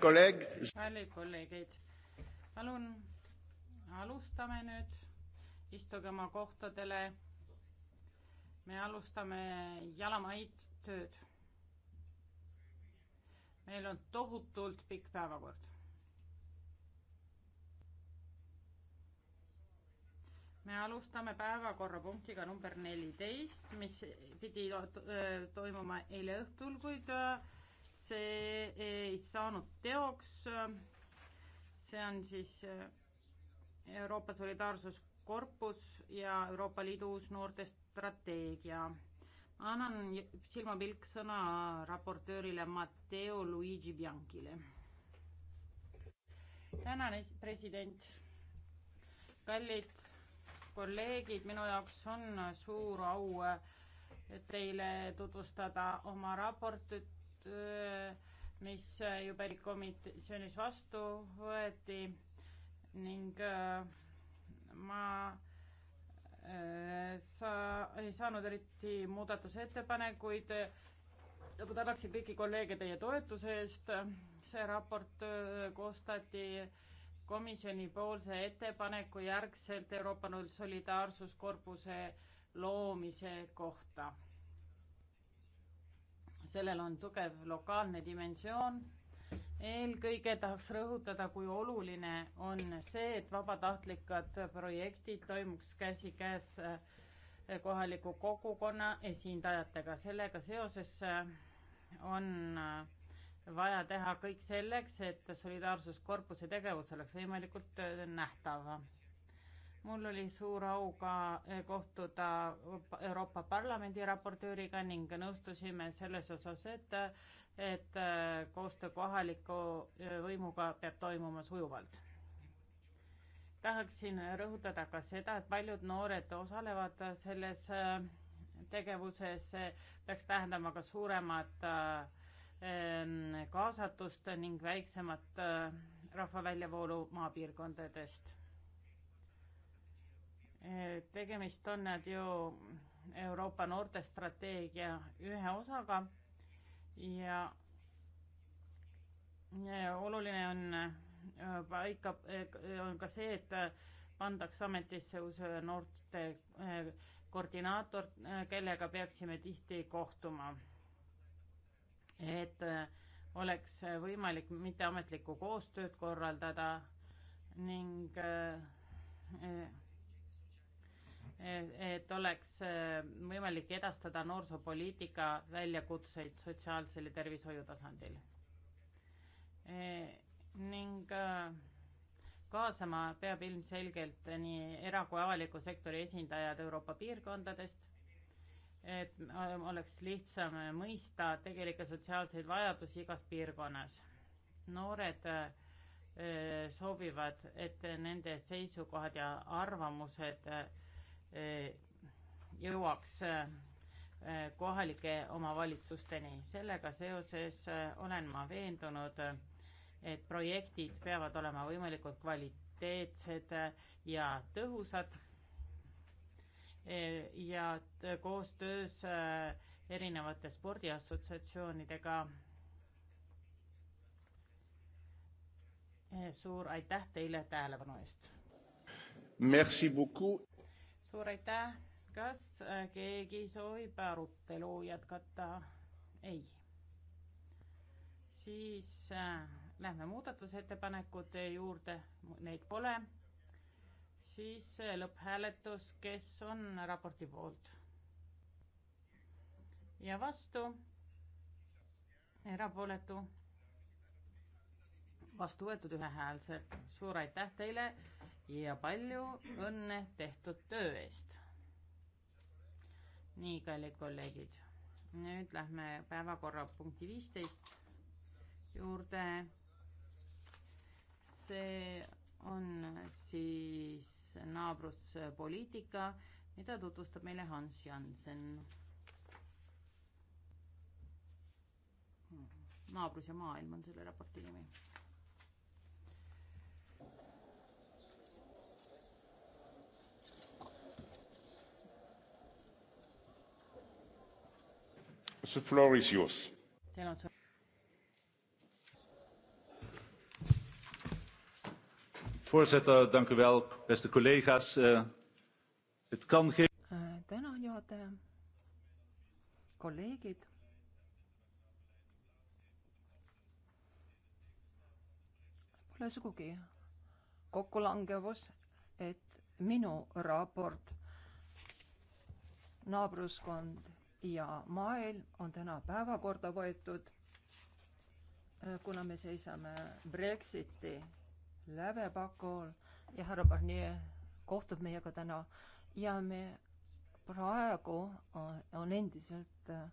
kallid kolleegid, palun alustame nüüd, istuge oma kohtadele. me alustame jalamaid tööd. meil on tohutult pikk päevakord. me alustame päevakorrapunktiga number neliteist, mis pidi toimuma eile õhtul, kuid see ei saanud teoks. see on siis eh, Euroopa Solidaarsuskorpus ja Euroopa Liidu uus noortestrateegia. annan silmapilk sõna raportöörile Matteo Luigi Bianchile. tänan, president. kallid kolleegid, minu jaoks on suur au eh, teile tutvustada oma raportit mis juba erikomisjonis vastu võeti ning äh, ma äh, sa-, ei saanud eriti muudatusettepanekuid. ma nagu tänaksin kõiki kolleege teie toetuse eest. see raport äh, koostati komisjonipoolse ettepaneku järgselt Euroopa Solidaarsuskorpuse loomise kohta sellel on tugev lokaalne dimensioon. eelkõige tahaks rõhutada, kui oluline on see, et vabatahtlikud projektid toimuks käsikäes eh, kohaliku kogukonna esindajatega. sellega seoses eh, on eh, vaja teha kõik selleks, et solidaarsuskorpuse tegevus oleks võimalikult nähtav mul oli suur au ka eh, kohtuda Euroopa Parlamendi raportööriga ning nõustusime selles osas, et, et eh, koostöö kohaliku eh, võimuga peab toimuma sujuvalt. tahaksin rõhutada ka seda, et paljud noored osalevad selles tegevuses, peaks tähendama ka suuremat kaasatust ning väiksemat rahva väljavoolu maapiirkondadest Eh, tegemist on nad ju Euroopa noortestrateegia ühe osaga ja oluline on eh, paika, eh, on ka see, et pandaks ametisse uus noorte koordinaator, kellega peaksime tihti kohtuma. et oleks võimalik mitteametlikku koostööd korraldada ning et oleks äh, võimalik edastada noorsoopoliitika väljakutseid sotsiaalsel ja tervishoiu tasandil e,. ning äh, kaasama peab ilmselgelt nii era- kui avaliku sektori esindajad Euroopa piirkondadest, et oleks lihtsam mõista tegelikke sotsiaalseid vajadusi igas piirkonnas. noored soovivad, et nende seisukohad ja arvamused Eh, jõuaks eh, kohalike omavalitsusteni. sellega seoses eh, olen ma veendunud, et projektid peavad olema võimalikult kvaliteetsed ja tõhusad ja koostöös erinevate spordiassotsiatsioonidega. suur aitäh teile tähelepanu eest! suur aitäh, kas äh, keegi soovib arutelu jätkata? ei. siis äh, lähme muudatusettepanekute juurde, neid pole. siis äh, lõpphääletus, kes on raporti poolt? ja vastu? erapooletu? vastu võetud ühehäälselt. suur aitäh teile ja palju õnne tehtud töö eest. nii, kallid kolleegid, nüüd lähme päevakorrapunkti viisteist juurde. see on siis naabruspoliitika, mida tutvustab meile Hans Jansen. naabrus ja maailm on selle raporti nimi The floor is yours. Teil on sõna. Voorzitter, dank u wel. Beste collega's, uh, het kan geen... Eh, tänan, juhataja. Kolleegid. Pole sugugi kokkulangevus, et minu raport naabruskond ja maael on täna päevakorda võetud, äh, kuna me seisame Brexiti lävepakul ja härra Barnier kohtub meiega täna ja me praegu äh, on endiselt äh,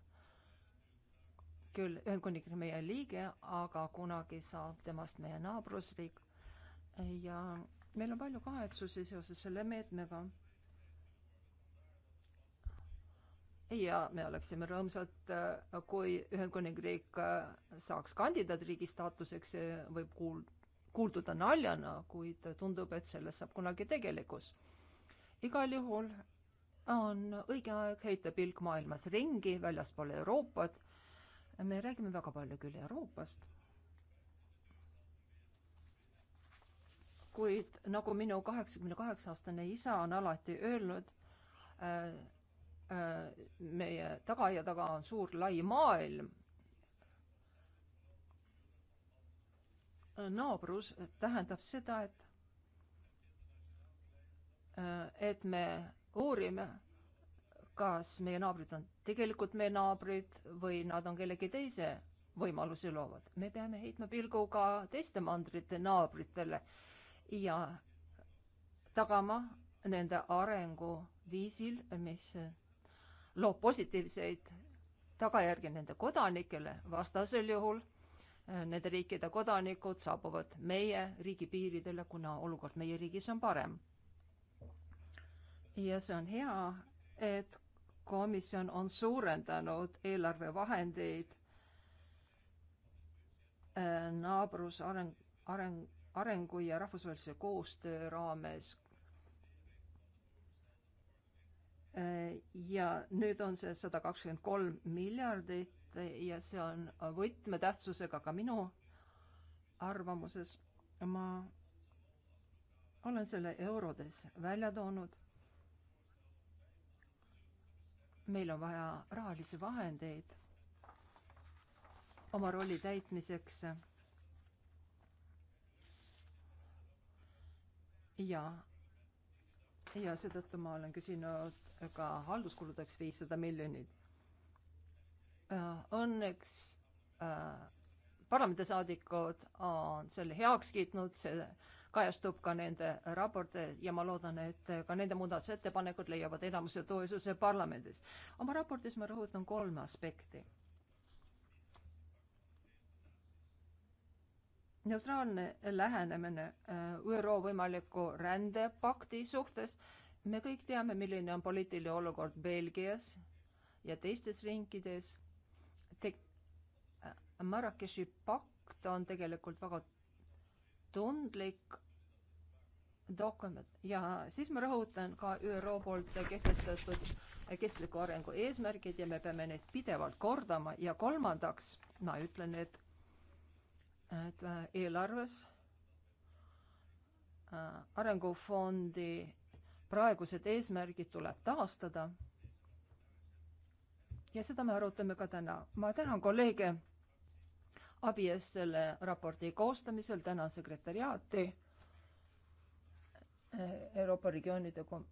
küll Ühendkuningriigi meie liige, aga kunagi saab temast meie naabrusriik ja meil on palju kahetsusi seoses selle meetmega ja me oleksime rõõmsad, äh, kui Ühendkuningriik äh, saaks kandidaatriigi staatuseks, see võib kuul-, kuulduda naljana, kuid tundub, et sellest saab kunagi tegelikkus. igal juhul on õige aeg heita pilk maailmas ringi, väljaspool Euroopat. me räägime väga palju küll Euroopast. kuid nagu minu kaheksakümne kaheksa aastane isa on alati öelnud äh,, Äh, meie tagaaia taga on suur lai maailm. Äh, naabrus tähendab seda, et äh, et me uurime, kas meie naabrid on tegelikult meie naabrid või nad on kellegi teise võimalusi loovad. me peame heitma pilgu ka teiste mandrite naabritele ja tagama nende arengu viisil, mis loob positiivseid tagajärgi nende kodanikele, vastasel juhul äh, nende riikide kodanikud saabuvad meie riigi piiridele, kuna olukord meie riigis on parem. ja see on hea, et komisjon on suurendanud eelarvevahendeid äh, naabrus areng, areng, arengu ja rahvusvahelise koostöö raames Äh, ja nüüd on see sada kakskümmend kolm miljardit ja see on võtmetähtsusega ka minu arvamuses. ma olen selle eurodes välja toonud. meil on vaja rahalisi vahendeid oma rolli täitmiseks ja ja seetõttu ma olen küsinud ka halduskuludeks viissada miljonit. Äh, õnneks äh, parlamendisaadikud on selle heaks kiitnud, see kajastub ka nende raporti ja ma loodan, et ka nende muudatusettepanekud leiavad enamuse toetuse parlamendis. oma raportis ma rõhutan kolme aspekti neutraalne lähenemine äh, ÜRO võimaliku rändepakti suhtes. me kõik teame, milline on poliitiline olukord Belgias ja teistes riikides Te. Äh, Marrakechi pakt on tegelikult väga tundlik dokument ja siis ma rõhutan ka ÜRO poolt kehtestatud kestliku arengu eesmärgid ja me peame neid pidevalt kordama ja kolmandaks ma ütlen, et et äh, eelarves äh, arengufondi praegused eesmärgid tuleb taastada. ja seda me arutame ka täna. ma tänan kolleege abi eest selle raporti koostamisel, tänan sekretäriaati, äh, Euroopa regioonide kom-,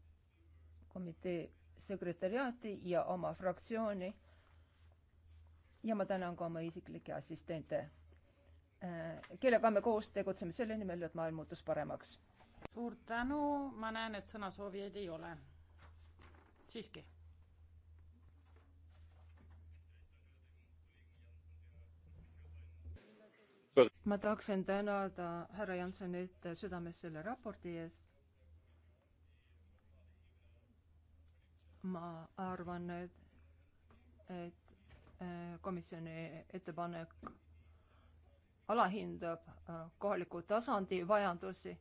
komitee sekretäriaati ja oma fraktsiooni. ja ma tänan ka oma isiklikke assistente Äh, kellega me koos tegutseme selle nimel, et maailm muutus paremaks. suur tänu, ma näen, et sõnasoovijaid ei ole. siiski. ma tahaksin tänada härra Jansonit südames selle raporti eest. ma arvan, et, et äh, komisjoni ettepanek alahindab äh, kohaliku tasandi vajadusi.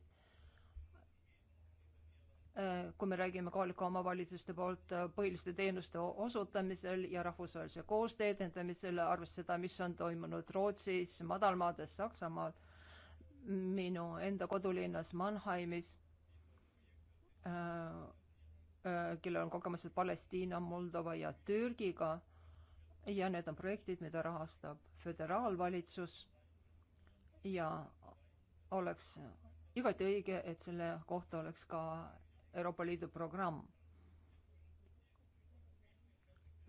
Äh, kui me räägime kohalike omavalitsuste poolt äh, põhiliste teenuste osutamisel ja rahvusvahelise koostöö edendamisel, arvestades seda, mis on toimunud Rootsis, Madalmaades, Saksamaal, minu enda kodulinnas Mannheimis kellel on kogemused Palestiina, Moldova ja Türgiga. ja need on projektid, mida rahastab föderaalvalitsus ja oleks igati õige, et selle kohta oleks ka Euroopa Liidu programm,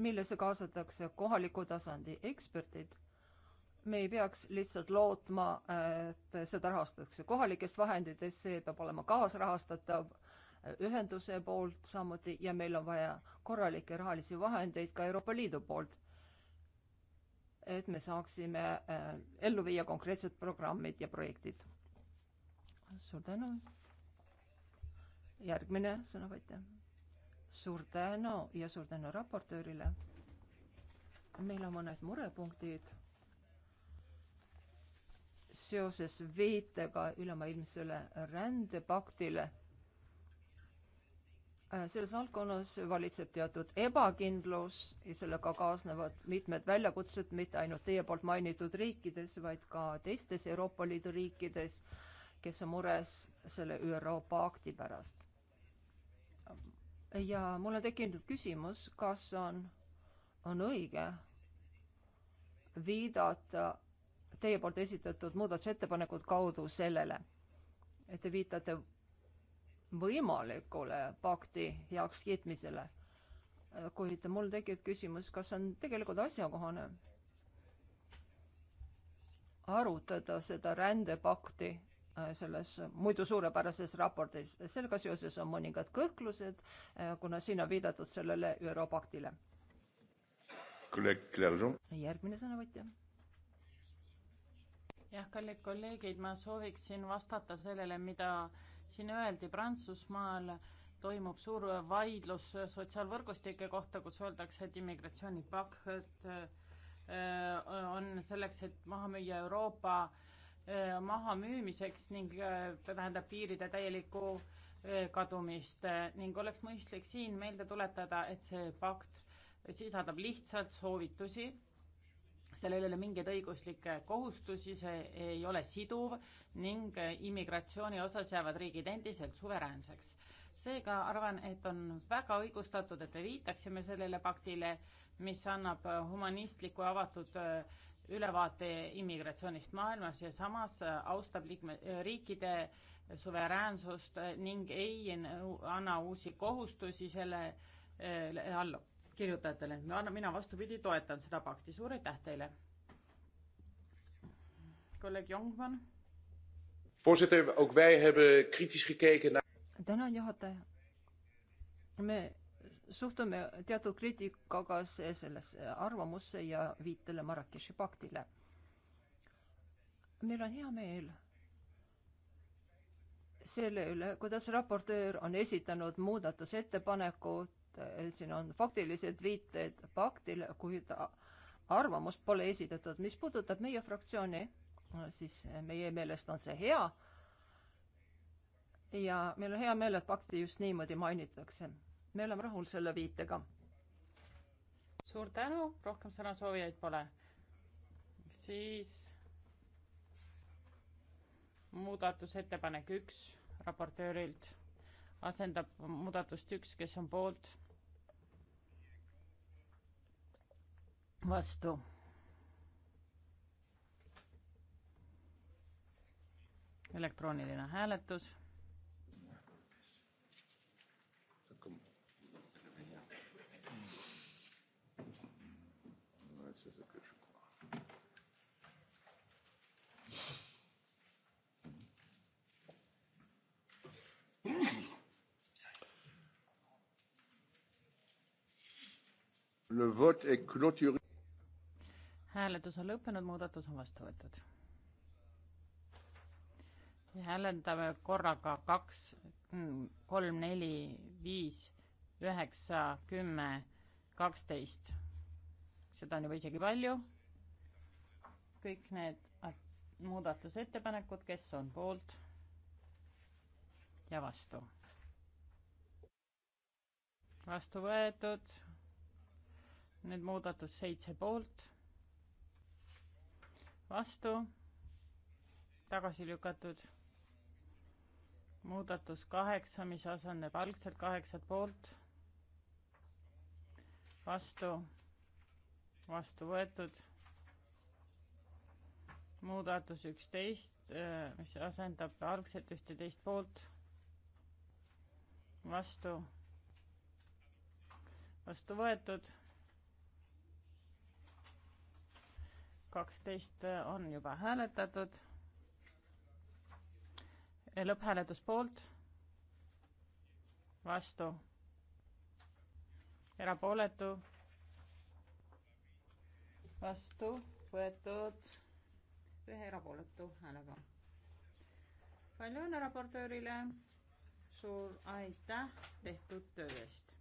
millesse kaasatakse kohaliku tasandi eksperdid. me ei peaks lihtsalt lootma, et seda rahastatakse kohalikest vahenditest, see peab olema kaasrahastatav ühenduse poolt samuti ja meil on vaja korralikke rahalisi vahendeid ka Euroopa Liidu poolt et me saaksime äh, ellu viia konkreetsed programmid ja projektid. suur tänu. järgmine sõnavõtja. suur tänu ja suur tänu raportöörile. meil on mõned murepunktid seoses viitega ülemaailmsele rändepaktile Äh, selles valdkonnas valitseb teatud ebakindlus ja sellega kaasnevad mitmed väljakutsed mitte ainult teie poolt mainitud riikides, vaid ka teistes Euroopa Liidu riikides, kes on mures selle ÜRO pakti pärast. ja mul on tekkinud küsimus, kas on, on õige viidata teie poolt esitatud muudatusettepanekud kaudu sellele, et te viitate võimalikule pakti heakskiitmisele. kuid mul tekib küsimus, kas on tegelikult asjakohane arutada seda rändepakti äh, selles muidu suurepärases raportis. sellega seoses on mõningad kõhklused, äh, kuna siin on viidatud sellele ÜRO paktile. järgmine sõnavõtja. jah, kallid kolleegid, ma sooviksin vastata sellele, mida äh, siin öeldi, Prantsusmaal toimub suur vaidlus sotsiaalvõrgustike kohta, kus öeldakse, et immigratsioonipakt äh, on selleks, et maha müüa Euroopa äh, mahamüümiseks ning äh, tähendab piiride täielikku kadumist ning oleks mõistlik siin meelde tuletada, et see pakt sisaldab lihtsalt soovitusi sellel ei ole mingeid õiguslikke kohustusi, see ei ole siduv ning immigratsiooni osas jäävad riigid endiselt suveräänseks. seega arvan, et on väga õigustatud, et me viitaksime sellele paktile, mis annab humanistliku avatud äh, ülevaate immigratsioonist maailmas ja samas äh, austab liikme, äh, riikide suveräänsust ning ei anna uusi kohustusi selle alla kirjutajatele. mina vastupidi toetan seda pakti, suur aitäh teile. kolleeg Jongman. tänan, juhataja. me suhtume teatud kriitikaga sellesse arvamusse ja viitele Marrakechi paktile. meil on hea meel selle üle, kuidas raportöör on esitanud muudatusettepanekud et siin on faktilised viited paktile, kuid arvamust pole esitatud. mis puudutab meie fraktsiooni, siis meie meelest on see hea. ja meil on hea meel, et pakti just niimoodi mainitakse. me oleme rahul selle viitega. suur tänu, rohkem sõnasoovijaid pole. siis muudatusettepanek üks raportöörilt asendab muudatust üks, kes on poolt vastu. elektrooniline hääletus. Le vote est clôturé hääletus on lõppenud, muudatus on vastu võetud. hääletame korraga kaks, kolm, neli, viis, üheksa, kümme, kaksteist. seda on juba isegi palju. kõik need muudatusettepanekud, kes on poolt ja vastu. vastu võetud. nüüd muudatus seitse poolt vastu, tagasi lükatud. muudatus kaheksa, mis asendab algselt kaheksat poolt, vastu, vastu võetud. muudatus üksteist, mis asendab algselt ühteteist poolt, vastu, vastu võetud kaksteist on juba hääletatud. lõpphääletus poolt, vastu, erapooletu, vastu võetud ühe erapooletu häälega. palju õnne raportöörile, suur aitäh tehtud töö eest!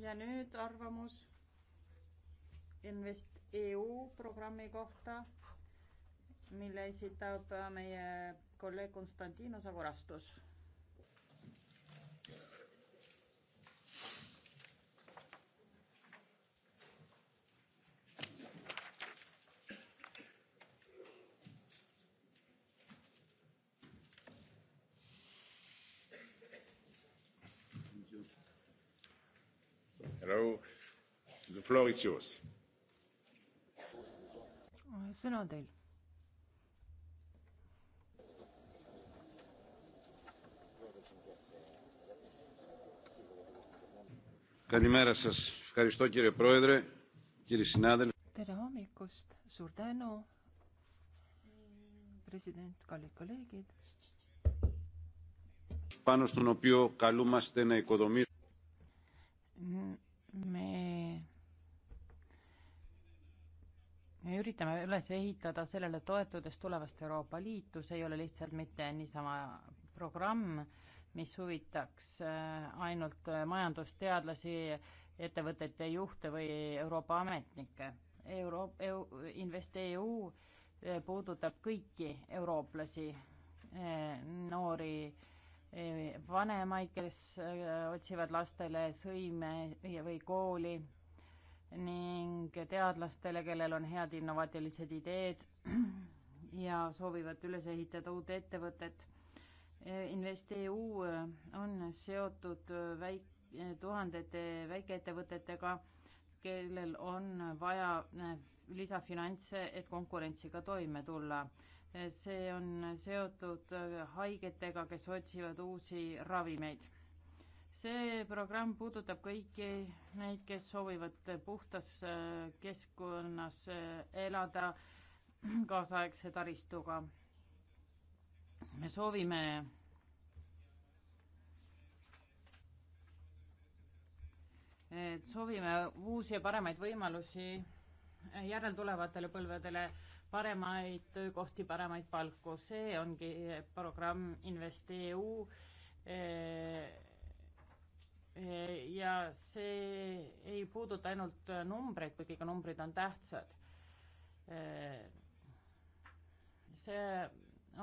ja nüüd arvamus Invest EU programmi kohta, mille esitab meie kolleeg Konstantinos Avorastus floor is yours. sõna on teil. Καλημέρα σας. Ευχαριστώ κύριε Πρόεδρε, κύριοι συνάδελφοι. Tere hommikust, suur tänu, president, kallid kolleegid. Πάνω στον οποίο καλούμαστε να οικοδομήσουμε. Me me üritame üles ehitada sellele toetudes tulevast Euroopa Liitu, see ei ole lihtsalt mitte niisama programm, mis huvitaks äh, ainult äh, majandusteadlasi, ettevõtete juhte või Euroopa ametnikke. Euro-, EU, InvestEU äh, puudutab kõiki eurooplasi, noori, vanemaid, kes otsivad lastele sõime või kooli ning teadlastele, kellel on head innovaatilised ideed ja soovivad üles ehitada uut ettevõtet. InvestEU on seotud väik-, tuhandete väikeettevõtetega, kellel on vaja eh, lisafinantse, et konkurentsiga toime tulla. see on seotud haigetega, kes otsivad uusi ravimeid see programm puudutab kõiki neid, kes soovivad puhtas äh, keskkonnas äh, elada kaasaegse taristuga. me soovime et soovime uusi ja paremaid võimalusi järeltulevatele põlvedele, paremaid töökohti, paremaid palku, see ongi programm InvestEU eh, ja see ei puuduta ainult numbreid, kuigi ka numbrid on tähtsad. see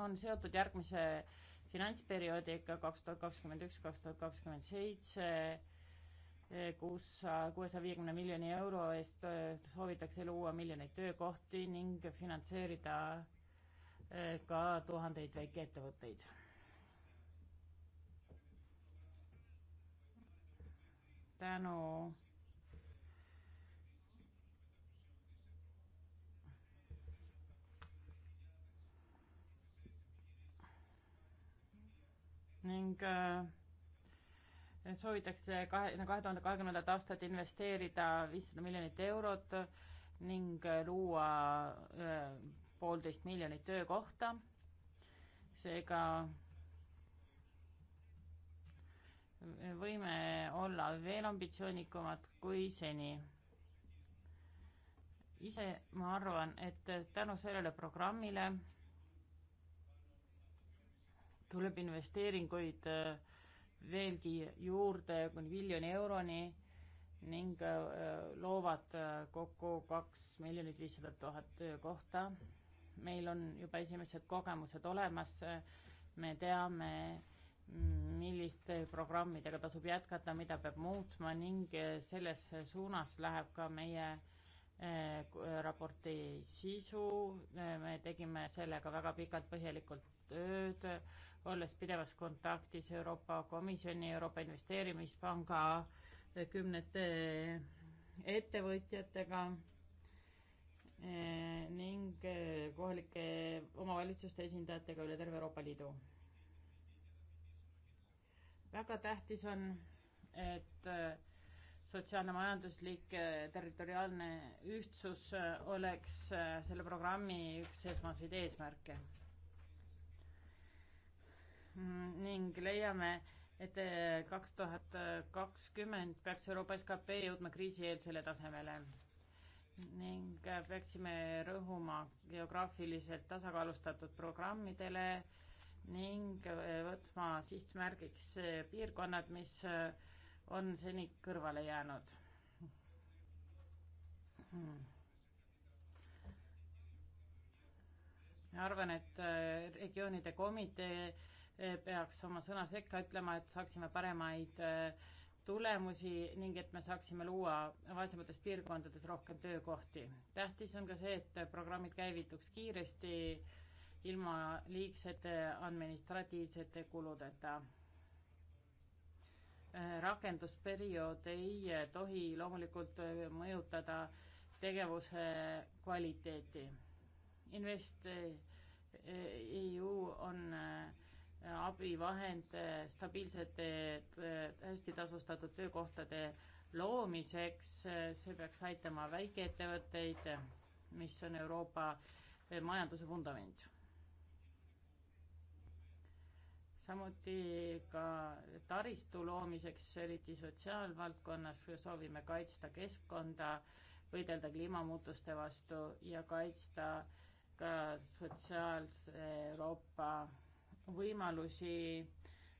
on seotud järgmise finantsperioodiga kaks tuhat kakskümmend üks, kaks tuhat kakskümmend seitse, kus kuuesaja viiekümne miljoni euro eest soovitakse luua miljoneid töökohti ning finantseerida ka tuhandeid väikeettevõtteid tänu ning äh, soovitakse kahe, nagu kahe tuhande kahekümnendat aastat investeerida viissada miljonit eurot ning äh, luua äh, poolteist miljonit töökohta. seega võime olla veel ambitsioonikumad kui seni. ise ma arvan, et tänu sellele programmile tuleb investeeringuid äh, veelgi juurde kuni miljoni euroni ning äh, loovad äh, kokku kaks miljonit viissada tuhat töökohta. meil on juba esimesed kogemused olemas, me teame, milliste programmidega tasub jätkata, mida peab muutma ning eh, selles suunas läheb ka meie eh, raporti sisu, eh, me tegime sellega väga pikalt põhjalikult tööd, olles pidevas kontaktis Euroopa Komisjoni, Euroopa Investeerimispanga kümnete ettevõtjatega ning kohalike omavalitsuste esindajatega üle terve Euroopa Liidu väga tähtis on, et äh, sotsiaalne, majanduslik, äh, territoriaalne ühtsus äh, oleks selle programmi üks esmaseid eesmärke. Mm, ning leiame, et kaks tuhat kakskümmend peaks Euroopa skp jõudma kriisieelsele tasemele ning peaksime rõhuma geograafiliselt tasakaalustatud programmidele ning äh, võtma sihtmärgiks äh, piirkonnad, mis äh, on seni kõrvale jäänud hmm.. arvan, et regioonide komitee peaks oma sõna sekka ütlema, et saaksime paremaid tulemusi ning et me saaksime luua vaesemates piirkondades rohkem töökohti. tähtis on ka see, et programmid käivituks kiiresti ilma liigsete administratiivsete kuludeta. Äh, rakendusperiood ei äh, tohi loomulikult äh, mõjutada tegevuse kvaliteeti. Invest EU on abivahend stabiilsete, hästi tasustatud töökohtade loomiseks, see peaks aitama väikeettevõtteid, mis on Euroopa majanduse vundament. samuti ka taristu loomiseks, eriti sotsiaalvaldkonnas, soovime kaitsta keskkonda, võidelda kliimamuutuste vastu ja kaitsta ka sotsiaalse Euroopa võimalusi,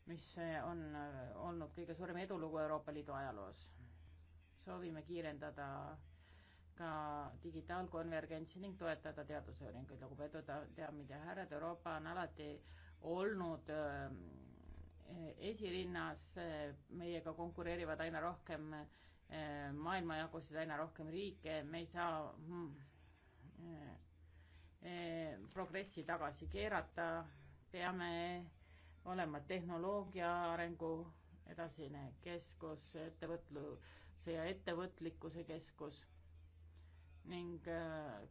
mis on olnud kõige suurem edulugu Euroopa Liidu ajaloos. soovime kiirendada ka digitaalkonvergentsi ning toetada teadusuuringuid, lugupeetud daamid ja härrad, Euroopa on alati olnud äh, esirinnas, äh, meiega konkureerivad aina rohkem äh, maailmajagusid, aina rohkem riike, me ei saa mm, progressi tagasi keerata, peame olema tehnoloogia arengu edasine keskus, ettevõtluse ja ettevõtlikkuse keskus ning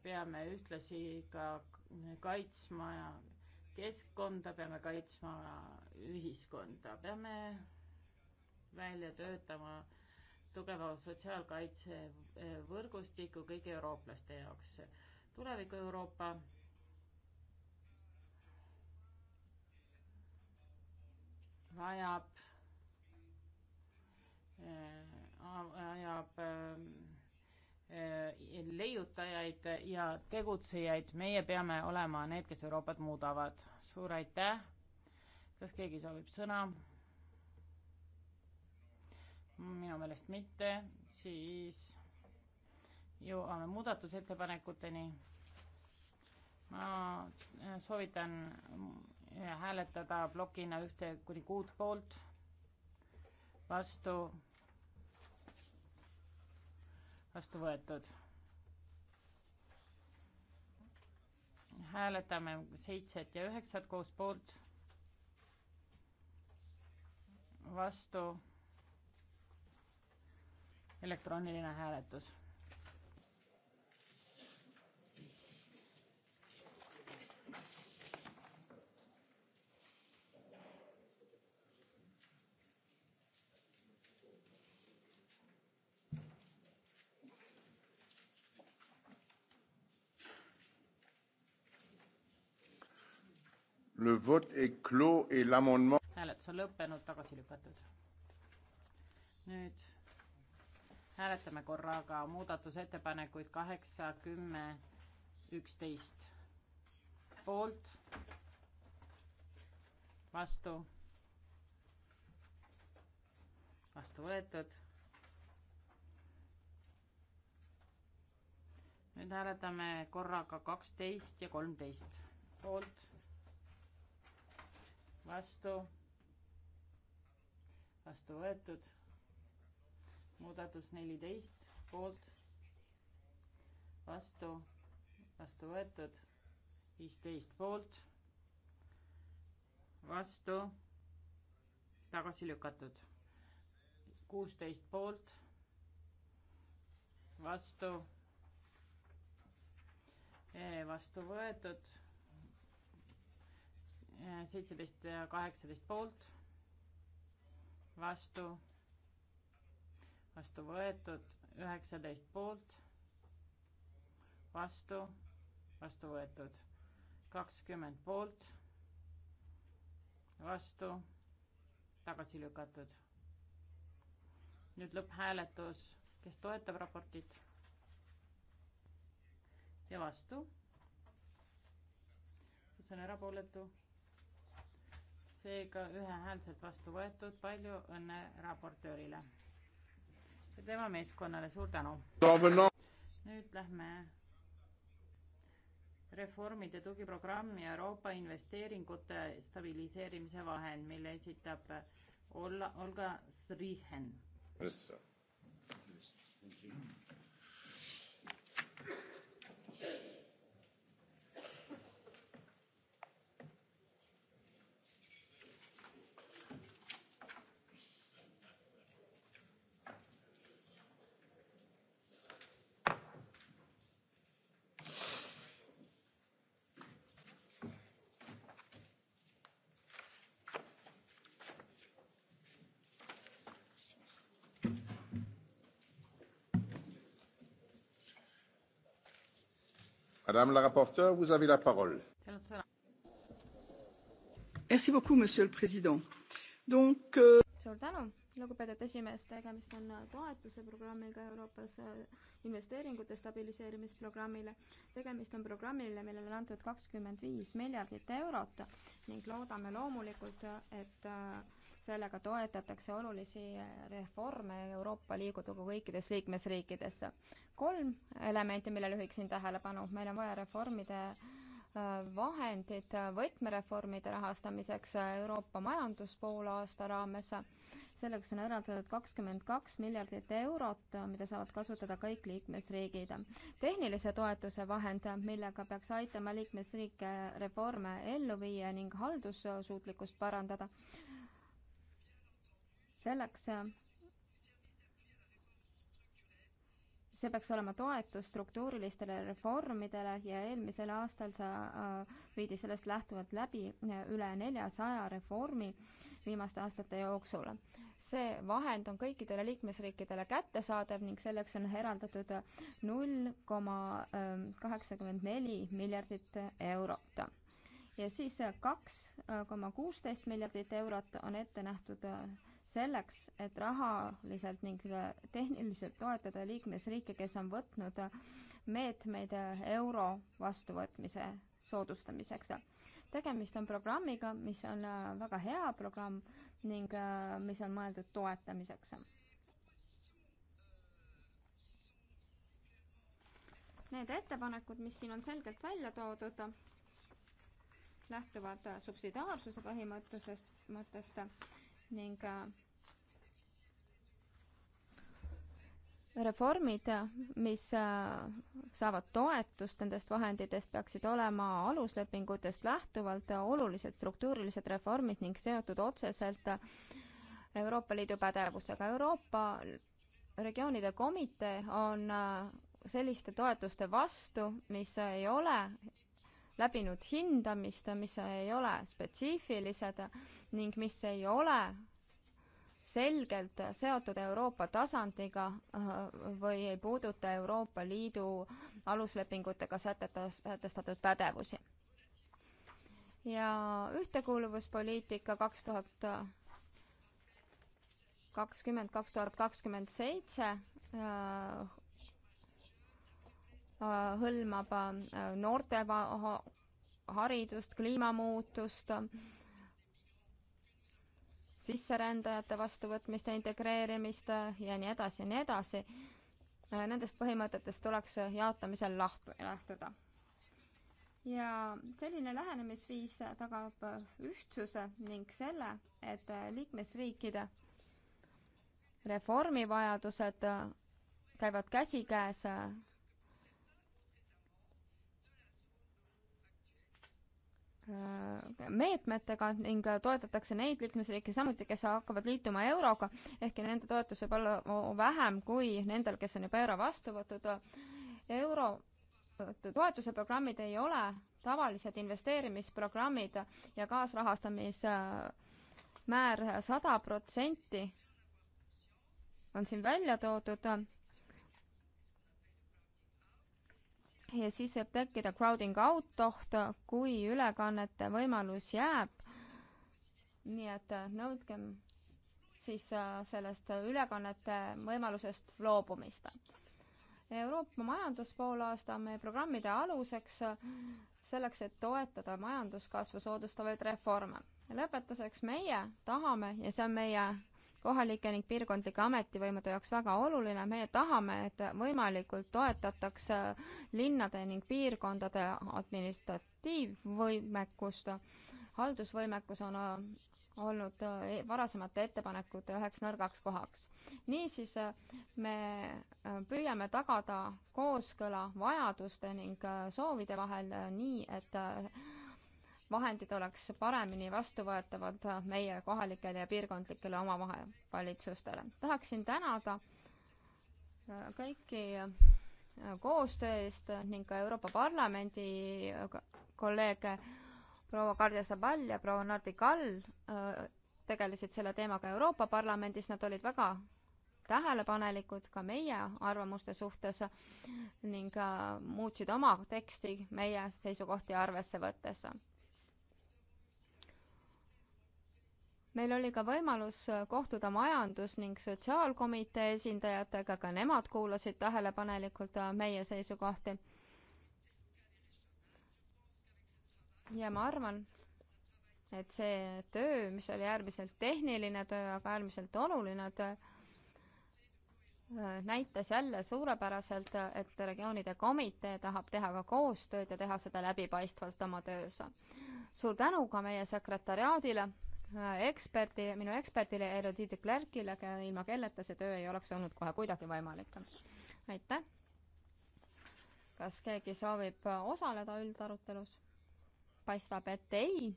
peame ühtlasi ka kaitsma keskkonda, peame kaitsma ühiskonda, peame välja töötama tugeva sotsiaalkaitsevõrgustiku kõigi eurooplaste jaoks. tuleviku Euroopa vajab, vajab eh, eh, Eh, leiutajaid ja tegutsejaid, meie peame olema need, kes Euroopat muudavad. suur aitäh. kas keegi soovib sõna? minu meelest mitte, siis jõuame muudatusettepanekuteni. ma eh, soovitan eh, hääletada plokina ühte kuni kuut poolt, vastu vastu võetud. hääletame seitset ja üheksat koos poolt, vastu, elektrooniline hääletus Le vote est clos et l'amendement hääletus on lõppenud, tagasi lükatud. nüüd hääletame korraga muudatusettepanekuid kaheksa, kümme, üksteist. poolt, vastu, vastu võetud. nüüd hääletame korraga kaksteist ja kolmteist poolt vastu, vastu võetud. muudatus neliteist poolt, vastu, vastu võetud, viisteist poolt, vastu, tagasi lükatud, kuusteist poolt, vastu, vastu võetud seitseteist ja kaheksateist poolt, vastu, vastu võetud, üheksateist poolt, vastu, vastu võetud, kakskümmend poolt, vastu, tagasi lükatud. nüüd lõpphääletus, kes toetab raportit? ja vastu, kes on erapooletu seega ühehäälselt vastu võetud, palju õnne raportöörile ja tema meeskonnale, suur tänu. nüüd lähme reformide tugiprogramm ja Euroopa investeeringute stabiliseerimise vahend, mille esitab Olla, Olga Strichen. Madame la rapporteure, vous avez la parole. Merci beaucoup, monsieur le président. Donc euh... suur tänu, lugupeetud esimees, tegemist on toetuse programmiga Euroopas äh, investeeringute stabiliseerimisprogrammile. tegemist on programmile, millele on antud kakskümmend viis miljardit eurot ning loodame loomulikult, et äh, sellega toetatakse olulisi reforme Euroopa Liidu kõikides liikmesriikides. kolm elementi, millele ühiksin tähelepanu, meil on vaja reformide äh, vahendid võtmereformide rahastamiseks Euroopa majanduspoolaasta raames. selleks on eraldatud kakskümmend kaks miljardit eurot, mida saavad kasutada kõik liikmesriigid. tehnilise toetuse vahend, millega peaks aitama liikmesriike reforme ellu viia ning haldussuutlikkust parandada selleks äh, see peaks olema toetus struktuurilistele reformidele ja eelmisel aastal sa äh, viidi sellest lähtuvalt läbi äh, üle neljasaja reformi viimaste aastate jooksul. see vahend on kõikidele liikmesriikidele kättesaadav ning selleks on eraldatud null koma äh, kaheksakümmend neli miljardit eurot. ja siis kaks koma kuusteist miljardit eurot on ette nähtud äh, selleks, et rahaliselt ning tehniliselt toetada liikmesriike, kes on võtnud meetmeid euro vastuvõtmise soodustamiseks. tegemist on programmiga, mis on väga hea programm ning mis on mõeldud toetamiseks. Need ettepanekud, mis siin on selgelt välja toodud, lähtuvad subsidiaarsuse põhimõttest, mõttest ning äh, reformid, mis äh, saavad toetust nendest vahenditest, peaksid olema aluslepingutest lähtuvalt olulised struktuurilised reformid ning seotud otseselt Euroopa Liidu pädevusega. Euroopa regioonide komitee on äh, selliste toetuste vastu, mis ei ole läbinud hindamist, mis ei ole spetsiifilised ning mis ei ole selgelt seotud Euroopa tasandiga äh, või ei puuduta Euroopa Liidu aluslepingutega säteta-, sätestatud pädevusi. ja ühtekuuluvuspoliitika kaks tuhat kakskümmend, kaks tuhat kakskümmend seitse äh, Äh, hõlmab äh, noorte haridust, kliimamuutust, sisserändajate vastuvõtmist ja integreerimist äh, ja nii edasi ja nii edasi. Nendest põhimõtetest tuleks jaotamisel lahtu, lähtuda. ja selline lähenemisviis tagab ühtsuse ning selle, et liikmesriikide reformivajadused käivad käsikäes Äh, meetmetega ning äh, toetatakse neid liikmesriike samuti, kes hakkavad liituma euroga, ehkki nende toetus võib olla vähem kui nendel, kes on juba euro vastu võtnud. euro toetuse programmid ei ole tavalised investeerimisprogrammid ja kaasrahastamismäär sada protsenti on siin välja toodud ja siis võib tekkida crowding out oht, kui ülekannete võimalus jääb. nii et äh, nõudkem siis äh, sellest ülekannete võimalusest loobumist. Euroopa majanduspoolaasta on meie programmide aluseks äh, selleks, et toetada majanduskasvu soodustavaid reforme. lõpetuseks meie tahame ja see on meie kohalike ning piirkondlike ametivõimude jaoks väga oluline. meie tahame, et võimalikult toetataks linnade ning piirkondade administratiivvõimekust. haldusvõimekus on äh, olnud äh, varasemate ettepanekute üheks nõrgaks kohaks. niisiis äh, me püüame tagada kooskõla vajaduste ning soovide vahel nii, et vahendid oleks paremini vastuvõetavad meie kohalikele ja piirkondlikele omavalitsustele. tahaksin tänada äh, kõiki äh, koostöö eest ning ka Euroopa Parlamendi äh, kolleege proua Karja Sabal ja proua Nardi Kall tegelesid selle teemaga Euroopa Parlamendis, nad olid väga tähelepanelikud ka meie arvamuste suhtes ning muutsid oma teksti meie seisukohti arvesse võttes meil oli ka võimalus äh, kohtuda majandus- ning sotsiaalkomitee esindajatega, ka nemad kuulasid tähelepanelikult äh, meie seisukohti. ja ma arvan, et see töö, mis oli äärmiselt tehniline töö, aga äärmiselt oluline töö, äh, näitas jälle suurepäraselt, et regioonide komitee tahab teha ka koostööd ja teha seda läbipaistvalt oma töös. suur tänu ka meie sekretariaadile Äh, eksperdi, minu eksperdile Elodie de Klerkile, ilma kelleta see töö ei oleks olnud kohe kuidagi võimalik. aitäh! kas keegi soovib äh, osaleda üldarutelus? paistab, et ei.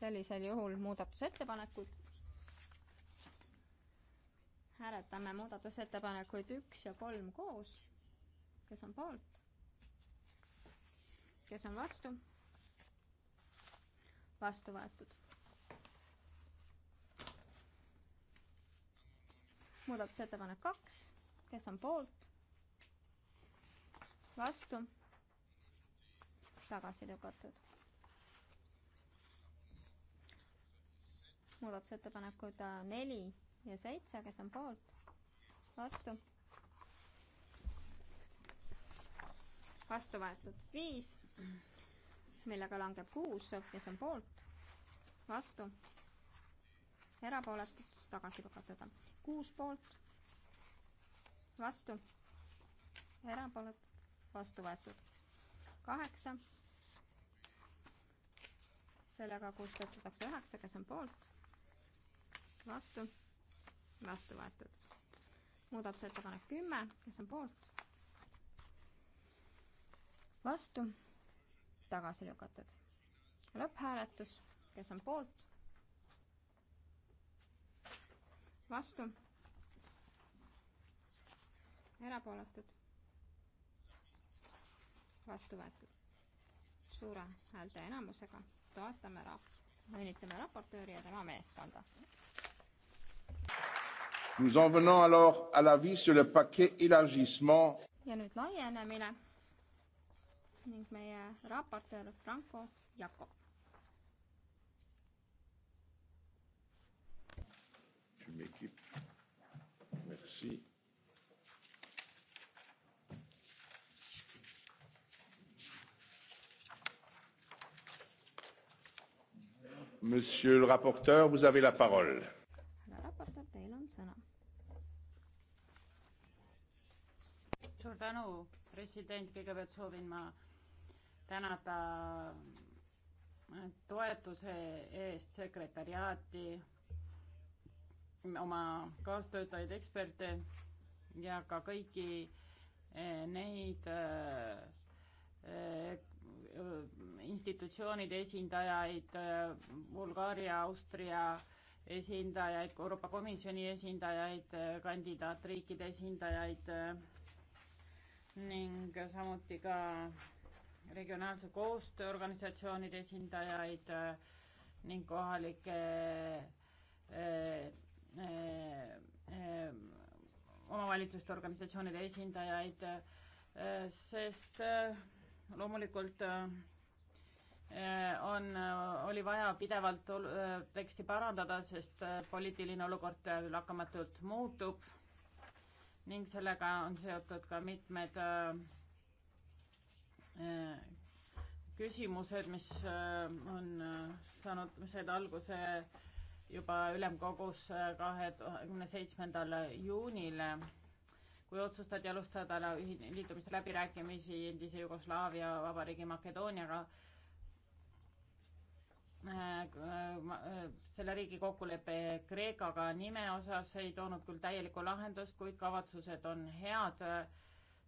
sellisel juhul muudatusettepanekud. hääletame muudatusettepanekuid üks ja kolm koos. kes on poolt? kes on vastu? vastu võetud. muudatusettepanek kaks, kes on poolt? vastu? tagasi lükatud. muudatusettepanekud äh, neli ja seitse, kes on poolt? vastu? vastu võetud viis Mm. millega langeb kuus, kes on poolt, vastu, erapooletud, tagasi lükatud. kuus poolt, vastu, erapooletud, vastu võetud. kaheksa, sellega kustutatakse üheksa, kes on poolt, vastu, vastu võetud. muudatusettepanek kümme, kes on poolt, vastu tagasi lükatud. lõpphääletus, kes on poolt? vastu? erapooletud? vastu võetud. suure häälteenamusega toetame rap-, õnnitleme raportööri ja tema meeskonda. Nous en venons alors à l'avis sur le paquet élargissement. ja nüüd laienemine ning meie raportöör Franco Jakob. Merci. Monsieur le rapporteur, vous avez la parole. härra raportöör, teil on sõna. suur tänu, president, kõigepealt soovin ma tänada äh, toetuse eest sekretäriaati, oma kaastöötajaid, eksperte ja ka kõiki äh, neid äh, institutsioonide esindajaid, Bulgaaria, Austria esindajaid, Euroopa Komisjoni esindajaid, kandidaatriikide esindajaid ning samuti ka regionaalse koostööorganisatsioonide esindajaid äh, ning kohalike äh, äh, omavalitsuste organisatsioonide esindajaid, sest loomulikult on, oli vaja pidevalt teksti parandada, sest poliitiline olukord lakkamatult muutub ning sellega on seotud ka mitmed küsimused, mis äh, on äh, saanud, mis said alguse juba ülemkogus äh, kahekümne seitsmendal juunil, kui otsustati alustada liitumiste läbirääkimisi endise Jugoslaavia vabariigi Makedooniaga selle riigi kokkulepe Kreekaga nime osas ei toonud küll täielikku lahendust, kuid kavatsused on head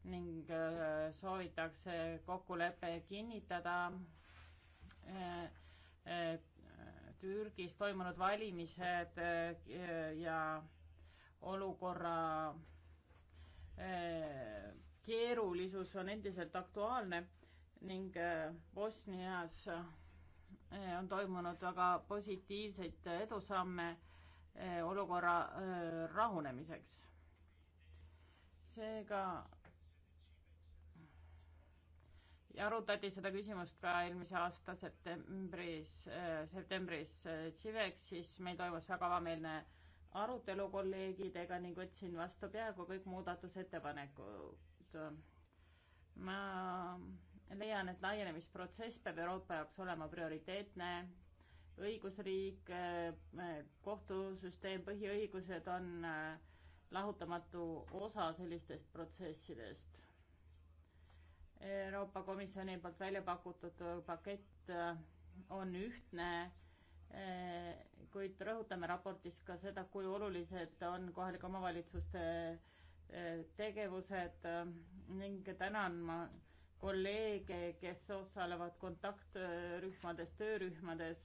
ning äh, soovitakse kokkulepe kinnitada. Äh, äh, Türgis toimunud valimised ja olukorra keerulisus on endiselt aktuaalne ning Bosnias on toimunud väga positiivseid edusamme olukorra rahunemiseks. seega arutati seda küsimust ka eelmise aasta septembris, septembris CIVEX-is, äh, meil toimus väga avameelne arutelu kolleegidega ning võtsin vastu peaaegu kõik muudatusettepanekud. ma leian, et laienemisprotsess peab Euroopa jaoks olema prioriteetne, õigusriik, äh, kohtusüsteem, põhiõigused on äh, lahutamatu osa sellistest protsessidest Euroopa Komisjoni poolt välja pakutud pakett äh, on ühtne, äh, kuid rõhutame raportis ka seda, kui olulised on kohalike omavalitsuste äh, tegevused ning tänan ma kolleege, kes osalevad kontaktrühmades, töörühmades,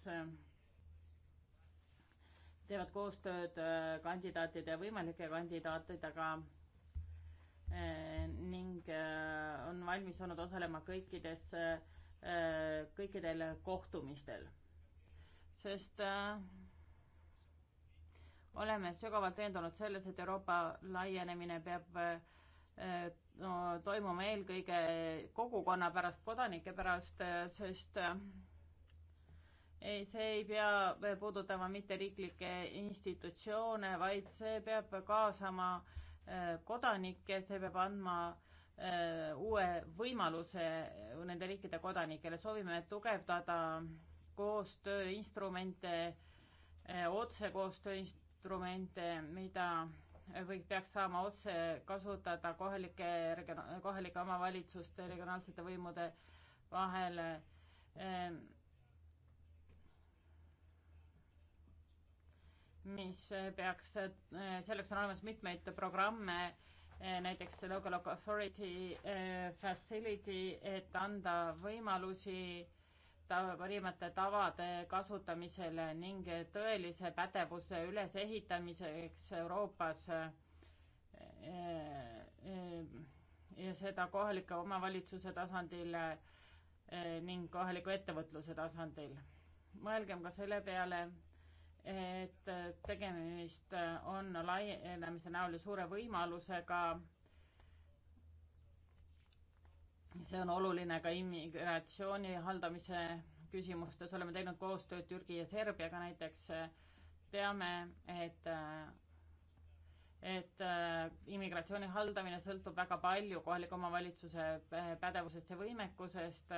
teevad koostööd kandidaatide ja võimalike kandidaatidega ning äh, on valmis olnud osalema kõikides, äh, kõikidel kohtumistel. sest äh, oleme sügavalt veendunud selles, et Euroopa laienemine peab no, toimuma eelkõige kogukonna pärast, kodanike pärast, sest ei, see ei pea puudutama mitte riiklikke institutsioone, vaid see peab kaasama äh, Äh, kodanikke, see peab andma äh, uue võimaluse nende riikide kodanikele. soovime tugevdada koostööinstrumente, äh, otsekoostöö instrumente, mida või peaks saama otse kasutada kohalike, kohalike omavalitsuste, regionaalsete võimude vahel mis peaks, selleks on olemas mitmeid programme, näiteks Local Authority eh, Facility, et anda võimalusi parimate tavade kasutamisele ning tõelise pädevuse ülesehitamiseks Euroopas. Eh, eh, ja seda kohalike omavalitsuse tasandil ning kohaliku ettevõtluse tasandil. mõelgem ka selle peale et tegemist on laienemise näol ju suure võimalusega. see on oluline ka immigratsiooni haldamise küsimustes, oleme teinud koostööd Türgi ja Serbiaga näiteks. teame, et, et äh, immigratsiooni haldamine sõltub väga palju kohaliku omavalitsuse äh, pädevusest ja võimekusest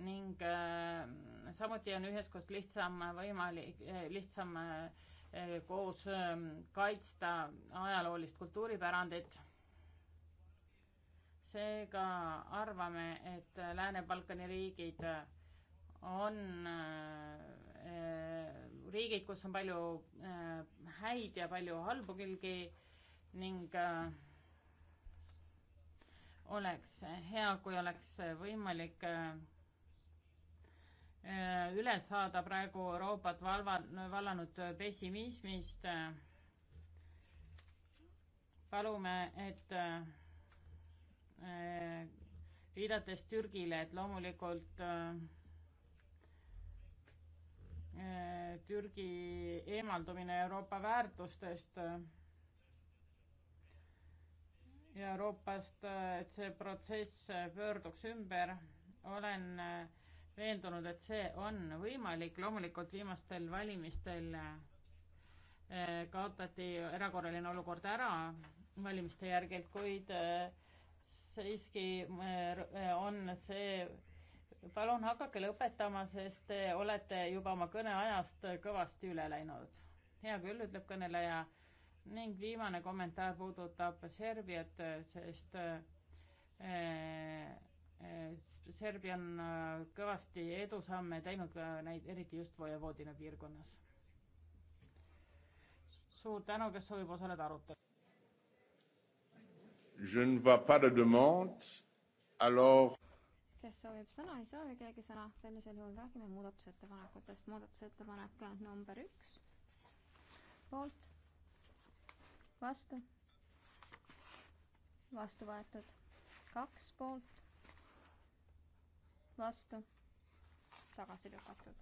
ning äh, samuti on üheskoos lihtsam võimalik, äh, lihtsam äh, koos ähm, kaitsta ajaloolist kultuuripärandit. seega arvame, et Lääne-Balkani riigid on riigid, kus on palju häid ja palju halbu külgi ning oleks hea, kui oleks võimalik Äh, üle saada praegu Euroopat valva, vallanud pessimismist. palume, et äh, viidates Türgile, et loomulikult äh, Türgi eemaldumine Euroopa väärtustest ja Euroopast, et see protsess pöörduks ümber. olen äh, veendunud, et see on võimalik, loomulikult viimastel valimistel eh, kaotati erakorraline olukord ära valimiste järgelt, kuid eh, siiski eh, on see, palun hakake lõpetama, sest te olete juba oma kõneajast kõvasti üle läinud. hea küll, ütleb kõneleja ning viimane kommentaar puudutab Serbiat, sest äh, Äh, Serbia on äh, kõvasti edusamme teinud ka äh, neid, eriti just Vojevodina piirkonnas. suur tänu, kes soovib osaleda arutelul. Je ne vois pas de demande, alors. kes soovib sõna, ei soovi keegi sõna, sellisel juhul räägime muudatusettepanekutest. muudatusettepanek number üks, poolt, vastu, vastu võetud, kaks poolt vastu, tagasi lükatud.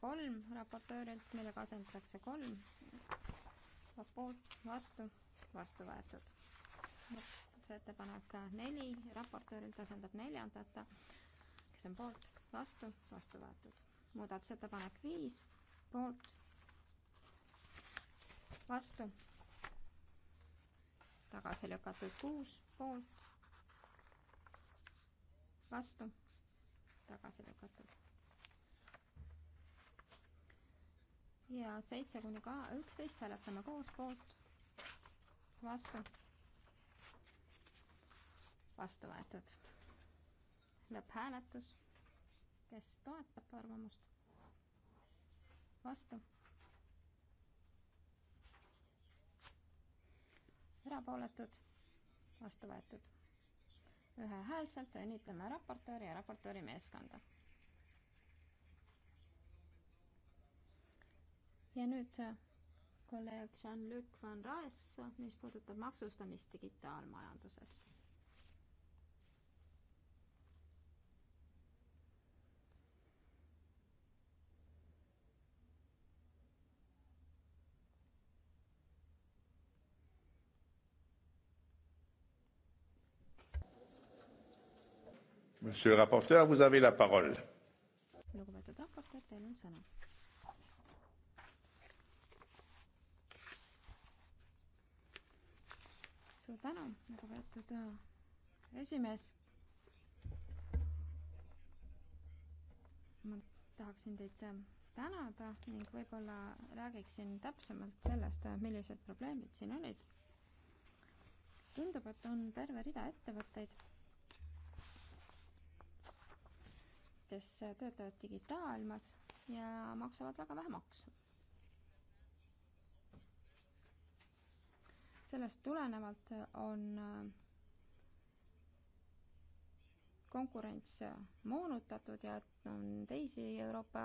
kolm raportöörilt, millega asendatakse kolm, poolt, vastu, vastu võetud. muudatusettepanek neli, raportöörilt asendab neljandat, kes on poolt, vastu, vastu võetud. muudatusettepanek viis, poolt, vastu, tagasi lükatud kuus, poolt, vastu tagasi lükatud. ja seitse kuni ka üksteist hääletame koos poolt, vastu, vastu võetud. lõpphääletus, kes toetab arvamust, vastu erapooletud, vastu võetud ühehäälselt õnnitleme raportööri ja raportööri meeskonda. ja nüüd äh, kolleeg Jean-Luc Van Raes, mis puudutab maksustamist digitaalmajanduses Monsieur le rapporteur, vous avez la parole. lugupeetud raportöör, teil on sõna. suur tänu, lugupeetud äh, esimees. ma tahaksin teid äh, tänada ning võib-olla räägiksin täpsemalt sellest, äh, millised probleemid siin olid. tundub, et on terve rida ettevõtteid kes töötavad digitaalmas ja maksavad väga vähe maksu. sellest tulenevalt on äh, konkurents moonutatud ja on teisi Euroopa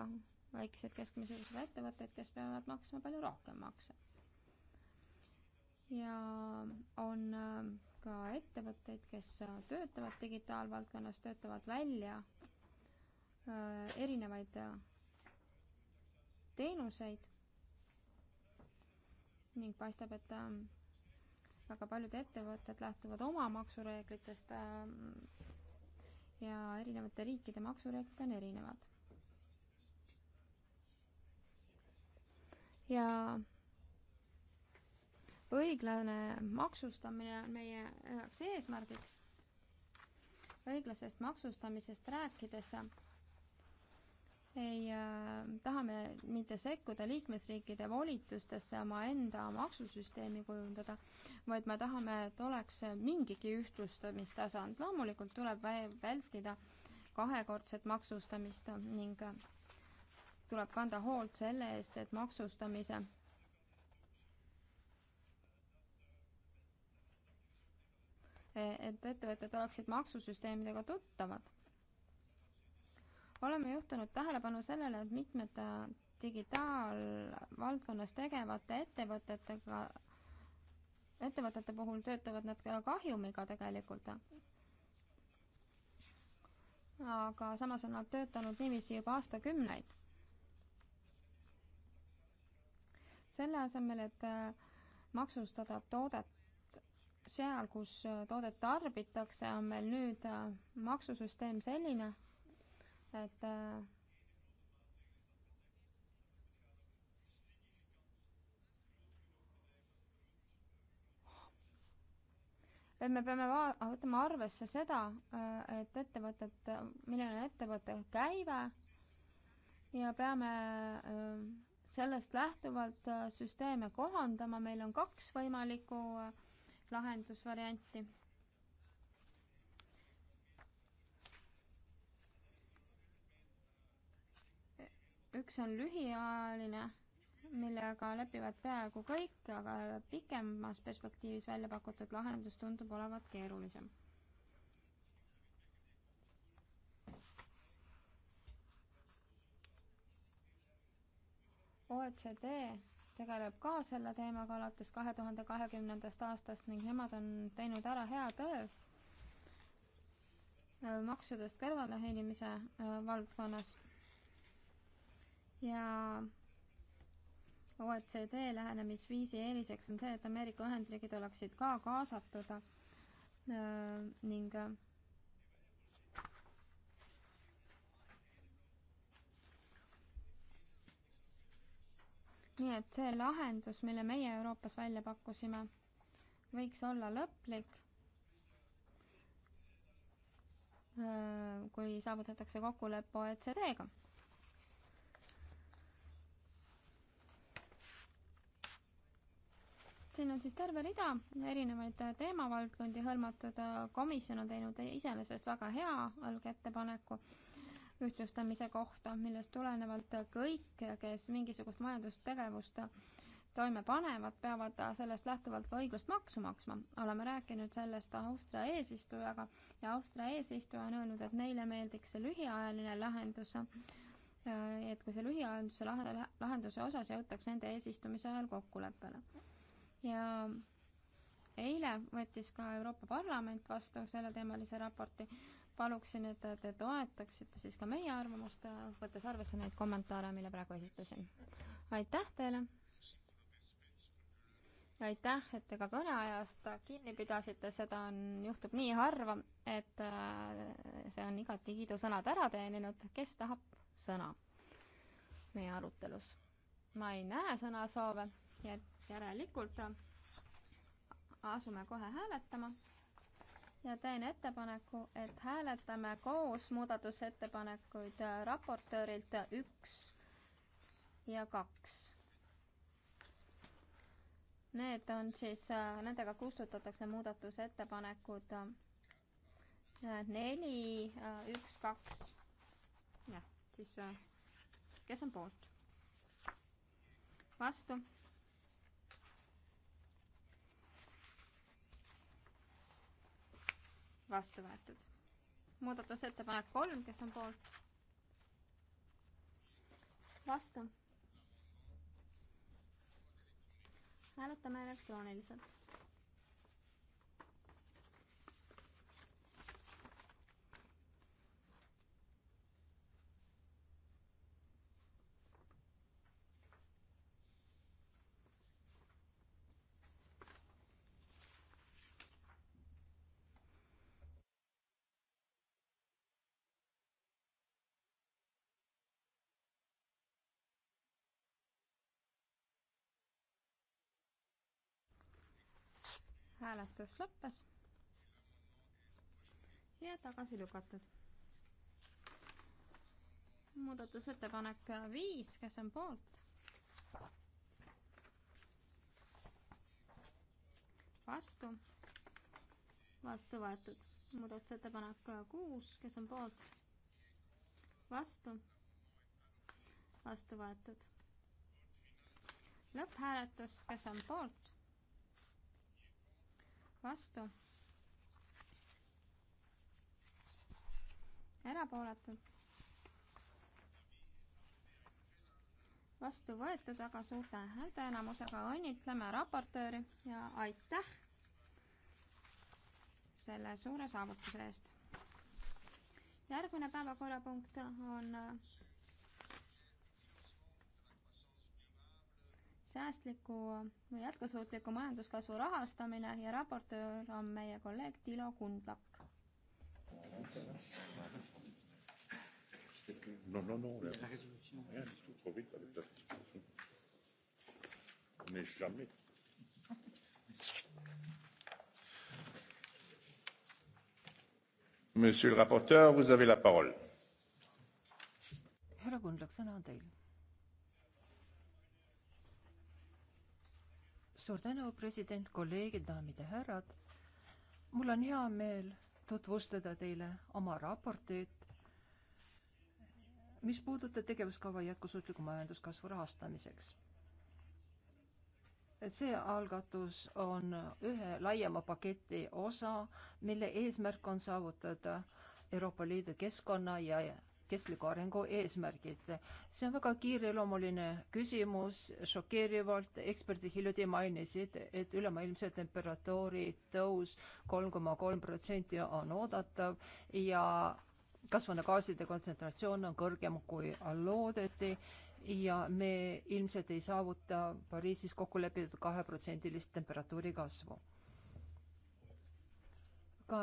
väikseid keskmise suurusega ettevõtteid, kes peavad maksma palju rohkem makse. ja on äh, ka ettevõtteid, kes töötavad digitaalvaldkonnas, töötavad välja Äh, erinevaid äh, teenuseid ning paistab, et äh, väga paljud ettevõtted lähtuvad oma maksureeglitest ja erinevate riikide maksureeglid on erinevad. ja õiglane maksustamine on meie üheks eesmärgiks. õiglasest maksustamisest rääkides ei äh, taha me mitte sekkuda liikmesriikide volitustesse omaenda maksusüsteemi kujundada, vaid me tahame, et oleks mingigi ühtlustamistasand. loomulikult tuleb vältida kahekordset maksustamist ning tuleb kanda hoolt selle eest, et maksustamise e-, et ettevõtted oleksid maksusüsteemidega tuttavad oleme juhtinud tähelepanu sellele, et mitmed äh, digitaalvaldkonnas tegevate ettevõtetega, ettevõtete puhul töötavad nad ka kahjumiga tegelikult. aga samas on nad töötanud niiviisi juba aastakümneid. selle asemel, et äh, maksustada toodet seal, kus äh, toodet tarbitakse, on meil nüüd maksusüsteem selline, et äh, et me peame va-, võtma arvesse seda, äh, et ettevõtet, milline on ettevõtte käive ja peame äh, sellest lähtuvalt süsteeme kohandama, meil on kaks võimalikku lahendusvarianti üks on lühiajaline, millega lepivad peaaegu kõik, aga pikemas perspektiivis välja pakutud lahendus tundub olevat keerulisem. OECD tegeleb ka selle teemaga alates kahe tuhande kahekümnendast aastast ning nemad on teinud ära hea töö äh, maksudest kõrvalehiilimise äh, valdkonnas ja OECD lähenemisviisi eeliseks on see, et Ameerika Ühendriigid oleksid ka kaasatud äh, ning nii et see lahendus, mille meie Euroopas välja pakkusime, võiks olla lõplik, äh, kui saavutatakse kokkulepe OECD-ga siin on siis terve rida erinevaid teemavaldkondi hõlmatud, komisjon on teinud iseenesest väga hea algettepaneku ühtlustamise kohta, millest tulenevalt kõik, kes mingisugust majandustegevust toime panevad, peavad sellest lähtuvalt ka õiglast maksu maksma. oleme rääkinud sellest Austria eesistujaga ja Austria eesistuja on öelnud, et neile meeldiks see lühiajaline lahendus, et kui see lühiajalise lahenduse osas jõutakse nende eesistumise ajal kokkuleppele ja eile võttis ka Euroopa Parlament vastu selleteemalise raporti. paluksin, et te toetaksite siis ka meie arvamust, võttes arvesse neid kommentaare, mille praegu esitasin. aitäh teile! aitäh, et te ka kõneajast kinni pidasite, seda on, juhtub nii harva, et äh, see on igati kiidusõnad ära teeninud, kes tahab sõna meie arutelus? ma ei näe sõnasoove nii et järelikult asume kohe hääletama ja teen ettepaneku, et hääletame koos muudatusettepanekuid raportöörilt üks ja kaks. Need on siis, nendega kustutatakse muudatusettepanekud neli, üks, kaks. jah, siis kes on poolt? vastu vastu võetud. muudatusettepanek kolm, kes on poolt? vastu. hääletame elektrooniliselt. hääletus lõppes ja tagasi lükatud. muudatusettepanek viis, kes on poolt? vastu, vastu võetud. muudatusettepanek kuus, kes on poolt? vastu, vastu võetud. lõpphääletus, kes on poolt? vastu. erapooletud. vastu võetud väga suurte häälteenamusega, õnnitleme raportööri ja aitäh selle suure saavutuse eest. järgmine päevakorrapunkt on säästliku või jätkusuutliku majanduskasvu rahastamine ja raportöör on meie kolleeg Tilo Kundlak. No, no, no, la résolution. Rien du tout, trop vite avec la résolution. On n'est jamais. Monsieur le rapporteur, vous avez la parole. härra Kundlak, sõna on teil suur tänu, president, kolleegid, daamid ja härrad. mul on hea meel tutvustada teile oma raportit, mis puudutab tegevuskava jätkusuutliku majanduskasvu rahastamiseks. see algatus on ühe laiema paketi osa, mille eesmärk on saavutada Euroopa Liidu keskkonna ja kestliku arengu eesmärgid. see on väga kiireloomuline küsimus, šokeerivalt eksperdid hiljuti mainisid, et ülemaailmse temperatuuri tõus kolm koma kolm protsenti on oodatav ja kasvuhoonegaaside kontsentratsioon on kõrgem, kui loodeti ja me ilmselt ei saavuta Pariisis kokku lepitud kaheprotsendilist temperatuuri kasvu. ka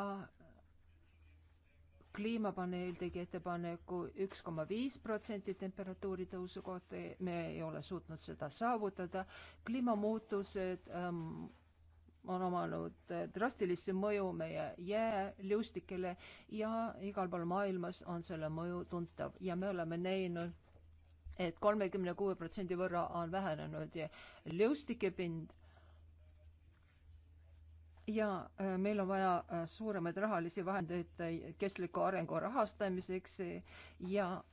kliimapaneel tegi ettepaneku üks koma viis protsenti temperatuuri tõusu kohta, me ei ole suutnud seda saavutada. kliimamuutused ähm, on omanud äh, drastilist mõju meie jääliustikele ja igal pool maailmas on selle mõju tuntav ja me oleme näinud et kolmekümne kuue protsendi võrra on vähenenud liustike pind, ja äh, meil on vaja äh, suuremaid rahalisi vahendeid äh, kestliku arengu rahastamiseks ja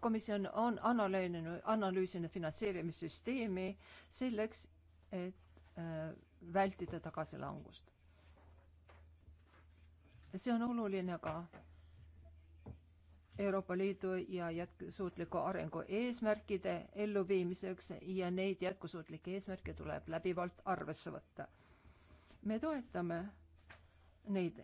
komisjon on analüüsinud, analüüsinud finantseerimissüsteemi selleks, et vältida tagasilangust. see on oluline ka Euroopa Liidu ja jätkusuutliku arengu eesmärkide elluviimiseks ja neid jätkusuutlikke eesmärke tuleb läbivalt arvesse võtta. me toetame neid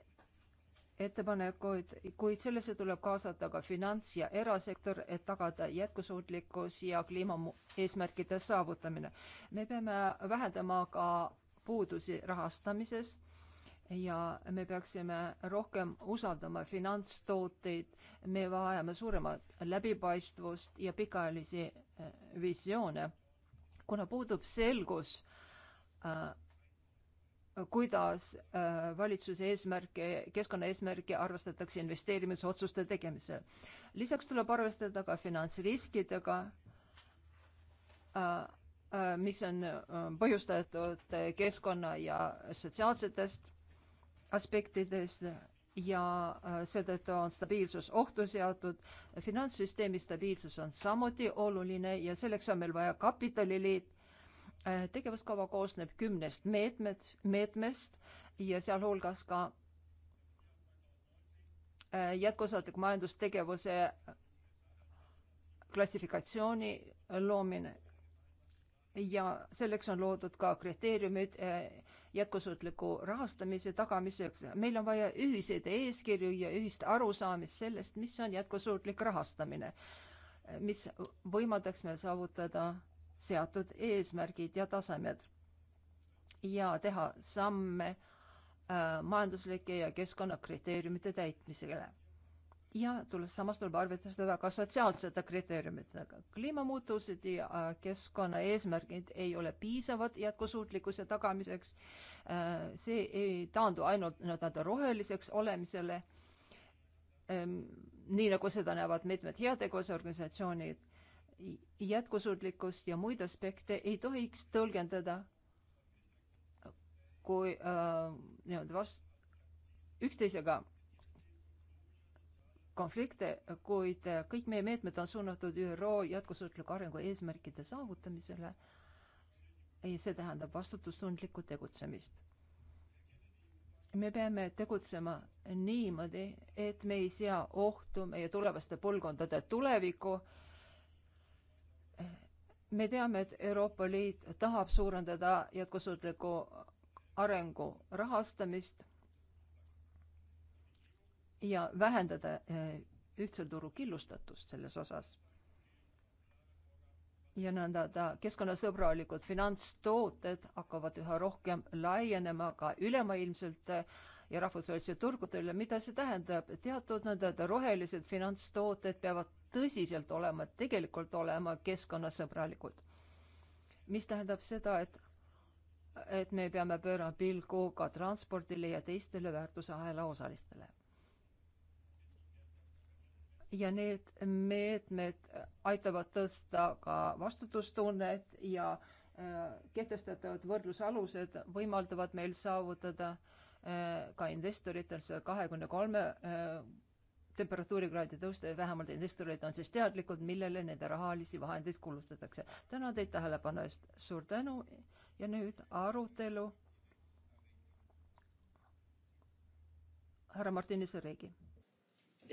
ettepanekuid, kuid sellesse tuleb kaasata ka finants- ja erasektor, et tagada jätkusuutlikkus ja kliimaeesmärkide saavutamine. me peame vähendama ka puudusi rahastamises ja me peaksime rohkem usaldama finantstooteid, me vajame suuremat läbipaistvust ja pikaajalisi eh, visioone. kuna puudub selgus äh,, kuidas äh, valitsuse eesmärke, keskkonnaeesmärke arvestatakse investeerimisotsuste tegemisel. lisaks tuleb arvestada ka finantsriskidega äh,, mis on põhjustatud keskkonna ja sotsiaalsetest aspektidest ja äh, seetõttu on stabiilsus ohtu seatud. finantssüsteemi stabiilsus on samuti oluline ja selleks on meil vaja kapitaliliit. Äh, tegevuskava koosneb kümnest meetmed, meetmest ja sealhulgas ka äh, jätkusuutliku majandustegevuse klassifikatsiooni loomine. ja selleks on loodud ka kriteeriumid jätkusuutliku rahastamise tagamiseks. meil on vaja ühiseid eeskirju ja ühist arusaamist sellest, mis on jätkusuutlik rahastamine, mis võimaldaks meil saavutada seatud eesmärgid ja tasemed ja teha samme äh, majanduslike ja keskkonnakriteeriumite täitmisele ja tuleb, samas tuleb arvestada seda ka sotsiaalsete kriteeriumitega. kliimamuutused ja äh, keskkonnaeesmärgid ei ole piisavad jätkusuutlikkuse tagamiseks. Äh, see ei taandu ainult nii-öelda roheliseks olemisele. Ehm, nii nagu seda näevad mitmed heategevusorganisatsioonid. jätkusuutlikkust ja muid aspekte ei tohiks tõlgendada kui äh, nii-öelda vast üksteisega konflikte, kuid kõik meie meetmed on suunatud ÜRO jätkusuutliku arengu eesmärkide saavutamisele. see tähendab vastutustundlikku tegutsemist. me peame tegutsema niimoodi, et me ei sea ohtu meie tulevaste põlvkondade tulevikku. me teame, et Euroopa Liit tahab suurendada jätkusuutliku arengu rahastamist ja vähendada eh, ühtse turu killustatust selles osas. ja nõnda ta keskkonnasõbralikud finantstooted hakkavad üha rohkem laienema ka ülemaailmselt eh, ja rahvusvahelisele turgudele, mida see tähendab, teatud nõnda rohelised finantstooted peavad tõsiselt olema, tegelikult olema keskkonnasõbralikud. mis tähendab seda, et et me peame pöörama pilgu ka transpordile ja teistele väärtusahela osalistele ja need meetmed aitavad tõsta ka vastutustunnet ja äh, kehtestatavad võrdlusalused võimaldavad meil saavutada äh, ka investoritel seda kahekümne kolme äh, temperatuurikraadi tõusta ja vähemalt investorid on siis teadlikud, millele nende rahalisi vahendeid kulutatakse. tänan teid tähelepanu eest, suur tänu ja nüüd arutelu härra Martinis Reegi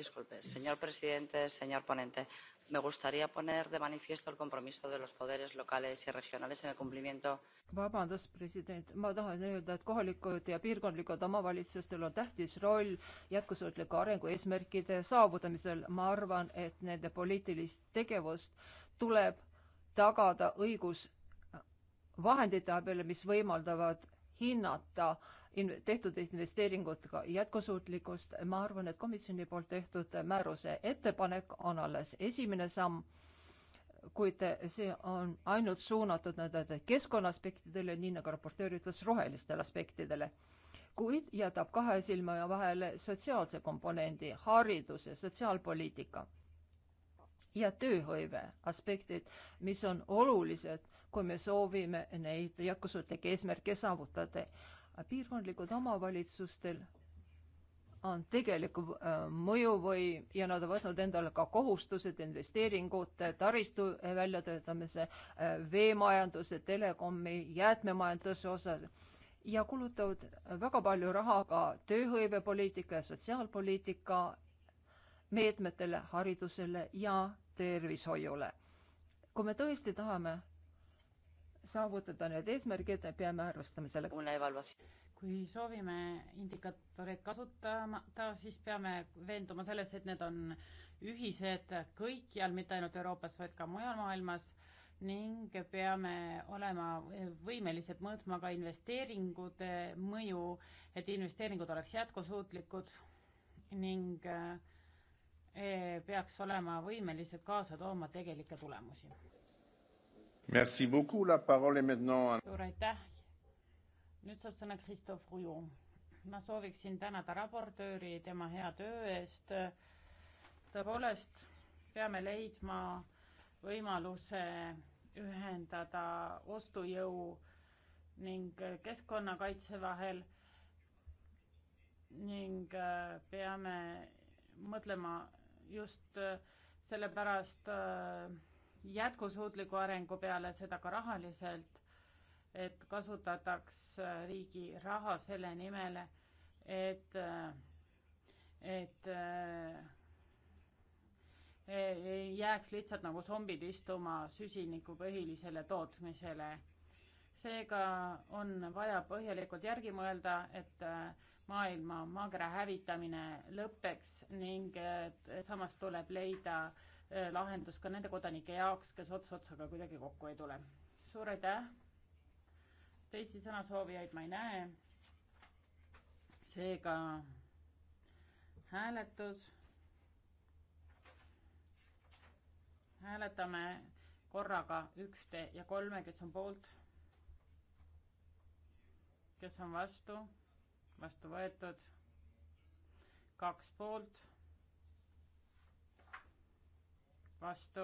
Disculpe, señor presidente, señor ponente. Me gustaría poner de manifiesto el compromiso de los poderes locales y regionales en el cumplimiento. vabandust, president, ma tahan öelda, et kohalikud ja piirkondlikud omavalitsustel on tähtis roll jätkusuutliku arengu eesmärkide saavutamisel. ma arvan, et nende poliitilist tegevust tuleb tagada õigus vahendite abil, mis võimaldavad hinnata äh, in-, tehtud investeeringud ka jätkusuutlikkust, ma arvan, et komisjoni poolt tehtud määruse ettepanek on alles esimene samm, kuid see on ainult suunatud nii-öelda keskkonnaaspektidele, nii nagu raportöör ütles, rohelistele aspektidele. kuid jätab kahe silma vahele sotsiaalse komponendi, hariduse, sotsiaalpoliitika ja tööhõive aspektid, mis on olulised, kui me soovime neid jätkusuutlikke eesmärke saavutada piirkondlikud omavalitsustel on tegelik äh, mõju või, ja nad on võtnud endale ka kohustused investeeringute, taristu väljatöötamise, äh, veemajanduse, telekomi, jäätmemajanduse osas ja kulutavad väga palju raha ka tööhõivepoliitika ja sotsiaalpoliitika meetmetele, haridusele ja tervishoiule. kui me tõesti tahame saavutada need eesmärgid, peame arvestama sellega. kui soovime indikaatoreid kasutada, siis peame veenduma selles, et need on ühised kõikjal, mitte ainult Euroopas, vaid ka mujal maailmas ning peame olema võimelised mõõtma ka investeeringute mõju, et investeeringud oleks jätkusuutlikud ning eh, peaks olema võimelised kaasa tooma tegelikke tulemusi suur aitäh. nüüd saab sõna Christophe Ruju. ma sooviksin tänada raportööri tema hea töö eest. tõepoolest peame leidma võimaluse ühendada ostujõu ning keskkonnakaitse vahel ning äh, peame mõtlema just sellepärast äh, äh jätkusuutliku arengu peale, seda ka rahaliselt, et kasutataks äh, riigi raha selle nimel, et, äh, et äh, e-, ei jääks lihtsalt nagu zombid istuma süsinikupõhilisele tootmisele. seega on vaja põhjalikult järgi mõelda, et maailma maakera hävitamine lõpeks ning samas tuleb leida äh, Äh, lahendus ka nende kodanike jaoks, kes ots otsaga kuidagi kokku ei tule. suur aitäh. teisi sõnasoovijaid ma ei näe. seega hääletus. hääletame korraga ühte ja kolme, kes on poolt, kes on vastu, vastu võetud, kaks poolt vastu,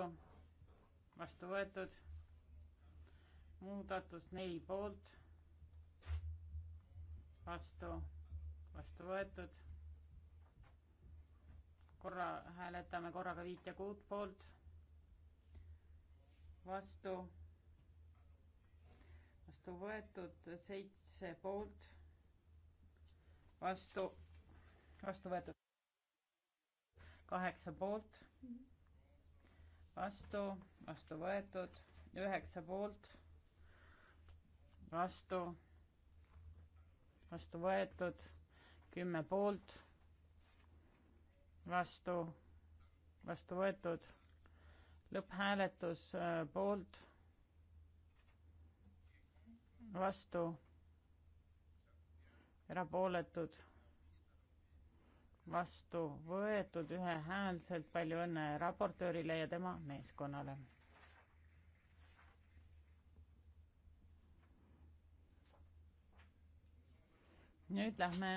vastu võetud. muudatus neli poolt, vastu, vastu võetud. korra hääletame korraga viit ja kuut poolt, vastu, vastu võetud seitse poolt, vastu, vastu võetud kaheksa poolt vastu, vastu võetud, üheksa poolt, vastu, vastu võetud, kümme poolt, vastu, vastu võetud, lõpphääletus äh, poolt, vastu, erapooletud vastu võetud ühehäälselt, palju õnne raportöörile ja tema meeskonnale. nüüd lähme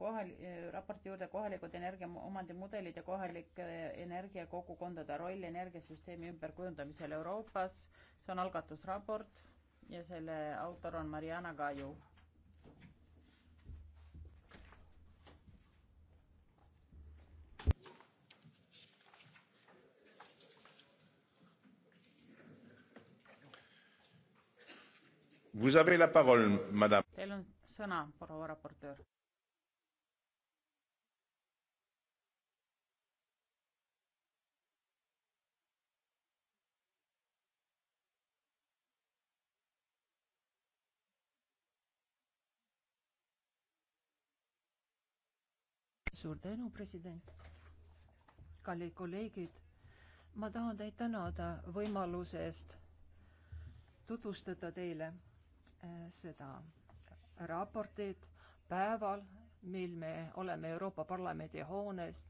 kohal, raporti juurde kohalikud energiaomandimudelid ja kohalike äh, energiakogukondade roll energiasüsteemi ümberkujundamisel Euroopas. see on algatusraport ja selle autor on Mariana Kaju. Vous avez la parole, madame. Teil on sõna, proua raportöör. suur tänu, president. kallid kolleegid, ma tahan teid tänada võimaluse eest tutvustada teile äh, seda raportit päeval, mil me oleme Euroopa Parlamendi hoones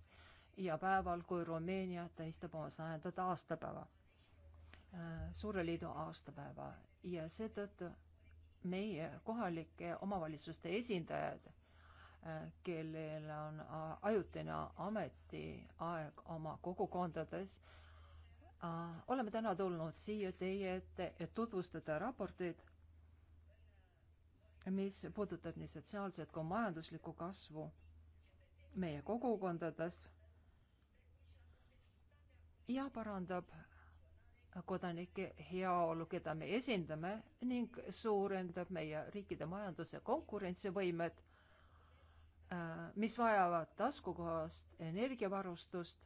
ja päeval, kui Rumeenia tähistab oma sajandat aastapäeva, äh, Suure Liidu aastapäeva ja seetõttu meie kohalike omavalitsuste esindajad kellel on äh, ajutine ametiaeg oma kogukondades. Äh, oleme täna tulnud siia teie ette, et tutvustada raporteid, mis puudutab nii sotsiaalset kui majanduslikku kasvu meie kogukondades ja parandab kodanike heaolu, keda me esindame ning suurendab meie riikide majanduse konkurentsivõimet Äh, mis vajavad taskukohast energiavarustust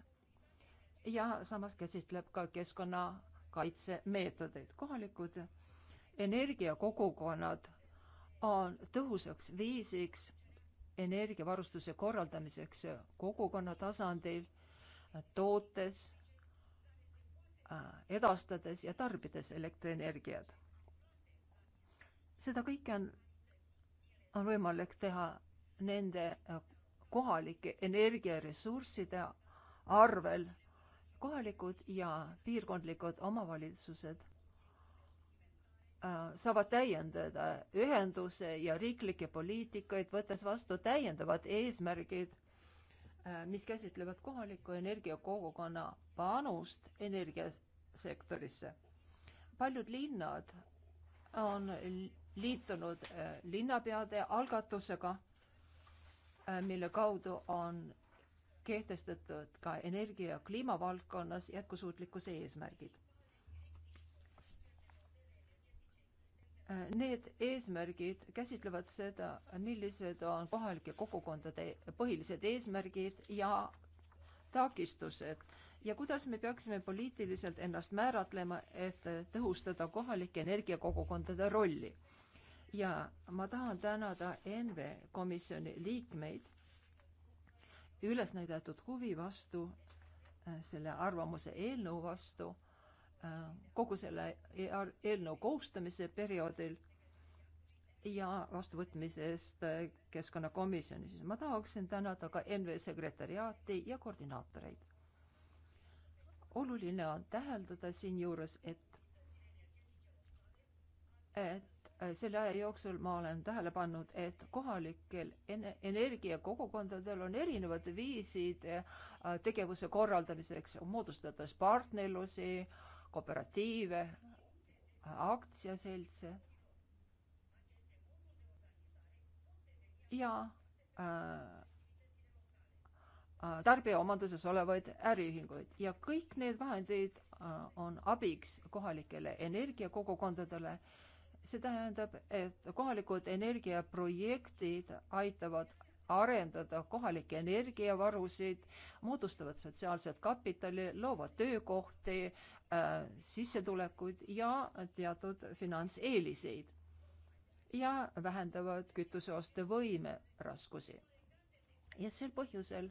ja samas käsitleb ka keskkonnakaitsemeetodeid. kohalikud energiakogukonnad on tõhusaks viisiks energiavarustuse korraldamiseks kogukonna tasandil, tootes, äh, edastades ja tarbides elektrienergiat. seda kõike on, on võimalik teha nende äh, kohalike energiaressursside arvel. kohalikud ja piirkondlikud omavalitsused äh, saavad täiendada ühenduse ja riiklikke poliitikaid, võttes vastu täiendavad eesmärgid, äh, mis käsitlevad kohaliku energiakogukonna panust energiasektorisse. paljud linnad on liitunud linnapeade algatusega Äh, mille kaudu on kehtestatud ka energia- ja kliimavaldkonnas jätkusuutlikkuse eesmärgid. Äh, need eesmärgid käsitlevad seda, millised on kohalike kogukondade põhilised eesmärgid ja takistused ja kuidas me peaksime poliitiliselt ennast määratlema, et tõhustada kohalike energiakogukondade rolli ja ma tahan tänada ENVE komisjoni liikmeid üles näidatud huvi vastu, äh, selle arvamuse eelnõu vastu, äh, kogu selle e-, eelnõu koostamise perioodil ja vastuvõtmisest äh, keskkonnakomisjonis. ma tahaksin tänada ka ENVE sekretäriaati ja koordinaatoreid. oluline on täheldada siinjuures, et et Äh, selle aja jooksul ma olen tähele pannud, et kohalikel energiakogukondadel on erinevad viisid äh, tegevuse korraldamiseks, moodustades partnerlusi, kooperatiive, aktsiaseltse. ja äh, äh tarbija omanduses olevaid äriühinguid ja kõik need vahendid äh, on abiks kohalikele energiakogukondadele äh, see tähendab, et kohalikud energiaprojektid aitavad arendada kohalikke energiavarusid, moodustavad sotsiaalset kapitali, loovad töökohti äh,, sissetulekuid ja teatud finantseeliseid ja vähendavad kütuseostevõime raskusi. ja sel põhjusel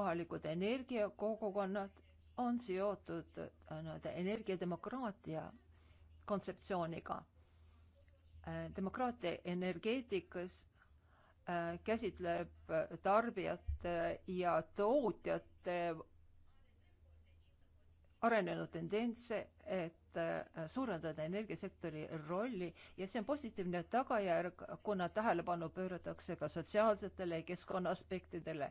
kohalikud energiakogukonnad on seotud äh, nii-öelda energiademokraatia kontseptsiooniga. Äh, demokraatia energeetikas äh, käsitleb äh, tarbijate ja tootjate arenenud tendentse, et suurendada energiasektori rolli ja see on positiivne tagajärg, kuna tähelepanu pööratakse ka sotsiaalsetele ja keskkonna aspektidele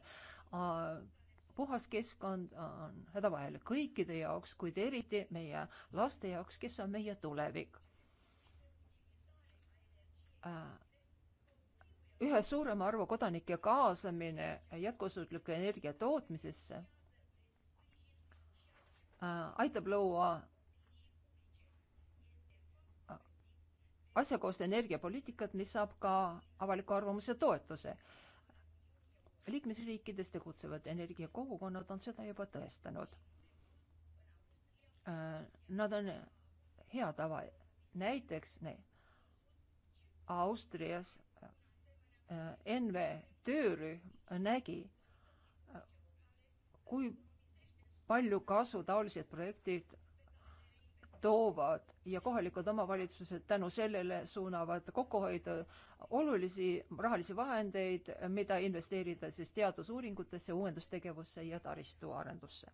puhas keskkond on hädavajalik kõikide jaoks, kuid eriti meie laste jaoks, kes on meie tulevik. Äh, ühe suurema arvu kodanike kaasamine jätkusuutliku energia tootmisesse äh, aitab luua äh, asjakohast energiapoliitikat, mis saab ka avaliku arvamuse toetuse liikmesriikides tegutsevad energiakogukonnad on seda juba tõestanud. Äh, nad on hea tava, näiteks ne, Austrias äh, NV töörühm nägi, äh, kui palju kasu taolised projektid toovad ja kohalikud omavalitsused tänu sellele suunavad kokkuhoidu olulisi rahalisi vahendeid, mida investeerida siis teadusuuringutesse, uuendustegevusse ja taristuarendusse.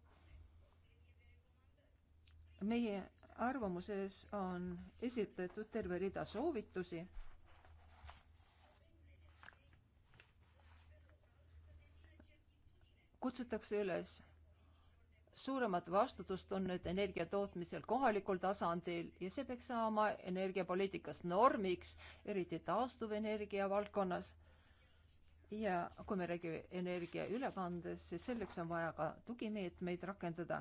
meie arvamuses on esitatud terve rida soovitusi kutsutakse üles suuremat vastutust on nüüd energia tootmisel kohalikul tasandil ja see peaks saama energiapoliitikas normiks, eriti taastuvenergia valdkonnas. ja kui me räägime energia ülekandest, siis selleks on vaja ka tugimeetmeid rakendada.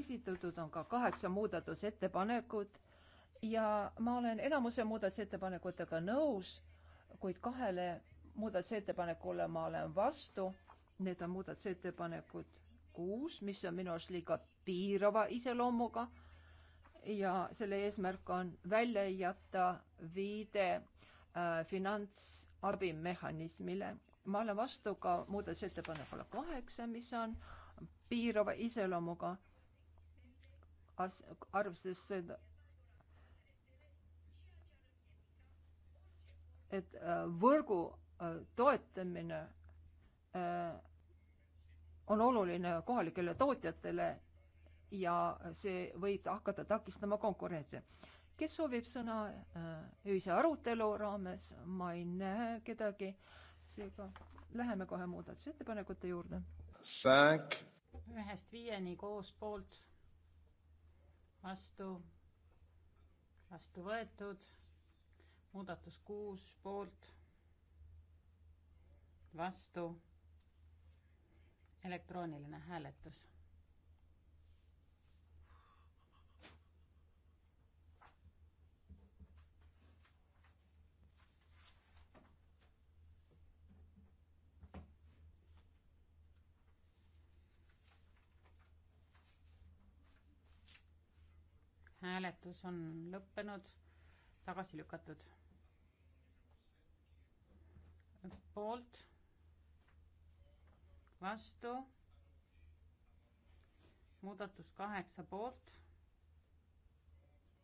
esitatud on ka kaheksa muudatusettepanekut ja ma olen enamuse muudatusettepanekutega nõus, kuid kahele muudatusettepanekule ma olen vastu. Need on muudatusettepanekud kuus, mis on minu arust liiga piirava iseloomuga ja selle eesmärk on välja jätta viide äh, finantsabimehhanismile. ma olen vastu ka muudatusettepanekule kaheksa, mis on piirava iseloomuga, arvestades seda, et äh, võrgu äh, toetamine äh, on oluline kohalikele tootjatele ja see võib hakata takistama konkurentsi. kes soovib sõna äh, ühise arutelu raames, ma ei näe kedagi, seega läheme kohe muudatusettepanekute juurde. ühest viieni koos poolt, vastu, vastu võetud, muudatus kuus poolt, vastu elektrooniline hääletus. hääletus on lõppenud, tagasi lükatud. poolt vastu. muudatus kaheksa poolt,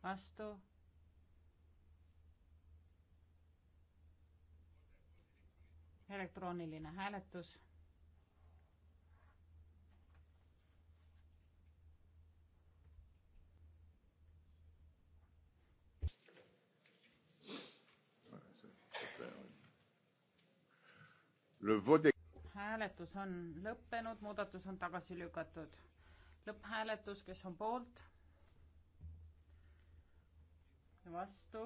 vastu. elektrooniline hääletus le vote hääletus on lõppenud, muudatus on tagasi lükatud. lõpphääletus, kes on poolt? vastu?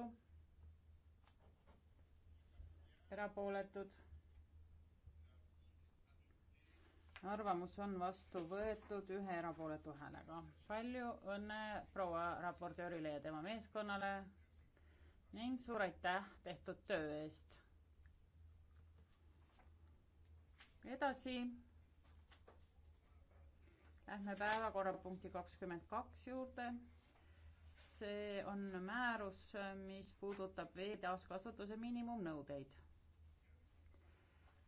erapooletud? arvamus on vastu võetud ühe erapooletu häälega. palju õnne proua raportöörile ja tema meeskonnale ning suur aitäh tehtud töö eest edasi. Lähme päevakorrapunkti kakskümmend kaks juurde. see on määrus, mis puudutab vee taaskasutuse miinimumnõudeid.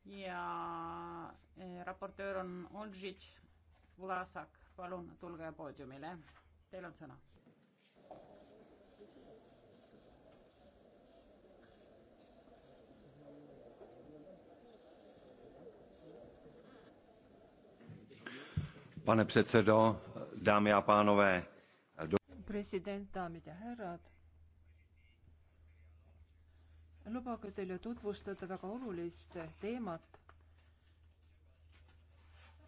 ja eh, raportöör on Olžitš Vlasak, palun tulge poodiumile, teil on sõna pane předsedo, dámy a pánové. president, daamid ja härrad. lubage teile tutvustada väga olulist teemat,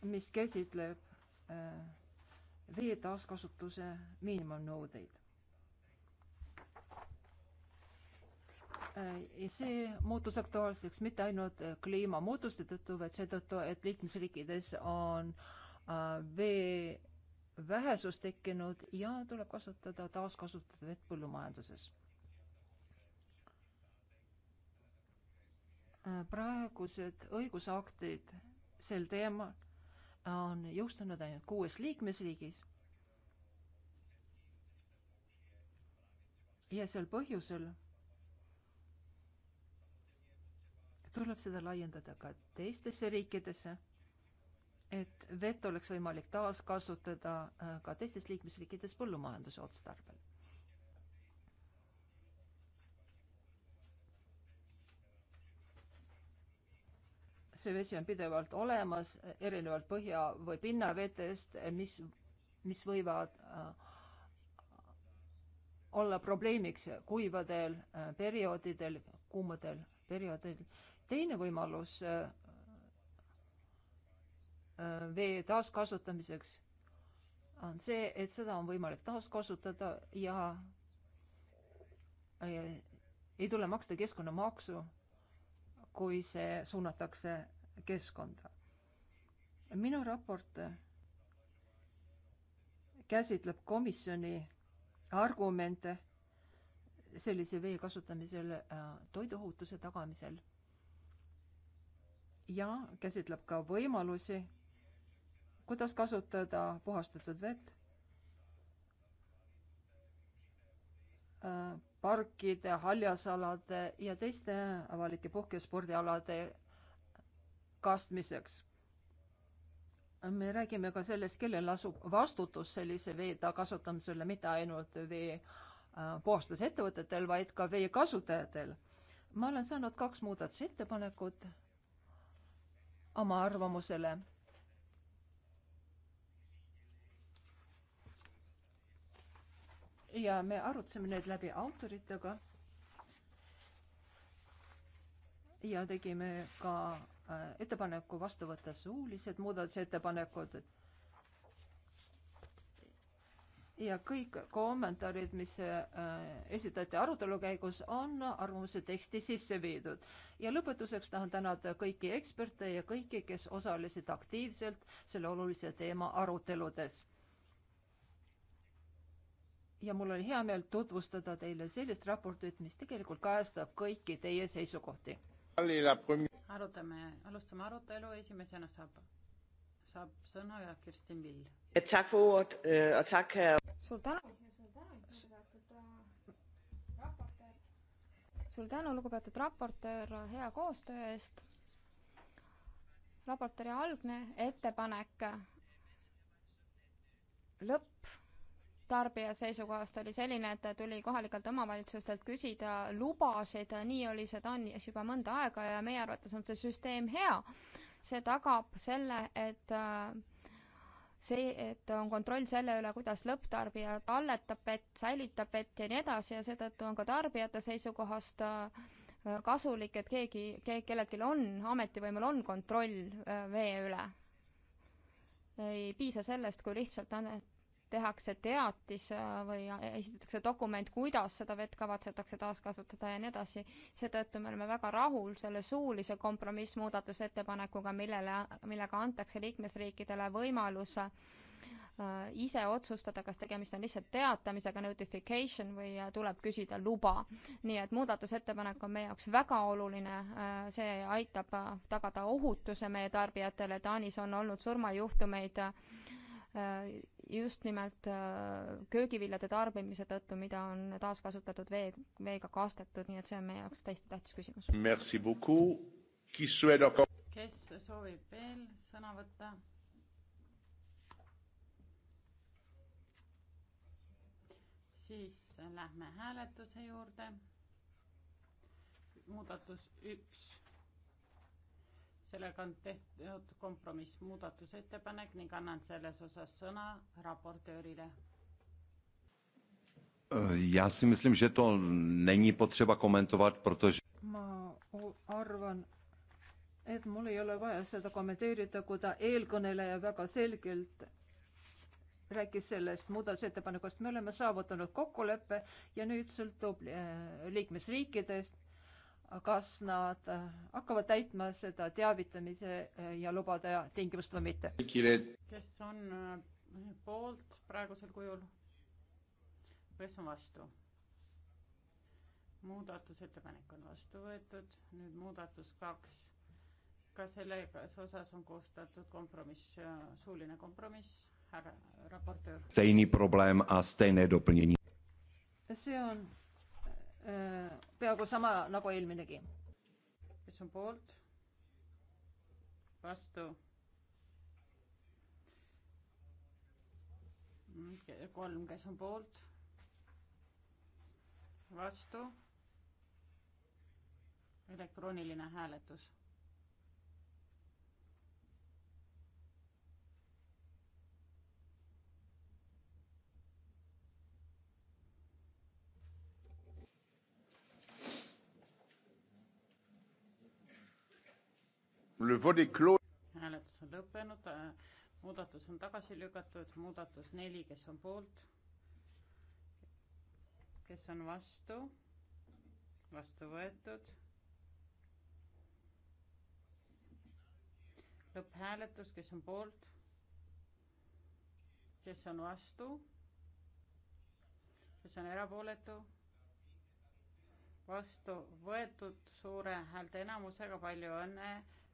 mis käsitleb äh, vee taaskasutuse miinimumnõudeid. Äh, see muutus aktuaalseks mitte ainult äh, kliimamuutuste tõttu, vaid seetõttu, et liikmesriikides on äh, vee vähesus tekkinud ja tuleb kasutada, taaskasutada vett põllumajanduses. praegused õigusaktid sel teemal on jõustunud ainult kuues liikmesriigis. ja sel põhjusel tuleb seda laiendada ka teistesse riikidesse et vett oleks võimalik taaskasutada äh, ka teistes liikmesriikides põllumajanduse otstarbel. see vesi on pidevalt olemas, äh, erinevalt põhja- või pinnavetest, äh, mis, mis võivad olla probleemiks kuivadel perioodidel, kuumadel perioodidel. teine võimalus Äh, vee taaskasutamiseks, on see, et seda on võimalik taaskasutada ja, ja äh, ei tule maksta keskkonnamaksu, kui see suunatakse keskkonda. minu raport käsitleb komisjoni argumente sellise vee kasutamisel äh, toiduohutuse tagamisel ja käsitleb ka võimalusi kuidas kasutada puhastatud vett äh, parkide, haljasalade ja teiste avalike puhkespordialade kastmiseks. me räägime ka sellest, kellel asub vastutus sellise veeta kasutamisele, mitte ainult vee äh, puhastusettevõtetel, vaid ka vee kasutajatel. ma olen saanud kaks muudatusettepanekut oma arvamusele ja me arutasime need läbi autoritega. ja tegime ka äh, ettepaneku vastu võtta suulised muudatusettepanekud. ja kõik kommentaarid, mis äh, esitati arutelu käigus, on arvamuse teksti sisse viidud. ja lõpetuseks tahan tänada kõiki eksperte ja kõiki, kes osalesid aktiivselt selle olulise teema aruteludes ja mul on hea meel tutvustada teile sellist raportit, mis tegelikult kajastab kõiki teie seisukohti. arutame, alustame arutelu, esimesena saab, saab sõna ja Kirstin Vill. Øh, suur tänu. suur tänu, lugupeetud raportöör, hea koostöö eest. raportööri algne ettepanek, lõpp tarbija seisukohast oli selline, et tuli kohalikelt omavalitsustelt küsida lubasid, nii oli see Taanis juba mõnda aega ja meie arvates on see süsteem hea. see tagab selle, et äh, see, et on kontroll selle üle, kuidas lõpptarbija talletab vett, säilitab vett ja nii edasi ja seetõttu on ka tarbijate seisukohast äh, kasulik, et keegi, keegi, kellelgi on, ametivõimul on kontroll äh, vee üle. ei piisa sellest, kui lihtsalt tehakse teatis äh, või esitatakse dokument, kuidas seda vett kavatsetakse taaskasutada ja nii edasi. seetõttu me oleme väga rahul selle suulise kompromissmuudatusettepanekuga, millele, millega antakse liikmesriikidele võimalus äh, ise otsustada, kas tegemist on lihtsalt teatamisega, notification, või äh, tuleb küsida luba. nii et muudatusettepanek on meie jaoks väga oluline, see aitab tagada ohutuse meie tarbijatele, Taanis on olnud surmajuhtumeid Äh, just nimelt äh, köögiviljade tarbimise tõttu, mida on taaskasutatud vee, veega kastetud, nii et see on meie jaoks täiesti tähtis küsimus. kes soovib veel sõna võtta? siis lähme hääletuse juurde. muudatus üks sellega on tehtud kompromissmuudatusettepanek ning annan selles osas sõna raportöörile. Já si myslím, že to není potřeba komentovat, protože... Ma arvan, et mul ei ole vaja seda kommenteerida, kuna eelkõneleja väga selgelt rääkis sellest muudatusettepanekust. me oleme saavutanud kokkuleppe ja nüüd sõltub eh, liikmesriikidest kas nad äh, hakkavad täitma seda teavitamise äh, ja lubade tingimust või mitte. kes on äh, poolt praegusel kujul? kes on vastu? muudatusettepanek on vastu võetud, nüüd muudatus kaks. ka selles osas on koostatud kompromiss, suuline kompromiss, härra raportöör. see on Äh, peaaegu sama nagu eelminegi. kes on poolt? vastu? kolm, kes on poolt? vastu? elektrooniline hääletus hääletus on lõppenud, äh, muudatus on tagasi lükatud, muudatus neli, kes on poolt, kes on vastu, vastu võetud. lõpphääletus, kes on poolt, kes on vastu, kes on erapooletu vastu võetud suure häälteenamusega, palju õnne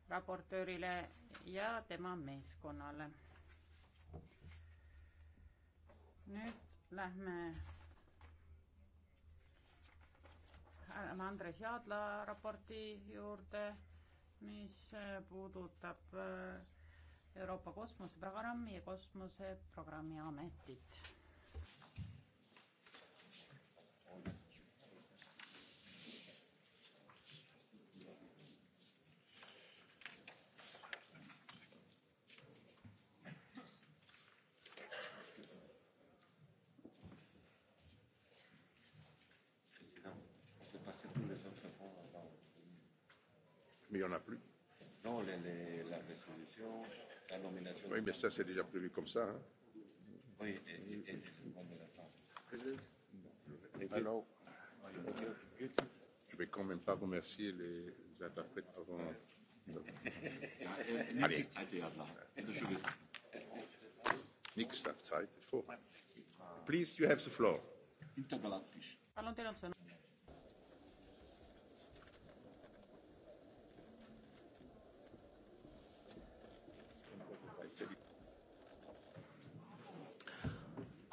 raportöörile ja tema meeskonnale. nüüd lähme Andres Jaadla raporti juurde, mis puudutab äh, Euroopa kosmoseprogrammi ja kosmoseprogrammi ametit mais il n'y en a plus. Non, les, les, la résolution, la nomination. Oui, mais ça, c'est déjà prévu comme ça. Hein. Oui, et, et, et Alors, je ne vais quand même pas remercier les interprètes avant. Allez. Nix Zeit. Please, you have the floor. Intergalactisch. Palun, teil on sõna.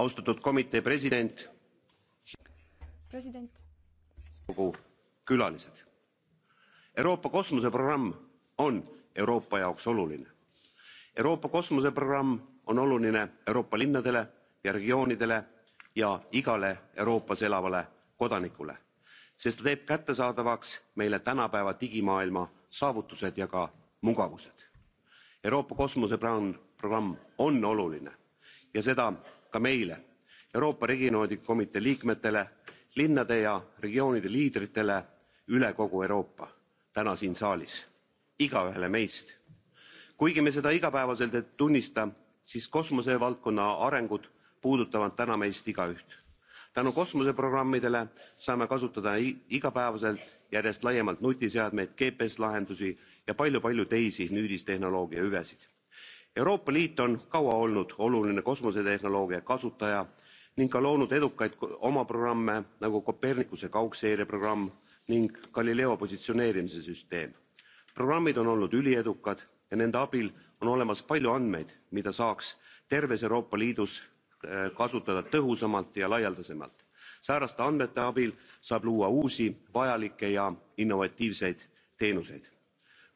austatud komitee president president kogu külalised euroopa kosmoseprogramm on euroopa jaoks oluline euroopa kosmoseprogramm on oluline euroopa linnadele ja regioonidele ja igale euroopas elavale kodanikule sest ta teeb kättesaadavaks meile tänapäeva digimaailma saavutused ja ka mugavused euroopa kosmoseprogramm on oluline ja seda ka meile euroopa regioonide liikmetele linnade ja regioonide liidritele üle kogu euroopa täna siin saalis igaühele meist. kuigi me seda igapäevaselt ei tunnista siis kosmosevaldkonna arengud puudutavad täna meist igaüht. tänu kosmoseprogrammidele saame kasutada igapäevaselt järjest laiemalt nutiseadmeid gps lahendusi ja palju palju teisi nüüdistehnoloogia hüvesid euroopa liit on kaua olnud oluline kosmosetehnoloogia kasutaja ning ka loonud edukaid oma programme nagu copernicuse kaugseireprogramm ning galileo positsioneerimise süsteem. programmid on olnud üliedukad ja nende abil on olemas palju andmeid mida saaks terves euroopa liidus äh, kasutada tõhusamalt ja laialdasemalt. sääraste andmete abil saab luua uusi vajalikke ja innovatiivseid teenuseid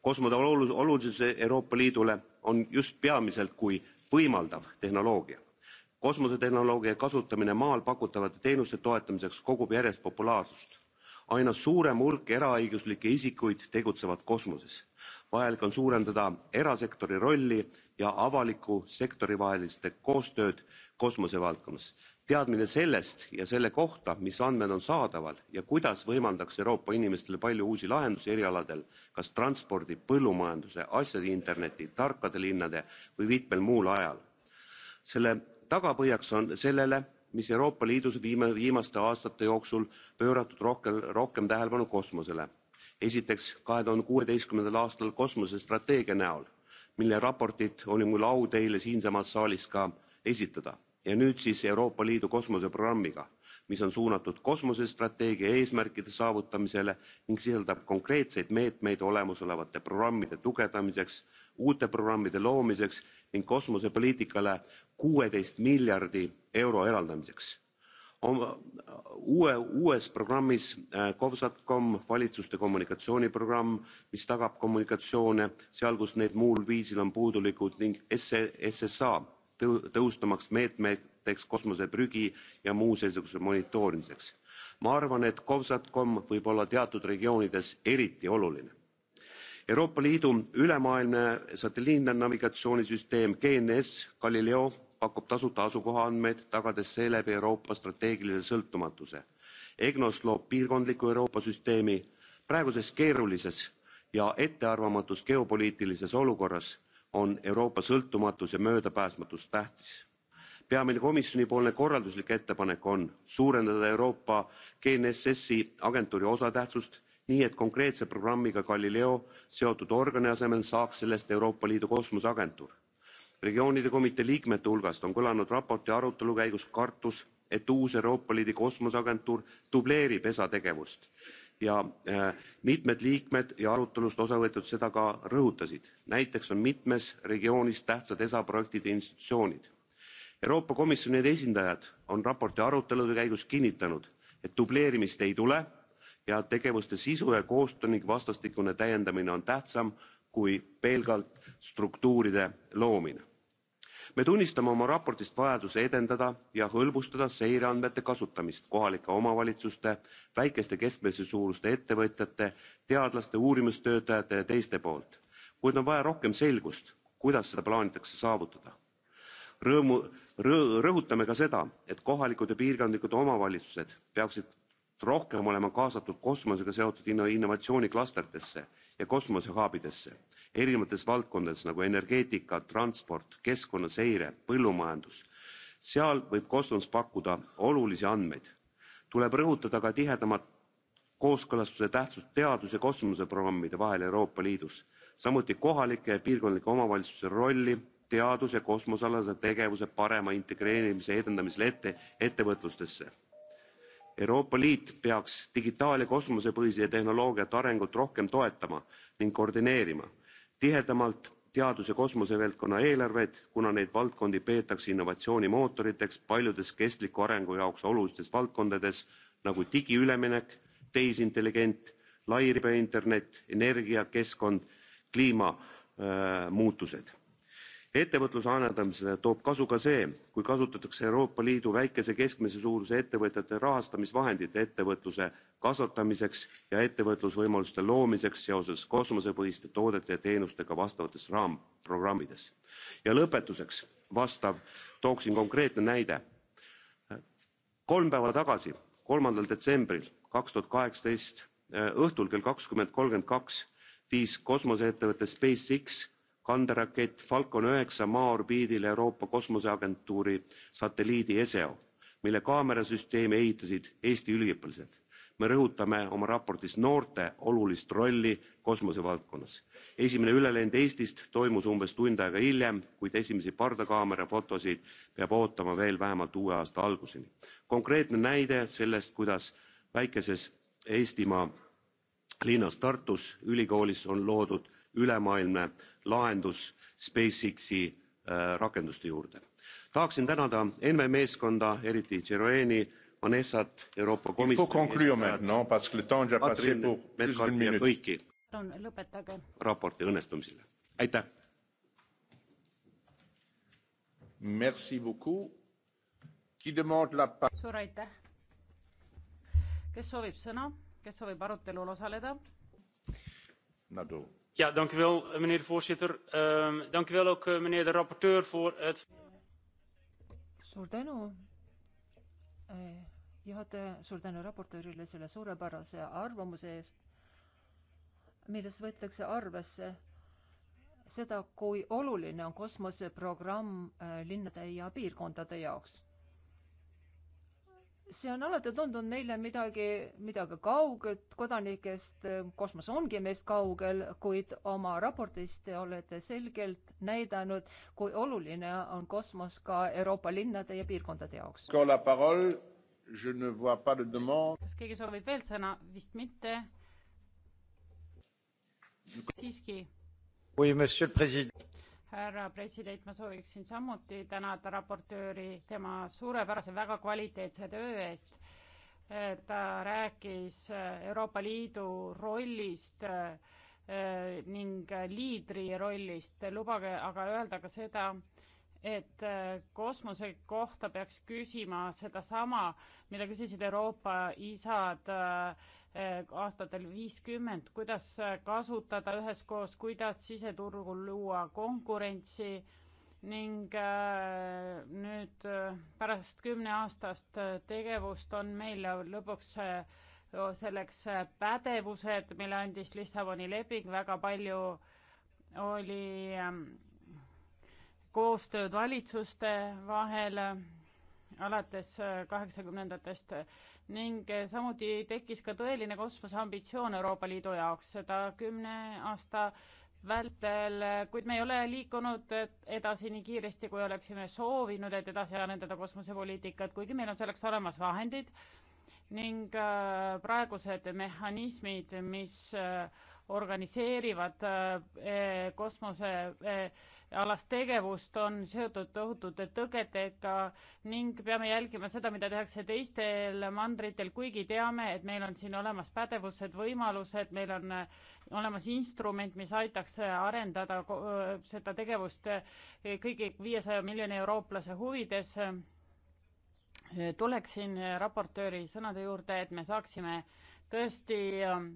kosmose olulisus euroopa liidule on just peamiselt kui võimaldav tehnoloogia. kosmosetehnoloogia kasutamine maal pakutavate teenuste toetamiseks kogub järjest populaarsust aina suurem hulk eraõiguslikke isikuid tegutsevad kosmoses vajalik on suurendada erasektori rolli ja avaliku sektori vahelist koostööd kosmosevaldkonnas teadmine sellest ja selle kohta mis andmed on saadaval ja kuidas võimaldaks euroopa inimestele palju uusi lahendusi erialadel kas transpordi põllumajanduse asjade interneti tarkade linnade või mitmel muul ajal selle tagapõhjaks on sellele mis euroopa liidus viime- viimaste aastate jooksul pööratud rohkem rohkem tähelepanu kosmosele esiteks 2016 aastal kosmosestrateegia näol mille raportit oli mul au teile siinsamas saalis ka esitleda ja nüüd siis euroopa liidu kosmoseprogrammiga mis on suunatud kosmosestrateegia eesmärkide saavutamisele ning sisaldab konkreetseid meetmeid olemasolevate programmide tugevdamiseks uute programmide loomiseks ning kosmosepoliitikale 16 miljardi euro eraldamiseks. Uue, uues programmis cosatcom äh, valitsuste kommunikatsiooniprogramm mis tagab kommunikatsioone seal kus need muul viisil on puudulikud ning SSA tõhustamaks meetmeid näiteks kosmoseprügi ja muu seesuguse monitoorimiseks. ma arvan et cosatcom võib olla teatud regioonides eriti oluline. euroopa liidu ülemaailmne satelliitnavigatsioonisüsteem gns galileo pakub tasuta asukohaandmeid tagades seeläbi euroopa strateegilise sõltumatuse. egnos loob piirkondliku euroopa süsteemi. praeguses keerulises ja ettearvamatus geopoliitilises olukorras on euroopa sõltumatus ja möödapääsmatus tähtis. peamine komisjonipoolne korralduslik ettepanek on suurendada euroopa gnsssi agentuuri osatähtsust nii et konkreetse programmiga galileo seotud organi asemel saaks sellest euroopa liidu kosmoseagentuur. regioonide komitee liikmete hulgast on kõlanud raporti arutelu käigus kartus et uus euroopa liidu kosmoseagentuur dubleerib esa tegevust ja äh, mitmed liikmed ja arutelust osa võtnud seda ka rõhutasid näiteks on mitmes regioonis tähtsad esa projektide institutsioonid. euroopa komisjoni esindajad on raporti arutelude käigus kinnitanud et dubleerimist ei tule ja tegevuste sisu ja koostöö ning vastastikune täiendamine on tähtsam kui pelgalt struktuuride loomine me tunnistame oma raportis vajadust edendada ja hõlbustada seireandmete kasutamist kohalike omavalitsuste väikeste keskmise suurusega ettevõtjate teadlaste uurimistöötajate ja teiste poolt kuid on vaja rohkem selgust kuidas seda plaanitakse saavutada. rõõmu rõõ, rõhutame ka seda et kohalikud ja piirkondlikud omavalitsused peaksid rohkem olema kaasatud kosmosega seotud innovatsiooniklastritesse ja kosmosehuubidesse erinevates valdkondades nagu energeetika, transport, keskkonnaseire, põllumajandus. seal võib Kosmos pakkuda olulisi andmeid. tuleb rõhutada ka tihedamat kooskõlastuse tähtsust teadus- ja kosmoseprogrammide vahel Euroopa Liidus, samuti kohalike ja piirkondlike omavalitsuste rolli teadus- ja kosmosealase tegevuse parema integreerimise edendamisel ette, ettevõtlustesse. Euroopa Liit peaks digitaal- ja kosmosepõhise tehnoloogiate arengut rohkem toetama ning koordineerima tihedamalt teadus ja kosmosevaldkonna eelarveid kuna neid valdkondi peetakse innovatsiooni mootoriteks paljudes kestliku arengu jaoks olulistes valdkondades nagu digiüleminek tehisintellient lairibainternet energia keskkond kliimamuutused ettevõtluse arendamisele toob kasu ka see kui kasutatakse euroopa liidu väikese keskmise suurusega ettevõtete rahastamisvahendeid ettevõtluse kasvatamiseks ja ettevõtlusvõimaluste loomiseks seoses kosmosepõhiste toodete ja teenustega vastavates raamprogrammides. ja lõpetuseks vastav tooksin konkreetne näide kolm päeva tagasi 3 detsembril 2018 õhtul kell 20.32 viis kosmoseettevõte SpaceX kanderakett Falcon 9 maa orbiidile Euroopa Kosmoseagentuuri satelliidi ESEO, mille kaamerasüsteemi ehitasid Eesti üliõpilased. me rõhutame oma raportis noorte olulist rolli kosmosevaldkonnas. esimene ülelend Eestist toimus umbes tund aega hiljem, kuid esimesi pardakaamera fotosid peab ootama veel vähemalt uue aasta alguseni. konkreetne näide sellest, kuidas väikeses Eestimaa linnas Tartus ülikoolis on loodud ülemaailmne lahendus SpaceXi äh, rakenduste juurde. tahaksin tänada ENME meeskonda, eriti Jeroeni, Vanessat, Euroopa Komisjoni ja kõiki raporti õnnestumisele. aitäh! suur aitäh! kes soovib sõna, kes soovib arutelul osaleda? voorzitter ehm, dank u wel ook eh, mijnheer de rapporteur voor het. suur tänu eh, juhataja suur tänu raportöörile selle suurepärase arvamuse eest milles võetakse arvesse seda kui oluline on kosmoseprogramm eh, linnade ja piirkondade jaoks see on alati tundunud meile midagi, midagi kauget kodanikest, eh, kosmos ongi meist kaugel, kuid oma raportis te olete selgelt näidanud, kui oluline on kosmos ka Euroopa linnade ja piirkondade jaoks. kas keegi soovib veel sõna? vist mitte. siiski härra president, ma sooviksin samuti tänada raportööri tema suurepärase, väga kvaliteetse töö eest. ta rääkis Euroopa Liidu rollist eh, ning liidri rollist. lubage aga öelda ka seda, et eh, kosmose kohta peaks küsima sedasama, mida küsisid Euroopa isad äh, Eh, aastatel viiskümmend, kuidas eh, kasutada üheskoos, kuidas siseturgul luua konkurentsi ning eh, nüüd pärast kümneaastast tegevust on meil lõpuks selleks pädevused, mille andis Lissaboni leping, väga palju oli koostööd valitsuste vahel alates kaheksakümnendatest ning samuti tekkis ka tõeline kosmoseambitsioon Euroopa Liidu jaoks, seda kümne aasta vältel, kuid me ei ole liikunud edasi nii kiiresti, kui oleksime soovinud, et edasi arendada kosmosepoliitikat, kuigi meil on selleks olemas vahendid ning äh, praegused mehhanismid, mis äh, organiseerivad äh, e-, kosmosealast e-, tegevust, on seotud tohutute tõgetega ning peame jälgima seda, mida tehakse teistel mandritel, kuigi teame, et meil on siin olemas pädevused, võimalused, meil on olemas instrument, mis aitaks arendada seda tegevust kõigi viiesaja miljoni eurooplase huvides tuleksin raportööri sõnade juurde, et me saaksime tõesti ähm,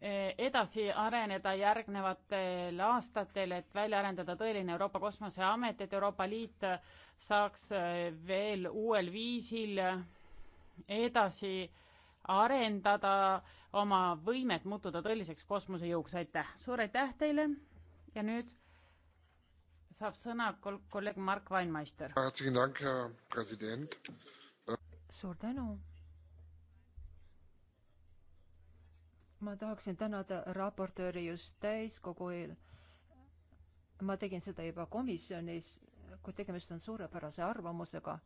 e, edasi areneda järgnevatel aastatel, et välja arendada tõeline Euroopa Kosmoseamet, et Euroopa Liit saaks äh, veel uuel viisil edasi arendada oma võimet muutuda tõeliseks kosmosejõuks, aitäh. suur aitäh teile ja nüüd saab sõna kolleeg Mark Weinmeister suur tänu. ma tahaksin tänada raportööri just täiskogu eel. ma tegin seda juba komisjonis, kui tegemist on suurepärase arvamusega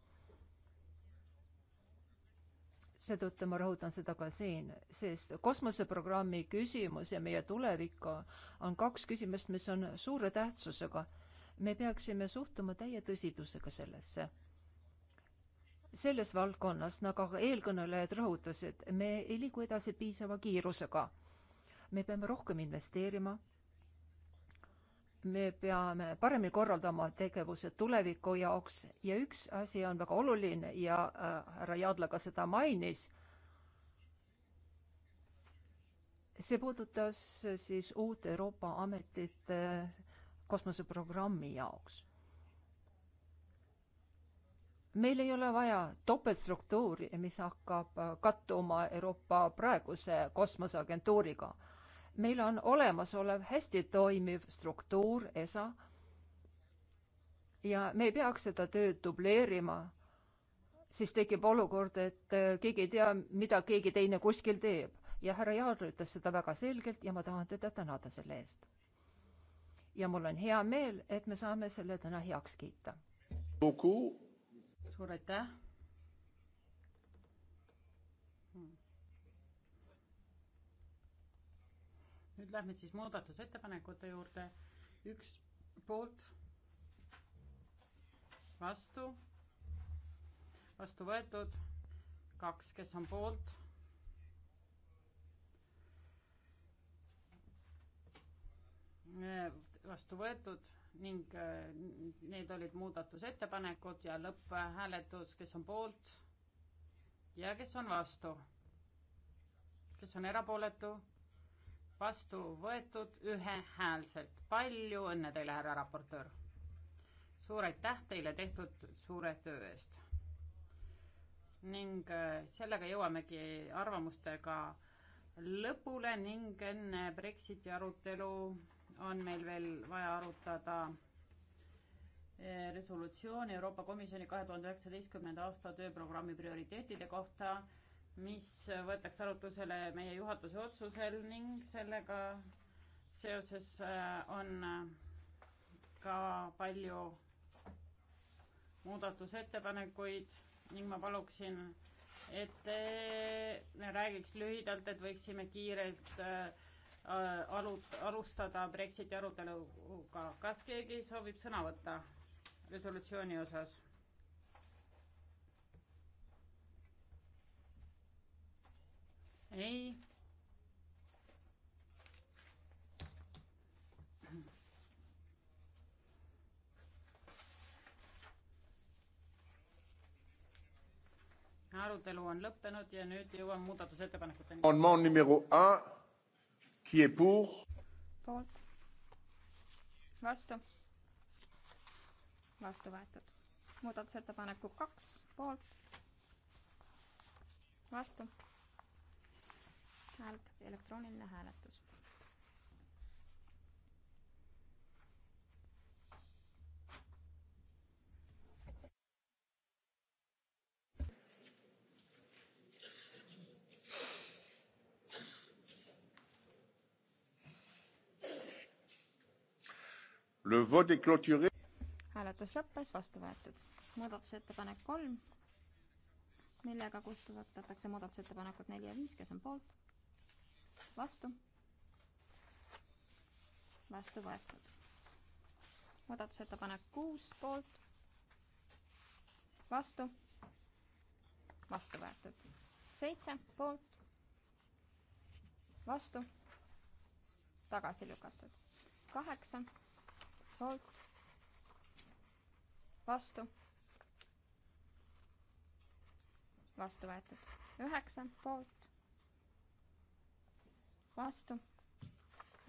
seetõttu ma rõhutan seda ka siin, sest kosmoseprogrammi küsimus ja meie tulevik on kaks küsimust, mis on suure tähtsusega. me peaksime suhtuma täie tõsidusega sellesse selles valdkonnas, nagu ka eelkõnelejad rõhutasid, me ei liigu edasi piisava kiirusega. me peame rohkem investeerima. me peame paremini korraldama tegevused tuleviku jaoks ja üks asi on väga oluline ja äh, härra Jadla ka seda mainis see puudutas siis uut Euroopa Ametit kosmoseprogrammi jaoks meil ei ole vaja topeltstruktuuri, mis hakkab äh, kattuma Euroopa praeguse kosmoseagentuuriga. meil on olemasolev hästi toimiv struktuur, ESA, ja me ei peaks seda tööd dubleerima, siis tekib olukord, et äh, keegi ei tea, mida keegi teine kuskil teeb. ja härra Jaar ütles seda väga selgelt ja ma tahan teda tänada selle eest. ja mul on hea meel, et me saame selle täna heaks kiita suur aitäh. nüüd lähme siis muudatusettepanekute juurde. üks poolt, vastu, vastu võetud, kaks, kes on poolt vastu võetud ning äh, need olid muudatusettepanekud ja lõpphääletus, kes on poolt ja kes on vastu. kes on erapooletu, vastu võetud ühehäälselt. palju õnne teile, härra raportöör. suur aitäh teile tehtud suure töö eest. ning äh, sellega jõuamegi arvamustega lõpule ning enne Brexiti arutelu on meil veel vaja arutada eh, resolutsioon Euroopa Komisjoni kahe tuhande üheksateistkümnenda aasta tööprogrammi prioriteetide kohta, mis võetakse arutusele meie juhatuse otsusel ning sellega seoses eh, on eh, ka palju muudatusettepanekuid ning ma paluksin, et te räägiks lühidalt, et võiksime kiirelt äh, Äh, alut-, alustada Brexiti aruteluga. kas keegi soovib sõna võtta resolutsiooni osas? ei. arutelu on lõppenud ja nüüd jõuame muudatusettepanekuteni. on maa numero A poolt, vastu, vastu võetud. muudatusettepaneku kaks poolt, vastu, hääl, elektrooniline hääletus. hääletus lõppes, vastu võetud. muudatusettepanek kolm, millega kustutatakse muudatusettepanekud neli ja viis, kes on poolt, vastu, vastu võetud. muudatusettepanek kuus, poolt, vastu, vastu võetud. seitse, poolt, vastu, tagasi lükatud. kaheksa poolt, vastu, vastu võetud, üheksa poolt, vastu,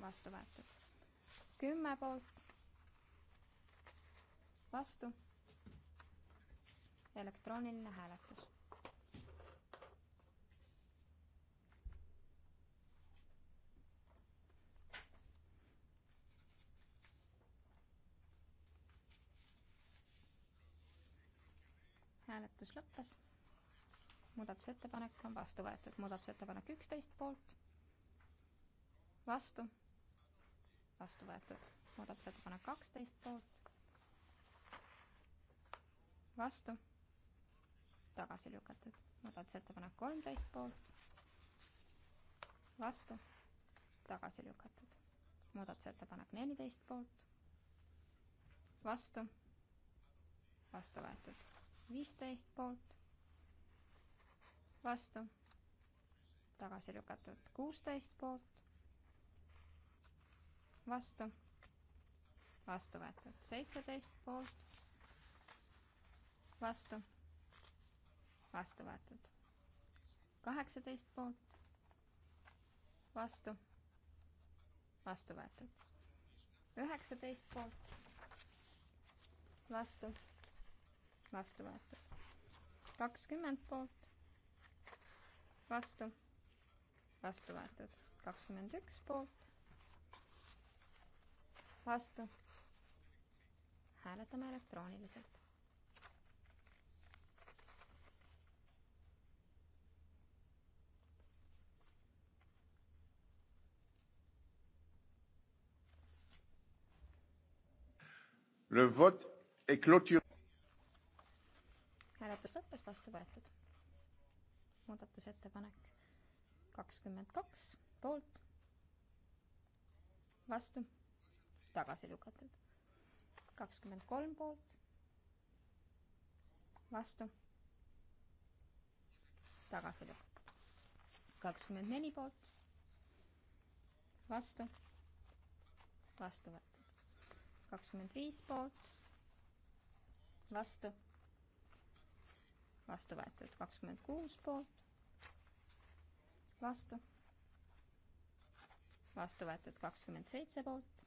vastu võetud, kümme poolt, vastu, elektrooniline hääletus hääletus lõppes. muudatusettepanek on vastu võetud, muudatusettepanek üksteist poolt, vastu, vastu võetud, muudatusettepanek kaksteist poolt, vastu, tagasi lükatud, muudatusettepanek kolmteist poolt, vastu, tagasi lükatud, muudatusettepanek neliteist poolt, vastu, vastu võetud viisteist poolt, vastu, tagasi lükatud kuusteist poolt, vastu, vastu võetud seitseteist poolt, vastu, vastu võetud kaheksateist poolt, vastu, vastu võetud üheksateist poolt, vastu vastu võetud. kakskümmend poolt, vastu, vastu võetud. kakskümmend üks poolt, vastu. hääletame elektrooniliselt. Le vote est clôturé hääletus lõppes, vastu võetud. muudatusettepanek kakskümmend kaks, poolt, vastu, tagasi lükatud. kakskümmend kolm poolt, vastu, tagasi lükatud. kakskümmend neli poolt, vastu, vastu võetud. kakskümmend viis poolt, vastu vastu võetud, kakskümmend kuus poolt, vastu, vastu võetud kakskümmend seitse poolt,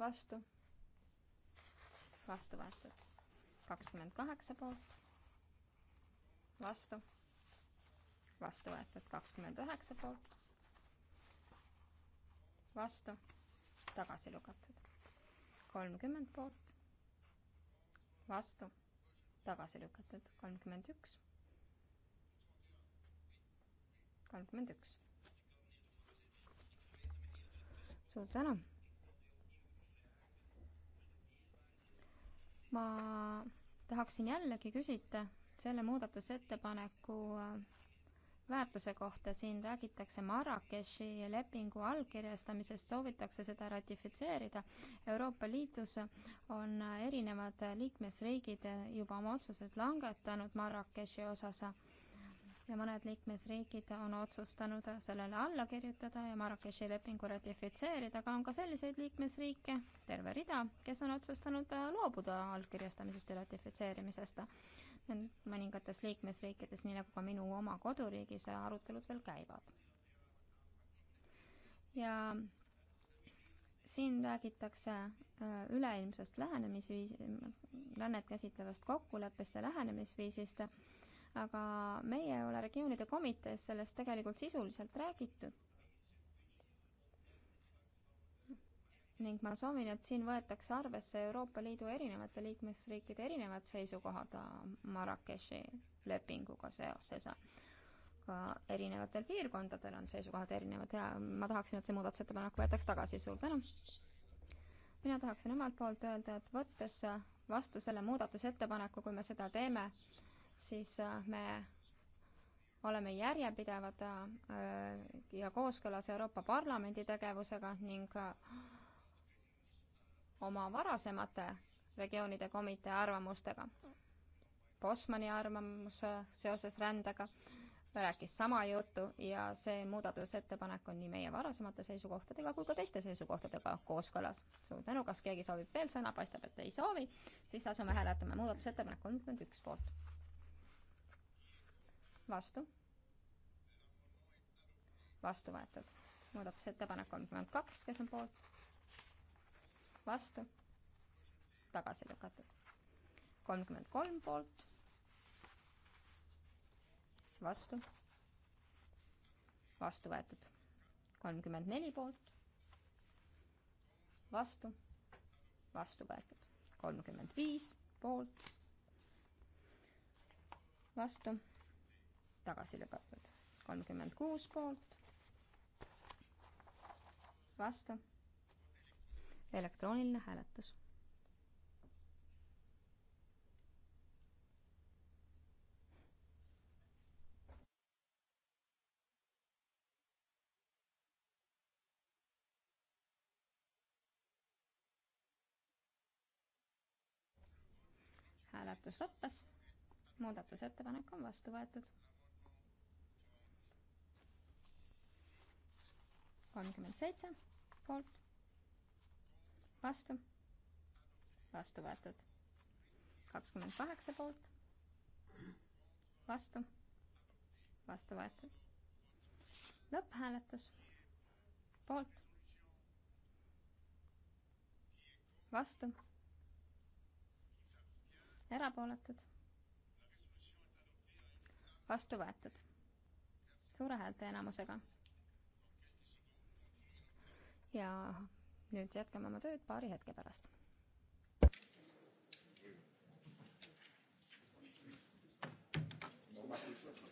vastu, vastu võetud kakskümmend kaheksa poolt, vastu, vastu võetud kakskümmend üheksa poolt, vastu, tagasi lükatud kolmkümmend poolt, vastu tagasi lükatud, kolmkümmend üks, kolmkümmend üks. suur tänu. ma tahaksin jällegi küsida selle muudatusettepaneku väärtuse kohta, siin räägitakse Marrakechi lepingu allkirjastamisest, soovitakse seda ratifitseerida. Euroopa Liidus on erinevad liikmesriigid juba oma otsused langetanud Marrakechi osas ja mõned liikmesriigid on otsustanud sellele alla kirjutada ja Marrakechi lepingu ratifitseerida, aga on ka selliseid liikmesriike, terve rida, kes on otsustanud loobuda allkirjastamisest ja ratifitseerimisest mõningates liikmesriikides, nii nagu ka minu oma koduriigis, arutelud veel käivad. ja siin räägitakse äh, üleilmsest lähenemisviisi, lännet käsitlevast kokkuleppest ja lähenemisviisist, aga meie ei ole regioonide komitees sellest tegelikult sisuliselt räägitud ning ma soovin, et siin võetakse arvesse Euroopa Liidu erinevate liikmesriikide erinevad seisukohad äh, Marrakechi lepinguga seoses. ka erinevatel piirkondadel on seisukohad erinevad ja ma tahaksin, et see muudatusettepanek võetaks tagasi, suur tänu! mina tahaksin omalt poolt öelda, et võttes vastu selle muudatusettepaneku, kui me seda teeme, siis äh, me oleme järjepidevad äh, ja kooskõlas Euroopa Parlamendi tegevusega ning oma varasemate regioonide komitee arvamustega. Bosmani arvamus seoses rändega rääkis sama juttu ja see muudatusettepanek on nii meie varasemate seisukohtadega kui ka teiste seisukohtadega kooskõlas. suur tänu, kas keegi soovib veel sõna, paistab, et ei soovi, siis asume hääletama muudatusettepanek kolmkümmend üks poolt. vastu. vastu võetud. muudatusettepanek kolmkümmend kaks, kes on poolt vastu, tagasi lükatud. kolmkümmend kolm poolt, vastu, vastu võetud. kolmkümmend neli poolt, vastu, vastu võetud. kolmkümmend viis poolt, vastu, tagasi lükatud. kolmkümmend kuus poolt, vastu elektrooniline hääletus. hääletus lõppes. muudatusettepanek on vastu võetud. kolmkümmend seitse poolt vastu, vastu võetud. kakskümmend kaheksa poolt, vastu, vastu võetud. lõpphääletus, poolt, vastu, erapooletud, vastu võetud suure häälteenamusega. ja nüüd jätkame oma tööd paari hetke pärast. Thank you.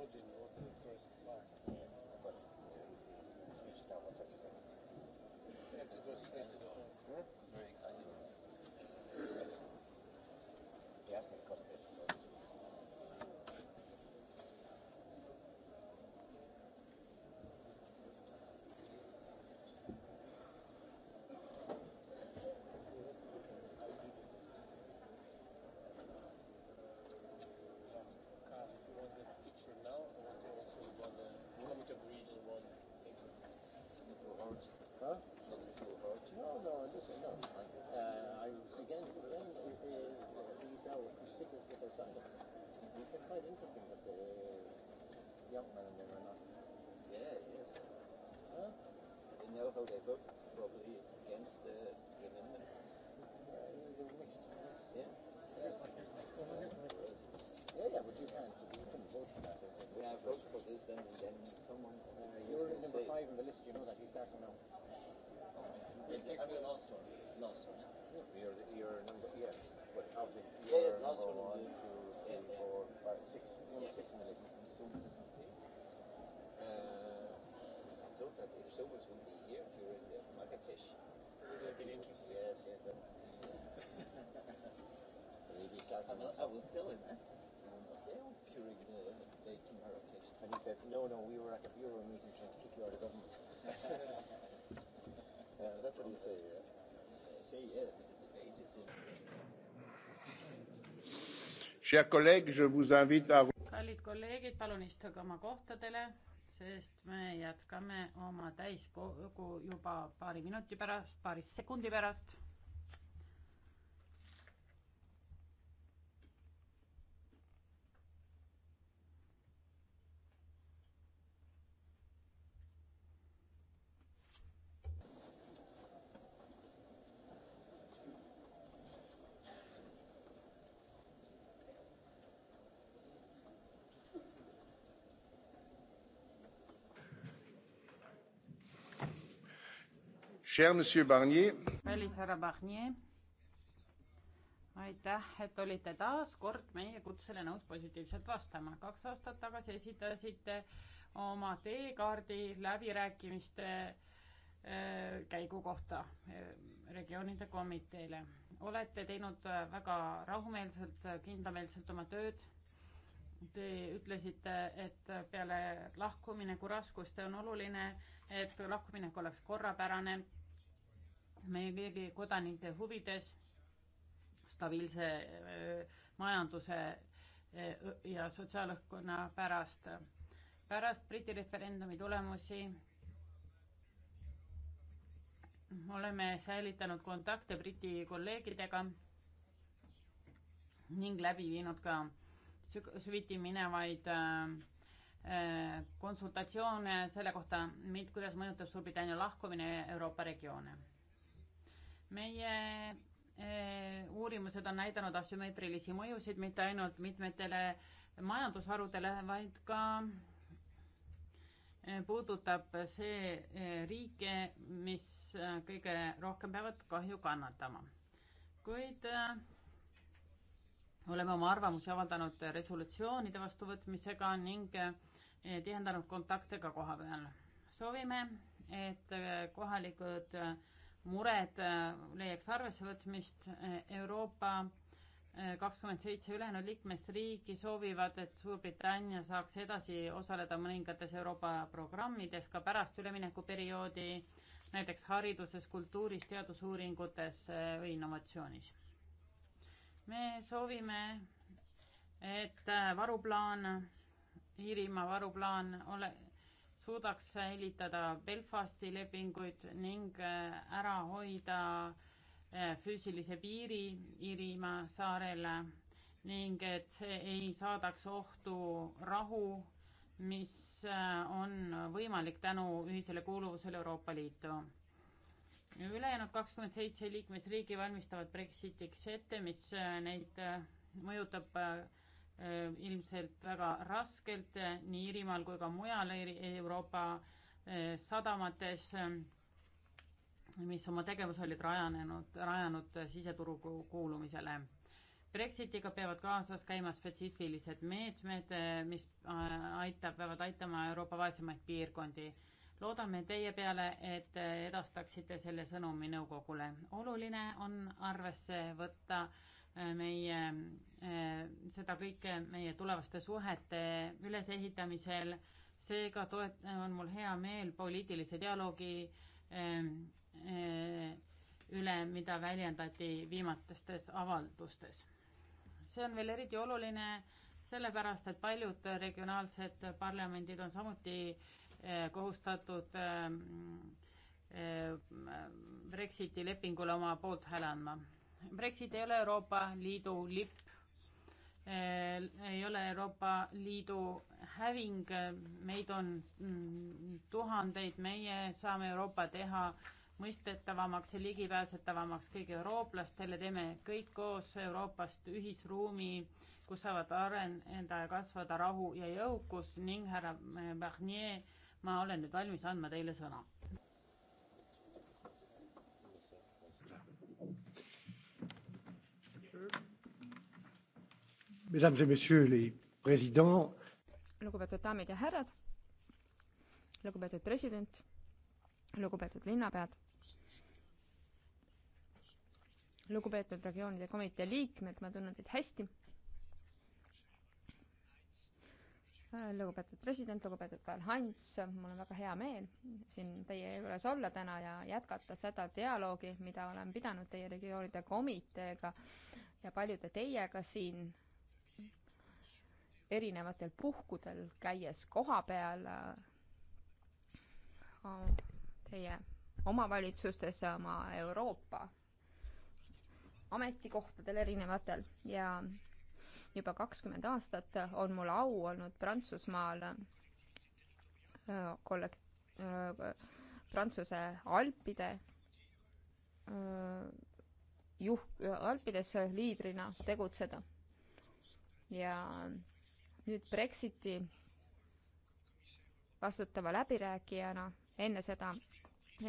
Odin wrote the first line. Yeah, but uh, it's, it's, it's now what I just said. It was, it was, it was, it was, it was, it was, it was, it was, it was, it was, so they voted probably against uh, the amendment. Yeah. Yeah, yeah, but you can't. You can vote for that. When I vote for this, then then someone. Uh, you're number say, five on the list. You know that. He's starting now. Oh, yeah. I'm the last one. Last one. Yeah. You're, the, you're number. Yeah. But of the, you're yeah, yeah, last one. one. I will, I will tell him, eh? They are appearing there at the dating allocation. And he said, no, no, we were at a bureau meeting trying to kick you out of government. yeah, that's what he say, yeah? Say, yeah, the debate is in. Chers collègues, je vous invite à... kallid kolleegid, palun istuge oma kohtadele, sest me jätkame oma täiskogu juba paari minuti pärast, paari sekundi pärast kallis härra Barnier, aitäh, et olite taas kord meie kutsele nõus positiivselt vastama. kaks aastat tagasi esitasite oma teekaardi läbirääkimiste äh, käigu kohta äh, regioonide komiteele. olete teinud väga rahumeelselt, kindlameelselt oma tööd. Te ütlesite, et peale lahkumineku raskuste on oluline, et lahkuminek oleks korrapärane meie kõigi kodanike huvides stabiilse majanduse ja sotsiaalõhkkonna pärast. pärast Briti referendumi tulemusi oleme säilitanud kontakte Briti kolleegidega ning läbi viinud ka süviti minevaid konsultatsioone selle kohta, kuidas mõjutab Suurbritannia lahkumine Euroopa regioone meie eh, uurimused on näidanud asümmeetrilisi mõjusid mitte ainult mitmetele majandusharudele, vaid ka eh, puudutab see eh, riike, mis kõige rohkem peavad kahju kannatama. kuid oleme oma arvamusi avaldanud resolutsioonide vastuvõtmisega ning tihendanud kontakte ka kohapeal. soovime, et kohalikud äh, mured äh, leiaks arvessevõtmist. Euroopa äh, kakskümmend seitse ülejäänud liikmesriiki soovivad, et Suurbritannia saaks edasi osaleda mõningates Euroopa programmides ka pärast üleminekuperioodi, näiteks hariduses, kultuuris, teadusuuringutes äh, või innovatsioonis. me soovime, et varuplaan, Iirimaa varuplaan ole, suudaks säilitada Belfasti lepinguid ning äh, ära hoida äh, füüsilise piiri Iirimaa saarele ning et see ei saadaks ohtu rahu, mis äh, on võimalik tänu ühisele kuuluvusele Euroopa Liitu. ülejäänud kakskümmend seitse liikmesriigi valmistavad Brexitiks ette, mis neid mõjutab Äh, ilmselt väga raskelt äh, nii Iirimaal kui ka mujal Euroopa äh, sadamates, mis oma tegevus olid rajanenud, rajanud siseturu kuulumisele. Brexitiga peavad kaasas käima spetsiifilised meetmed, mis aitab, peavad aitama Euroopa vaesemaid piirkondi. loodame teie peale, et edastaksite selle sõnumi nõukogule. oluline on arvesse võtta meie Äh, seda kõike meie tulevaste suhete ülesehitamisel. seega toet-, on mul hea meel poliitilise dialoogi ähm, äh, üle, mida väljendati viimatistes avaldustes. see on veel eriti oluline sellepärast, et paljud regionaalsed parlamendid on samuti äh, kohustatud ähm, Brexiti lepingule oma poolt hääle andma. Brexit ei ole Euroopa Liidu lipp, Äh, ei ole Euroopa Liidu häving, meid on mm, tuhandeid, meie saame Euroopa teha mõistetavamaks ja ligipääsetavamaks kõigi eurooplastele, teeme kõik koos Euroopast ühisruumi, kus saavad areneda ja kasvada rahu ja jõukus ning härra Barnier, ma olen nüüd valmis andma teile sõna. lugupeetud daamid ja härrad, lugupeetud president, lugupeetud linnapead, lugupeetud regioonide komitee liikmed, ma tunnen teid hästi. lugupeetud president, lugupeetud Karl-Heinz, mul on väga hea meel siin teie juures olla täna ja jätkata seda dialoogi, mida olen pidanud teie regioonide komiteega ja paljude teiega siin erinevatel puhkudel, käies koha peal äh, teie omavalitsustes, oma Euroopa ametikohtadel erinevatel ja juba kakskümmend aastat on mul au olnud Prantsusmaal äh, kollek-, äh, Prantsuse alpide juht, alpides liidrina tegutseda. ja nüüd Brexiti vastutava läbirääkijana, enne seda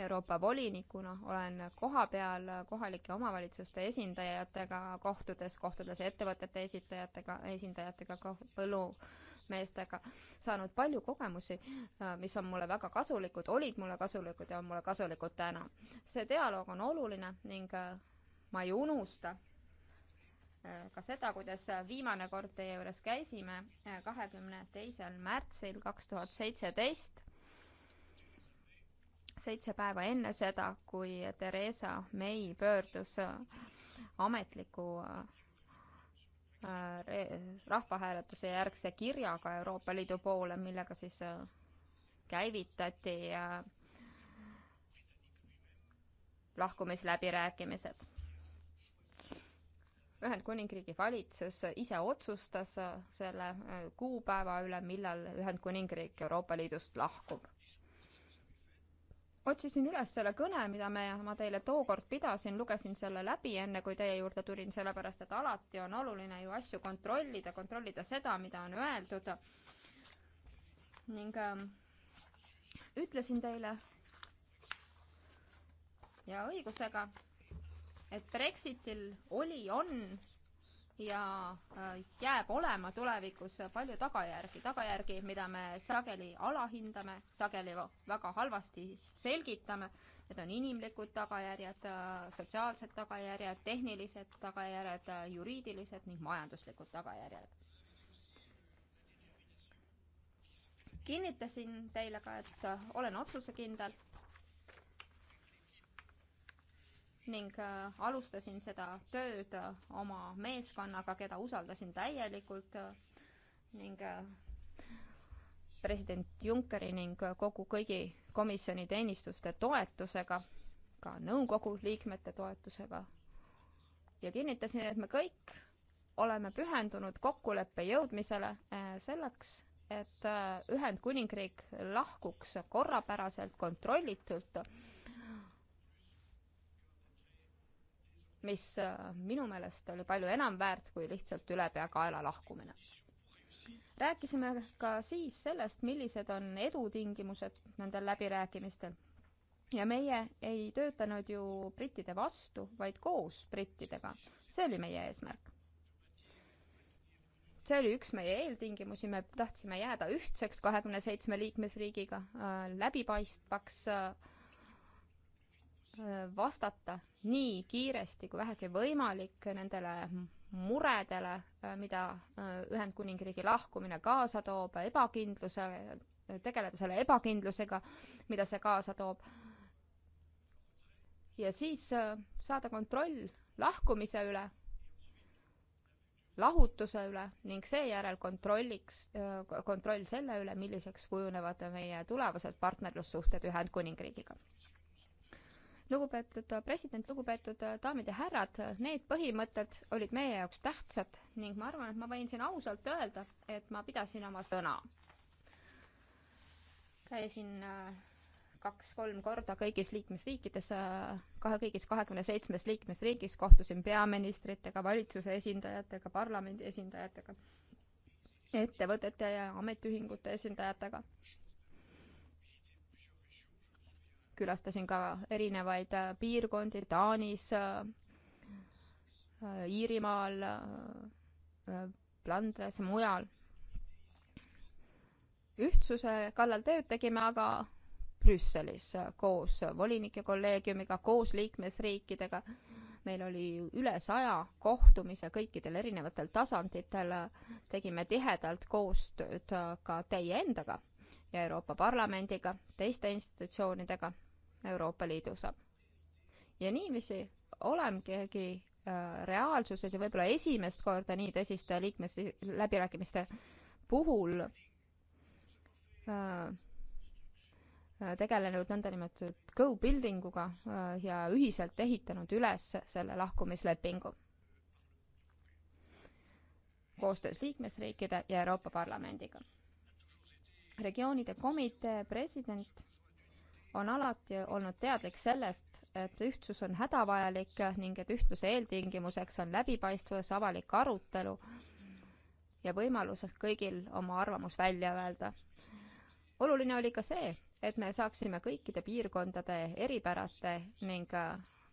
Euroopa volinikuna olen kohapeal kohalike omavalitsuste esindajatega kohtudes, kohtudes ettevõtete esitajatega, esindajatega, põllumeestega, saanud palju kogemusi, mis on mulle väga kasulikud, olid mulle kasulikud ja on mulle kasulikud täna. see dialoog on oluline ning ma ei unusta ka seda, kuidas viimane kord teie juures käisime, kahekümne teisel märtsil kaks tuhat seitseteist, seitse päeva enne seda, kui Theresa May pöördus ametliku äh, rahvahääletuse järgse kirjaga Euroopa Liidu poole, millega siis äh, käivitati äh, lahkumisläbirääkimised Ühendkuningriigi valitsus ise otsustas äh, selle äh, kuupäeva üle, millal Ühendkuningriik Euroopa Liidust lahkub. otsisin üles selle kõne, mida me, ma teile tookord pidasin, lugesin selle läbi, enne kui teie juurde tulin, sellepärast et alati on oluline ju asju kontrollida, kontrollida seda, mida on öeldud. ning äh, ütlesin teile ja õigusega et Brexitil oli, on ja äh, jääb olema tulevikus palju tagajärgi, tagajärgi, mida me sageli alahindame, sageli väga halvasti selgitame. Need on inimlikud tagajärjed, äh, sotsiaalsed tagajärjed, tehnilised tagajärjed, äh, juriidilised ning majanduslikud tagajärjed. kinnitasin teile ka, et olen otsusekindel ning äh, alustasin seda tööd äh, oma meeskonnaga, keda usaldasin täielikult äh, ning president Junckeri ning kogu kõigi komisjoni teenistuste toetusega, ka nõukogu liikmete toetusega ja kinnitasin, et me kõik oleme pühendunud kokkuleppe jõudmisele selleks, et Ühendkuningriik lahkuks korrapäraselt, kontrollitult mis äh, minu meelest oli palju enam väärt kui lihtsalt ülepeakaela lahkumine. rääkisime ka siis sellest, millised on edutingimused nendel läbirääkimistel. ja meie ei töötanud ju brittide vastu, vaid koos brittidega. see oli meie eesmärk. see oli üks meie eeltingimusi, me tahtsime jääda ühtseks kahekümne seitsme liikmesriigiga äh,, läbipaistvaks äh, Äh, vastata nii kiiresti kui vähegi võimalik nendele muredele, äh, mida äh, Ühendkuningriigi lahkumine kaasa toob, ebakindluse, tegeleda selle ebakindlusega, mida see kaasa toob. ja siis saada kontroll lahkumise üle, lahutuse üle ning seejärel kontrolliks, kontroll selle üle, milliseks kujunevad meie tulevased partnerlussuhted Ühendkuningriigiga lugupeetud äh, president, lugupeetud äh, daamid ja härrad, äh, need põhimõtted olid meie jaoks tähtsad ning ma arvan, et ma võin siin ausalt öelda, et ma pidasin oma sõna. käisin kaks-kolm korda kõigis liikmesriikides, kahe, kõigis kahekümne seitsmes liikmesriigis, kohtusin peaministritega, valitsuse esindajatega, parlamendi esindajatega, ettevõtete ja ametiühingute esindajatega külastasin ka erinevaid äh, piirkondi Taanis, äh, Iirimaal, äh, Flandres, mujal. ühtsuse kallal tööd tegime aga Brüsselis koos volinike kolleegiumiga, koos liikmesriikidega. meil oli üle saja kohtumise kõikidel erinevatel tasanditel, tegime tihedalt koostööd ka teie endaga ja Euroopa Parlamendiga, teiste institutsioonidega Euroopa Liidus. ja niiviisi olemegi äh, reaalsuses ja võib-olla esimest korda nii tõsiste liikmes-, läbirääkimiste puhul äh, tegelenud nõndanimetatud go building uga äh, ja ühiselt ehitanud üles selle lahkumislepingu koostöös liikmesriikide ja Euroopa Parlamendiga regioonide komitee president on alati olnud teadlik sellest, et ühtsus on hädavajalik ning et ühtluse eeltingimuseks on läbipaistvus, avalik arutelu ja võimalus kõigil oma arvamus välja öelda. oluline oli ka see, et me saaksime kõikide piirkondade eripäraste ning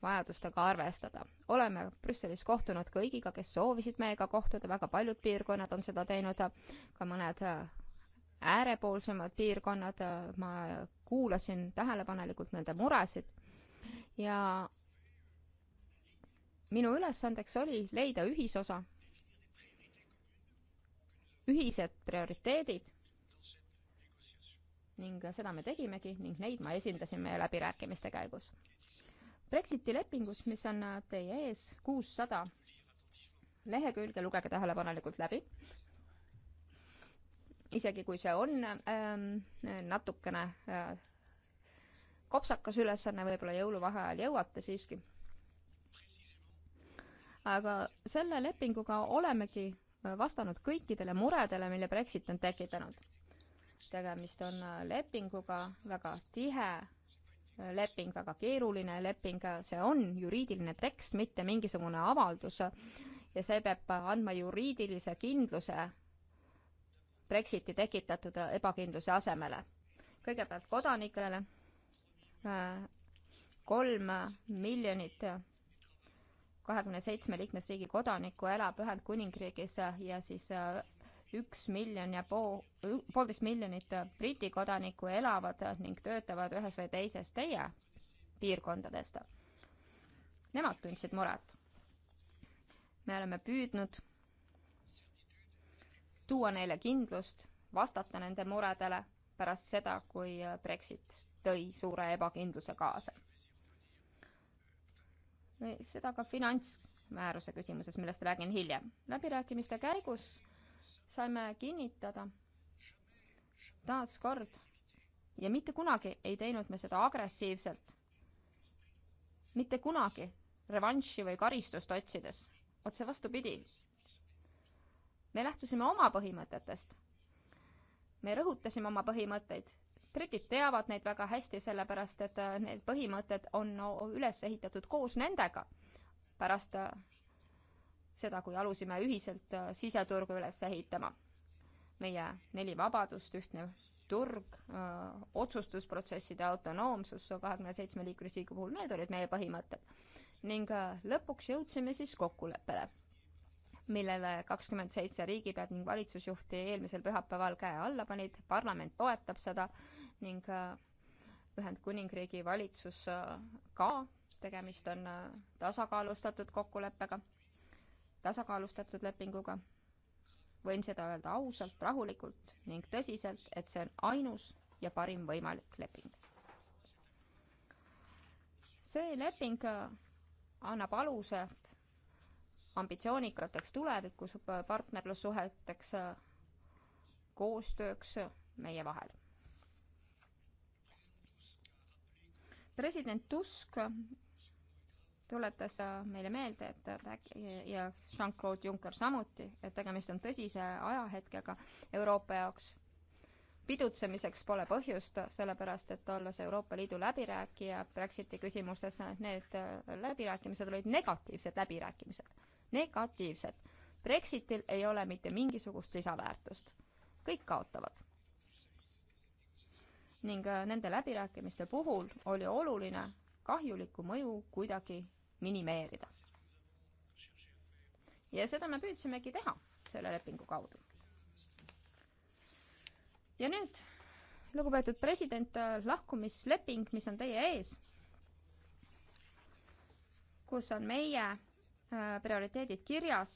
vajadustega arvestada. oleme Brüsselis kohtunud kõigiga, kes soovisid meiega kohtuda, väga paljud piirkonnad on seda teinud, ka mõned äärepoolsemad piirkonnad, äh, ma kuulasin tähelepanelikult nende muresid ja minu ülesandeks oli leida ühisosa, ühised prioriteedid ning seda me tegimegi ning neid ma esindasin meie läbirääkimiste käigus. Brexiti lepingus, mis on äh, teie ees, kuussada lehekülge, lugege tähelepanelikult läbi isegi kui see on ähm, natukene äh, kopsakas ülesanne, võib-olla jõuluvaheajal jõuate siiski. aga selle lepinguga olemegi äh, vastanud kõikidele muredele, mille Brexit on tekitanud. tegemist on äh, lepinguga, väga tihe äh, leping, väga keeruline leping, see on juriidiline tekst, mitte mingisugune avaldus ja see peab andma juriidilise kindluse Brexiti tekitatud ebakindluse asemele. kõigepealt kodanikele äh, kolm miljonit kahekümne seitsme liikmesriigi kodanikku elab Ühendkuningriigis ja siis äh, üks miljon ja pool, poolteist miljonit Briti kodanikku elavad ning töötavad ühes või teises teie piirkondadest. Nemad tundsid muret. me oleme püüdnud tuua neile kindlust, vastata nende muredele pärast seda, kui Brexit tõi suure ebakindluse kaasa. seda ka finantsmääruse küsimuses, millest räägin hiljem. läbirääkimiste käigus saime kinnitada taaskord ja mitte kunagi ei teinud me seda agressiivselt, mitte kunagi revanši või karistust otsides, otse vastupidi, me lähtusime oma põhimõtetest. me rõhutasime oma põhimõtteid. britid teavad neid väga hästi, sellepärast et äh, need põhimõtted on üles ehitatud koos nendega pärast äh, seda, kui alusime ühiselt äh, siseturgu üles ehitama. meie neli vabadust, ühtne turg, otsustusprotsesside autonoomsus kahekümne seitsme liikmesriigi puhul, need olid meie põhimõtted. ning lõpuks jõudsime siis kokkuleppele millele kakskümmend seitse riigipead ning valitsusjuhti eelmisel pühapäeval käe alla panid. parlament toetab seda ning äh, Ühendkuningriigi valitsus äh, ka. tegemist on äh, tasakaalustatud kokkuleppega, tasakaalustatud lepinguga. võin seda öelda ausalt, rahulikult ning tõsiselt, et see on ainus ja parim võimalik leping. see leping annab aluse ambitsioonikateks tulevikus partnerlussuheteks, koostööks meie vahel. president Tusk tuletas meile meelde, et ja Jean-Claude Juncker samuti, et tegemist on tõsise ajahetkega Euroopa jaoks. pidutsemiseks pole põhjust, sellepärast et olles Euroopa Liidu läbirääkija Brexiti küsimustes, need läbirääkimised olid negatiivsed läbirääkimised negatiivsed. Brexitil ei ole mitte mingisugust lisaväärtust. kõik kaotavad. ning äh, nende läbirääkimiste puhul oli oluline kahjulikku mõju kuidagi minimeerida. ja seda me püüdsimegi teha selle lepingu kaudu. ja nüüd, lugupeetud president, äh, lahkumisleping, mis on teie ees, kus on meie Äh, prioriteedid kirjas,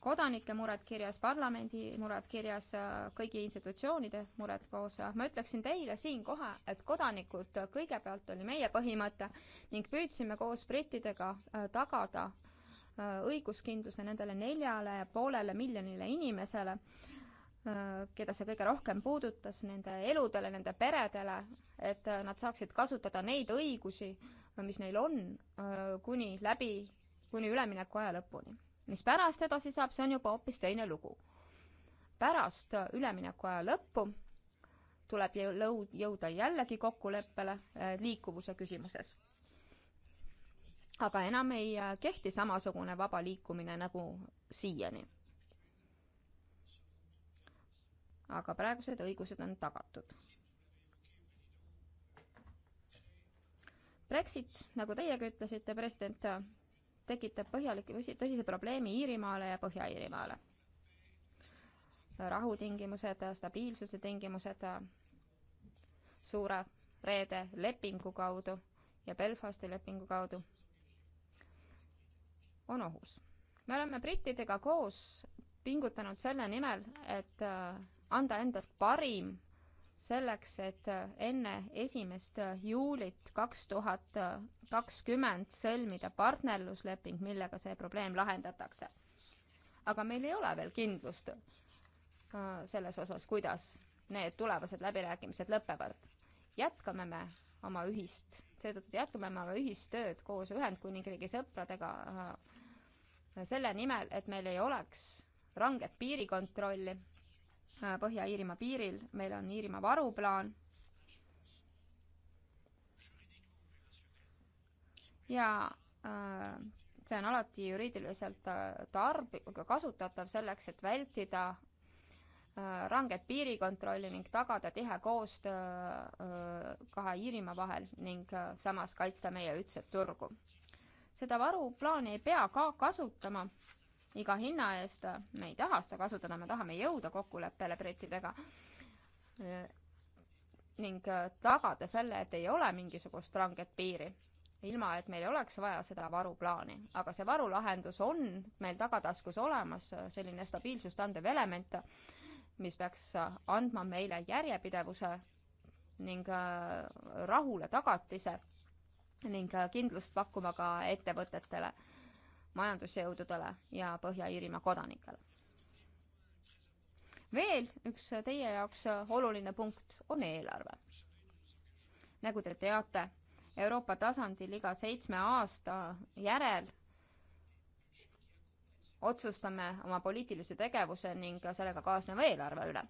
kodanike mured kirjas, parlamendi mured kirjas, äh, kõigi institutsioonide mured koos ja ma ütleksin teile siin kohe, et kodanikud äh, kõigepealt oli meie põhimõte ning püüdsime koos brittidega tagada õiguskindluse nendele neljale ja poolele miljonile inimesele, keda see kõige rohkem puudutas, nende eludele, nende peredele, et nad saaksid kasutada neid õigusi, mis neil on, kuni läbi kuni ülemineku aja lõpuni. mis pärast edasi saab, see on juba hoopis teine lugu. pärast ülemineku aja lõppu tuleb jõu-, jõuda jällegi kokkuleppele eh, liikuvuse küsimuses. aga enam ei eh, kehti samasugune vaba liikumine nagu siiani. aga praegused õigused on tagatud Brexit, nagu teiegi ütlesite, president tekitab põhjaliku, tõsise probleemi Iirimaale ja Põhja-Iirimaale. rahutingimused, stabiilsuse tingimused suure reede lepingu kaudu ja Belfasti lepingu kaudu on ohus. me oleme brittidega koos pingutanud selle nimel, et äh, anda endast parim selleks, et enne esimest juulit kaks tuhat kakskümmend sõlmida partnerlusleping, millega see probleem lahendatakse. aga meil ei ole veel kindlust äh, selles osas, kuidas need tulevased läbirääkimised lõpevad. jätkame me oma ühist, seetõttu jätkame me oma ühist tööd koos Ühendkuningriigi sõpradega äh, selle nimel, et meil ei oleks ranget piirikontrolli Äh, Põhja-Iirimaa piiril, meil on Iirimaa varuplaan. ja äh, see on alati juriidiliselt äh, tarb-, kasutatav selleks, et vältida ranget piirikontrolli ning tagada tihe koostöö kahe Iirimaa vahel ning samas kaitsta meie ühtset turgu. seda varuplaani ei pea ka kasutama, iga hinna eest, me ei taha seda kasutada, me tahame jõuda kokkuleppele brittidega ning tagada selle, et ei ole mingisugust ranget piiri, ilma et meil oleks vaja seda varuplaani. aga see varulahendus on meil tagataskus olemas, selline stabiilsust andev element, mis peaks andma meile järjepidevuse ning äh, rahule tagatise ning äh, kindlust pakkuma ka ettevõtetele majandusjõududele ja Põhja-Iirimaa kodanikele. veel üks teie jaoks oluline punkt on eelarve. nagu te teate, Euroopa tasandil iga seitsme aasta järel otsustame oma poliitilise tegevuse ning sellega kaasneva eelarve üle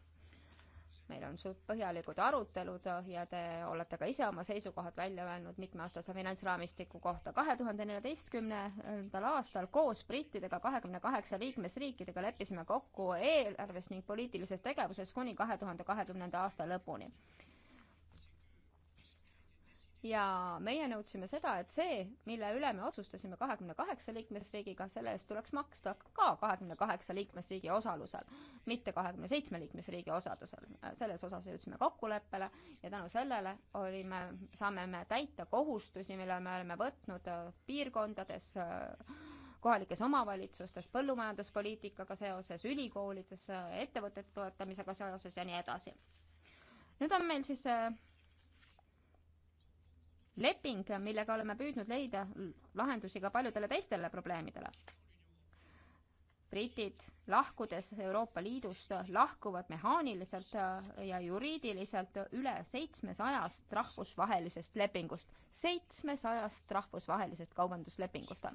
meil on suht põhjalikud arutelud ja te olete ka ise oma seisukohad välja öelnud mitmeaastase finantsraamistiku kohta. kahe tuhande neljateistkümnendal aastal koos brittidega kahekümne kaheksa liikmesriikidega leppisime kokku eelarves ning poliitilises tegevuses kuni kahe tuhande kahekümnenda aasta lõpuni ja meie nõudsime seda, et see, mille üle me otsustasime kahekümne kaheksa liikmesriigiga, selle eest tuleks maksta ka kahekümne kaheksa liikmesriigi osalusel, mitte kahekümne seitsme liikmesriigi osadusel. selles osas jõudsime kokkuleppele ja tänu sellele olime, saame me täita kohustusi, mille me oleme võtnud äh, piirkondades, äh, kohalikes omavalitsustes, põllumajanduspoliitikaga seoses, ülikoolides, äh, ettevõtete toetamisega seoses ja nii edasi. nüüd on meil siis leping, millega oleme püüdnud leida lahendusi ka paljudele teistele probleemidele. britid, lahkudes Euroopa Liidust, lahkuvad mehaaniliselt ja juriidiliselt üle seitsmesajast rahvusvahelisest lepingust, seitsmesajast rahvusvahelisest kaubanduslepingust.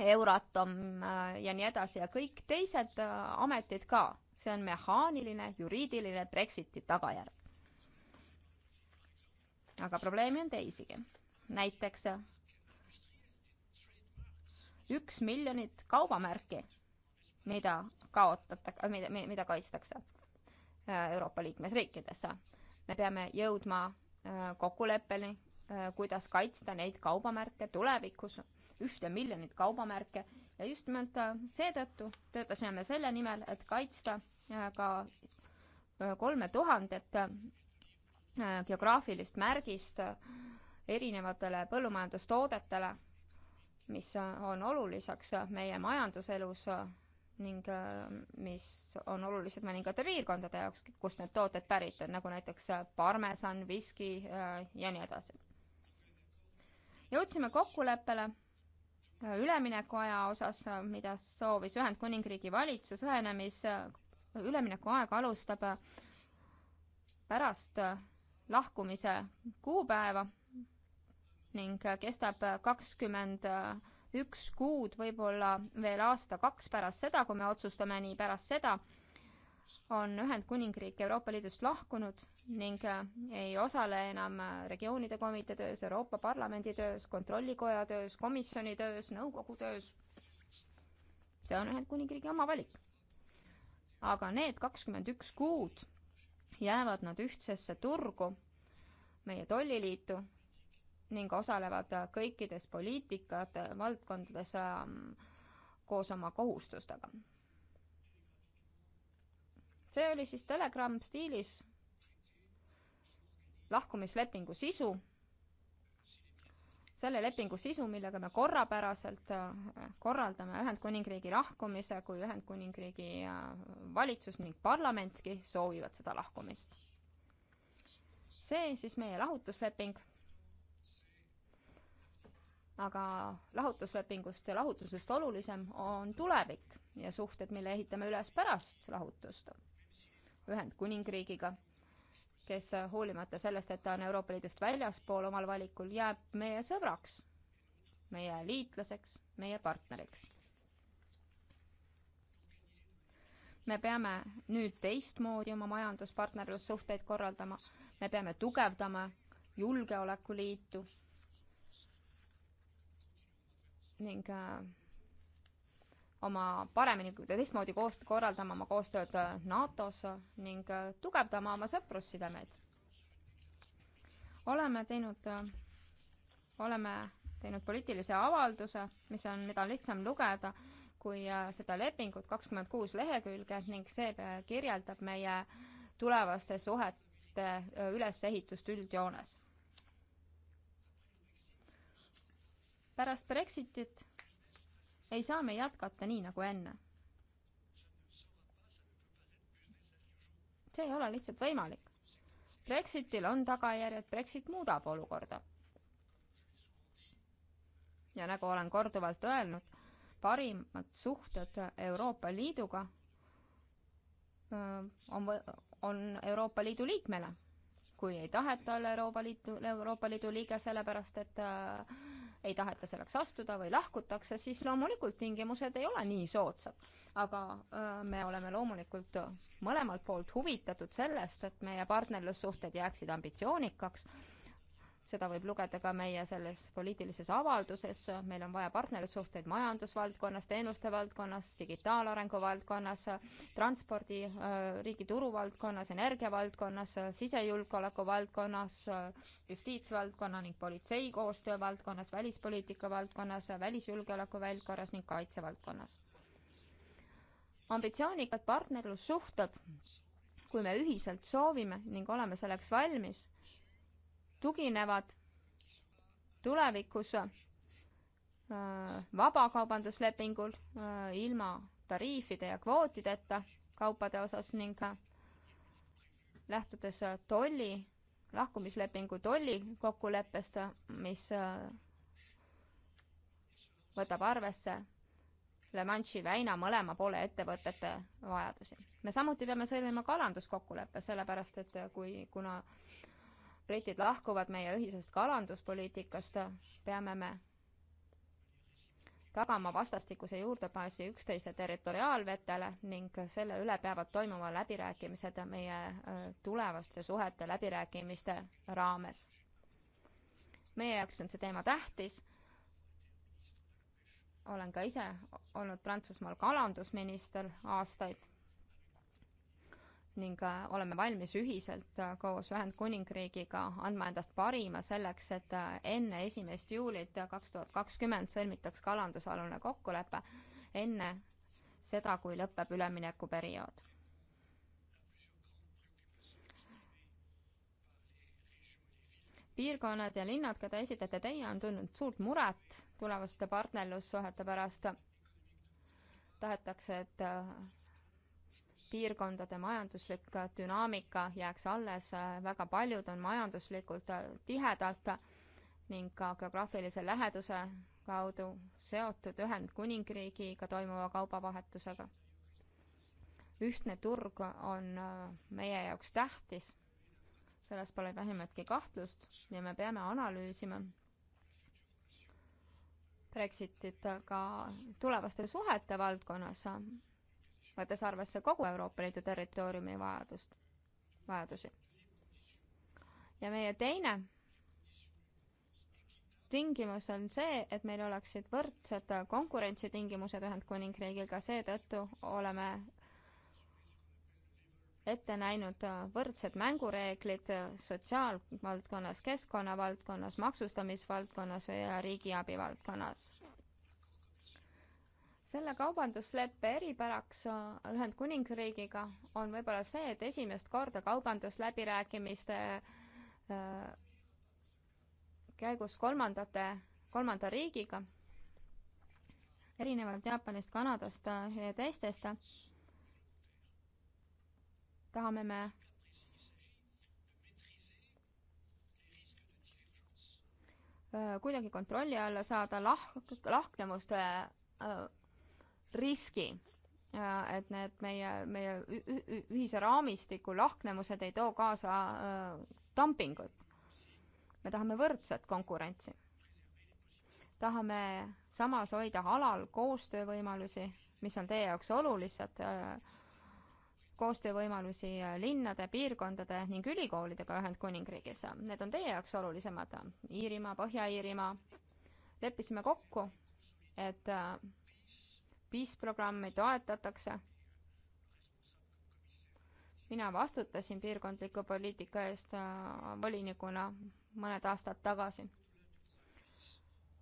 Euratom äh, ja nii edasi ja kõik teised äh, ametid ka. see on mehaaniline juriidiline Brexiti tagajärg aga probleeme on teisigi. näiteks üks miljonit kaubamärki, mida kaotatakse, äh, mida, mida kaitstakse äh, Euroopa liikmesriikidesse. me peame jõudma äh, kokkuleppeni, kuidas kaitsta neid kaubamärke tulevikus, ühte miljonit kaubamärke ja just nimelt seetõttu töötasime me selle nimel, et kaitsta ka kolme tuhandet Äh, geograafilist märgist erinevatele põllumajandustoodetele, mis äh, on oluliseks äh, meie majanduselus ning mis on olulised mõningate piirkondade jaoks, kust need tooted pärit on, nagu näiteks parmesan, viski ja nii edasi. jõudsime kokkuleppele üleminekuaja osas, mida soovis Ühendkuningriigi valitsus, ühenemis, üleminekuaeg alustab pärast lahkumise kuupäeva ning äh, kestab äh, kakskümmend äh, üks kuud, võib-olla veel aasta-kaks pärast seda, kui me otsustame nii pärast seda, on Ühendkuningriik Euroopa Liidust lahkunud ning ei osale enam regioonide komitee töös, Euroopa Parlamendi töös, Kontrollikoja töös, komisjoni töös, nõukogu töös. see on Ühendkuningriigi oma valik. aga need kakskümmend üks kuud jäävad nad ühtsesse turgu, meie tolliliitu ning osalevad kõikides poliitikate valdkondades ähm, koos oma kohustustega. see oli siis Telegram stiilis lahkumislepingu sisu selle lepingu sisu, millega me korrapäraselt äh, korraldame Ühendkuningriigi lahkumise, kui Ühendkuningriigi äh, valitsus ning parlamentki soovivad seda lahkumist. see siis meie lahutusleping. aga lahutuslepingust ja lahutusest olulisem on tulevik ja suhted, mille ehitame üles pärast lahutust Ühendkuningriigiga kes äh, hoolimata sellest, et ta on Euroopa Liidust väljaspool omal valikul, jääb meie sõbraks, meie liitlaseks, meie partneriks. me peame nüüd teistmoodi oma majanduspartnerlussuhteid korraldama, me peame tugevdama julgeolekuliitu ning äh, oma paremini, teistmoodi koost-, korraldama oma koostööd äh, NATO-s ning äh, tugevdama oma sõprussidemeid. oleme teinud, äh, oleme teinud poliitilise avalduse, mis on, mida on lihtsam lugeda kui seda lepingut, kakskümmend kuus lehekülge ning see kirjeldab meie tulevaste suhete ülesehitust üldjoones. pärast Brexitit ei saa me jätkata nii nagu enne. see ei ole lihtsalt võimalik. Brexitil on tagajärjed, Brexit muudab olukorda. ja nagu olen korduvalt öelnud, parimad suhted Euroopa Liiduga on, on Euroopa Liidu liikmele. kui ei taheta olla Euroopa Liidu, Euroopa Liidu liige, sellepärast et ei taheta selleks astuda või lahkutakse, siis loomulikult tingimused ei ole nii soodsad. aga äh, me oleme loomulikult mõlemalt poolt huvitatud sellest, et meie partnerlussuhted jääksid ambitsioonikaks seda võib lugeda ka meie selles poliitilises avalduses, meil on vaja partnerlussuhteid majandusvaldkonnas, teenuste valdkonnas, digitaalarengu valdkonnas, transpordi, äh, riigi turu valdkonnas, energia valdkonnas, sisejulgeoleku valdkonnas, justiitsvaldkonna ning politsei koostöö valdkonnas, välispoliitika valdkonnas, välisjulgeoleku valdkonnas ning kaitsevaldkonnas. ambitsioonikad partnerlussuhted kui me ühiselt soovime ning oleme selleks valmis, tuginevad tulevikus äh, vabakaubanduslepingul äh, ilma tariifide ja kvootideta kaupade osas ning äh, lähtudes tolli, lahkumislepingu tolli kokkuleppest, mis võtab arvesse La Manche'i väina mõlema poole ettevõtete vajadusi. me samuti peame sõlmima kalanduskokkuleppe, sellepärast et kui, kuna britid lahkuvad meie ühisest kalanduspoliitikast, peame me tagama vastastikuse juurdepääsi üksteise territoriaalvetele ning selle üle peavad toimuma läbirääkimised meie tulevaste suhete läbirääkimiste raames. meie jaoks on see teema tähtis. olen ka ise olnud Prantsusmaal kalandusminister aastaid ning äh, oleme valmis ühiselt äh, koos Ühendkuningriigiga andma endast parima selleks, et äh, enne esimest juulit kaks tuhat kakskümmend sõlmitaks kalandusalune kokkulepe, enne seda, kui lõpeb üleminekuperiood. piirkonnad ja linnad, keda esitate teie, on tundnud suurt muret tulevaste partnerlussuhete pärast. tahetakse, et piirkondade majanduslik dünaamika jääks alles, väga paljud on majanduslikult tihedalt ning ka geograafilise läheduse kaudu seotud Ühendkuningriigiga toimuva kaubavahetusega. ühtne turg on meie jaoks tähtis, selles pole vähimatki kahtlust ja me peame analüüsima Brexitit ka tulevaste suhete valdkonnas võttes arvesse kogu Euroopa Liidu territooriumi vajadust, vajadusi. ja meie teine tingimus on see, et meil oleksid võrdsed konkurentsitingimused Ühendkuningriigiga, seetõttu oleme ette näinud võrdsed mängureeglid sotsiaalvaldkonnas, keskkonnavaldkonnas, maksustamisvaldkonnas ja riigiabi valdkonnas selle kaubandusleppe eripäraks äh, Ühendkuningriigiga on võib-olla see, et esimest korda kaubandusläbirääkimiste äh, käigus kolmandate, kolmanda riigiga, erinevalt Jaapanist, Kanadast äh, ja teistest, tahame me kuidagi kontrolli alla saada lah-, lahknevuste riski, et need meie, meie ühise raamistiku lahknevused ei too kaasa äh, dumpingut. me tahame võrdset konkurentsi. tahame samas hoida alal koostöövõimalusi, mis on teie jaoks olulised, äh, koostöövõimalusi äh, linnade, piirkondade ning ülikoolidega Ühendkuningriigis. Need on teie jaoks olulisemad. Iirimaa, Põhja-Iirimaa, leppisime kokku, et PIS programmi toetatakse. mina vastutasin piirkondliku poliitika eest äh, volinikuna mõned aastad tagasi.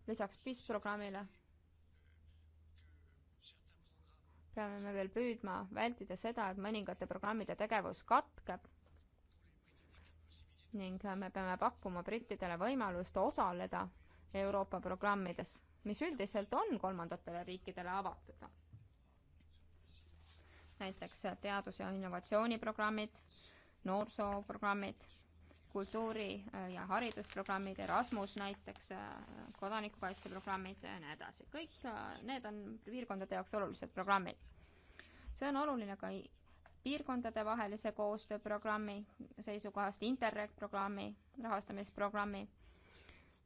lisaks PIS programmile peame me veel püüdma vältida seda, et mõningate programmide tegevus katkeb ning me peame pakkuma brittidele võimalust osaleda Euroopa programmides mis üldiselt on kolmandatele riikidele avatud. näiteks teadus- ja innovatsiooniprogrammid, noorsooprogrammid, kultuuri- ja haridusprogrammid, Erasmus näiteks, kodanikukaitseprogrammid ja nii edasi. kõik need on piirkondade jaoks olulised programmid. see on oluline ka piirkondadevahelise koostööprogrammi seisukohast, Interreg programmi, rahastamisprogrammi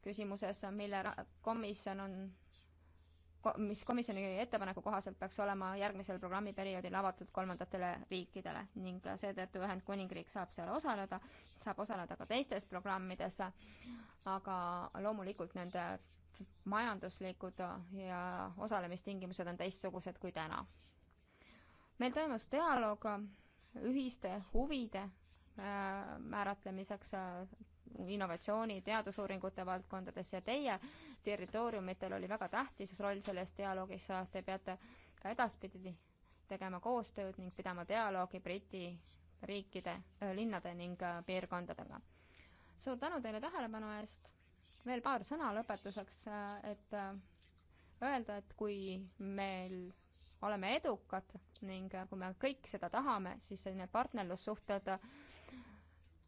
küsimuses, mille komisjon on mis komisjoni ettepaneku kohaselt peaks olema järgmisel programmiperioodil avatud kolmandatele riikidele ning seetõttu Ühendkuningriik saab seal osaleda, saab osaleda ka teistes programmides, aga loomulikult nende majanduslikud ja osalemistingimused on teistsugused kui täna. meil toimus dialoog ühiste huvide äh, määratlemiseks innovatsiooni, teadusuuringute valdkondades ja teie territooriumitel oli väga tähtis roll selles dialoogis, te peate ka edaspidi tegema koostööd ning pidama dialoogi Briti riikide, äh, linnade ning äh, piirkondadega. suur tänu teile tähelepanu eest, veel paar sõna lõpetuseks, äh, et öelda, et kui meil oleme edukad ning kui me kõik seda tahame, siis selline partnerlussuhted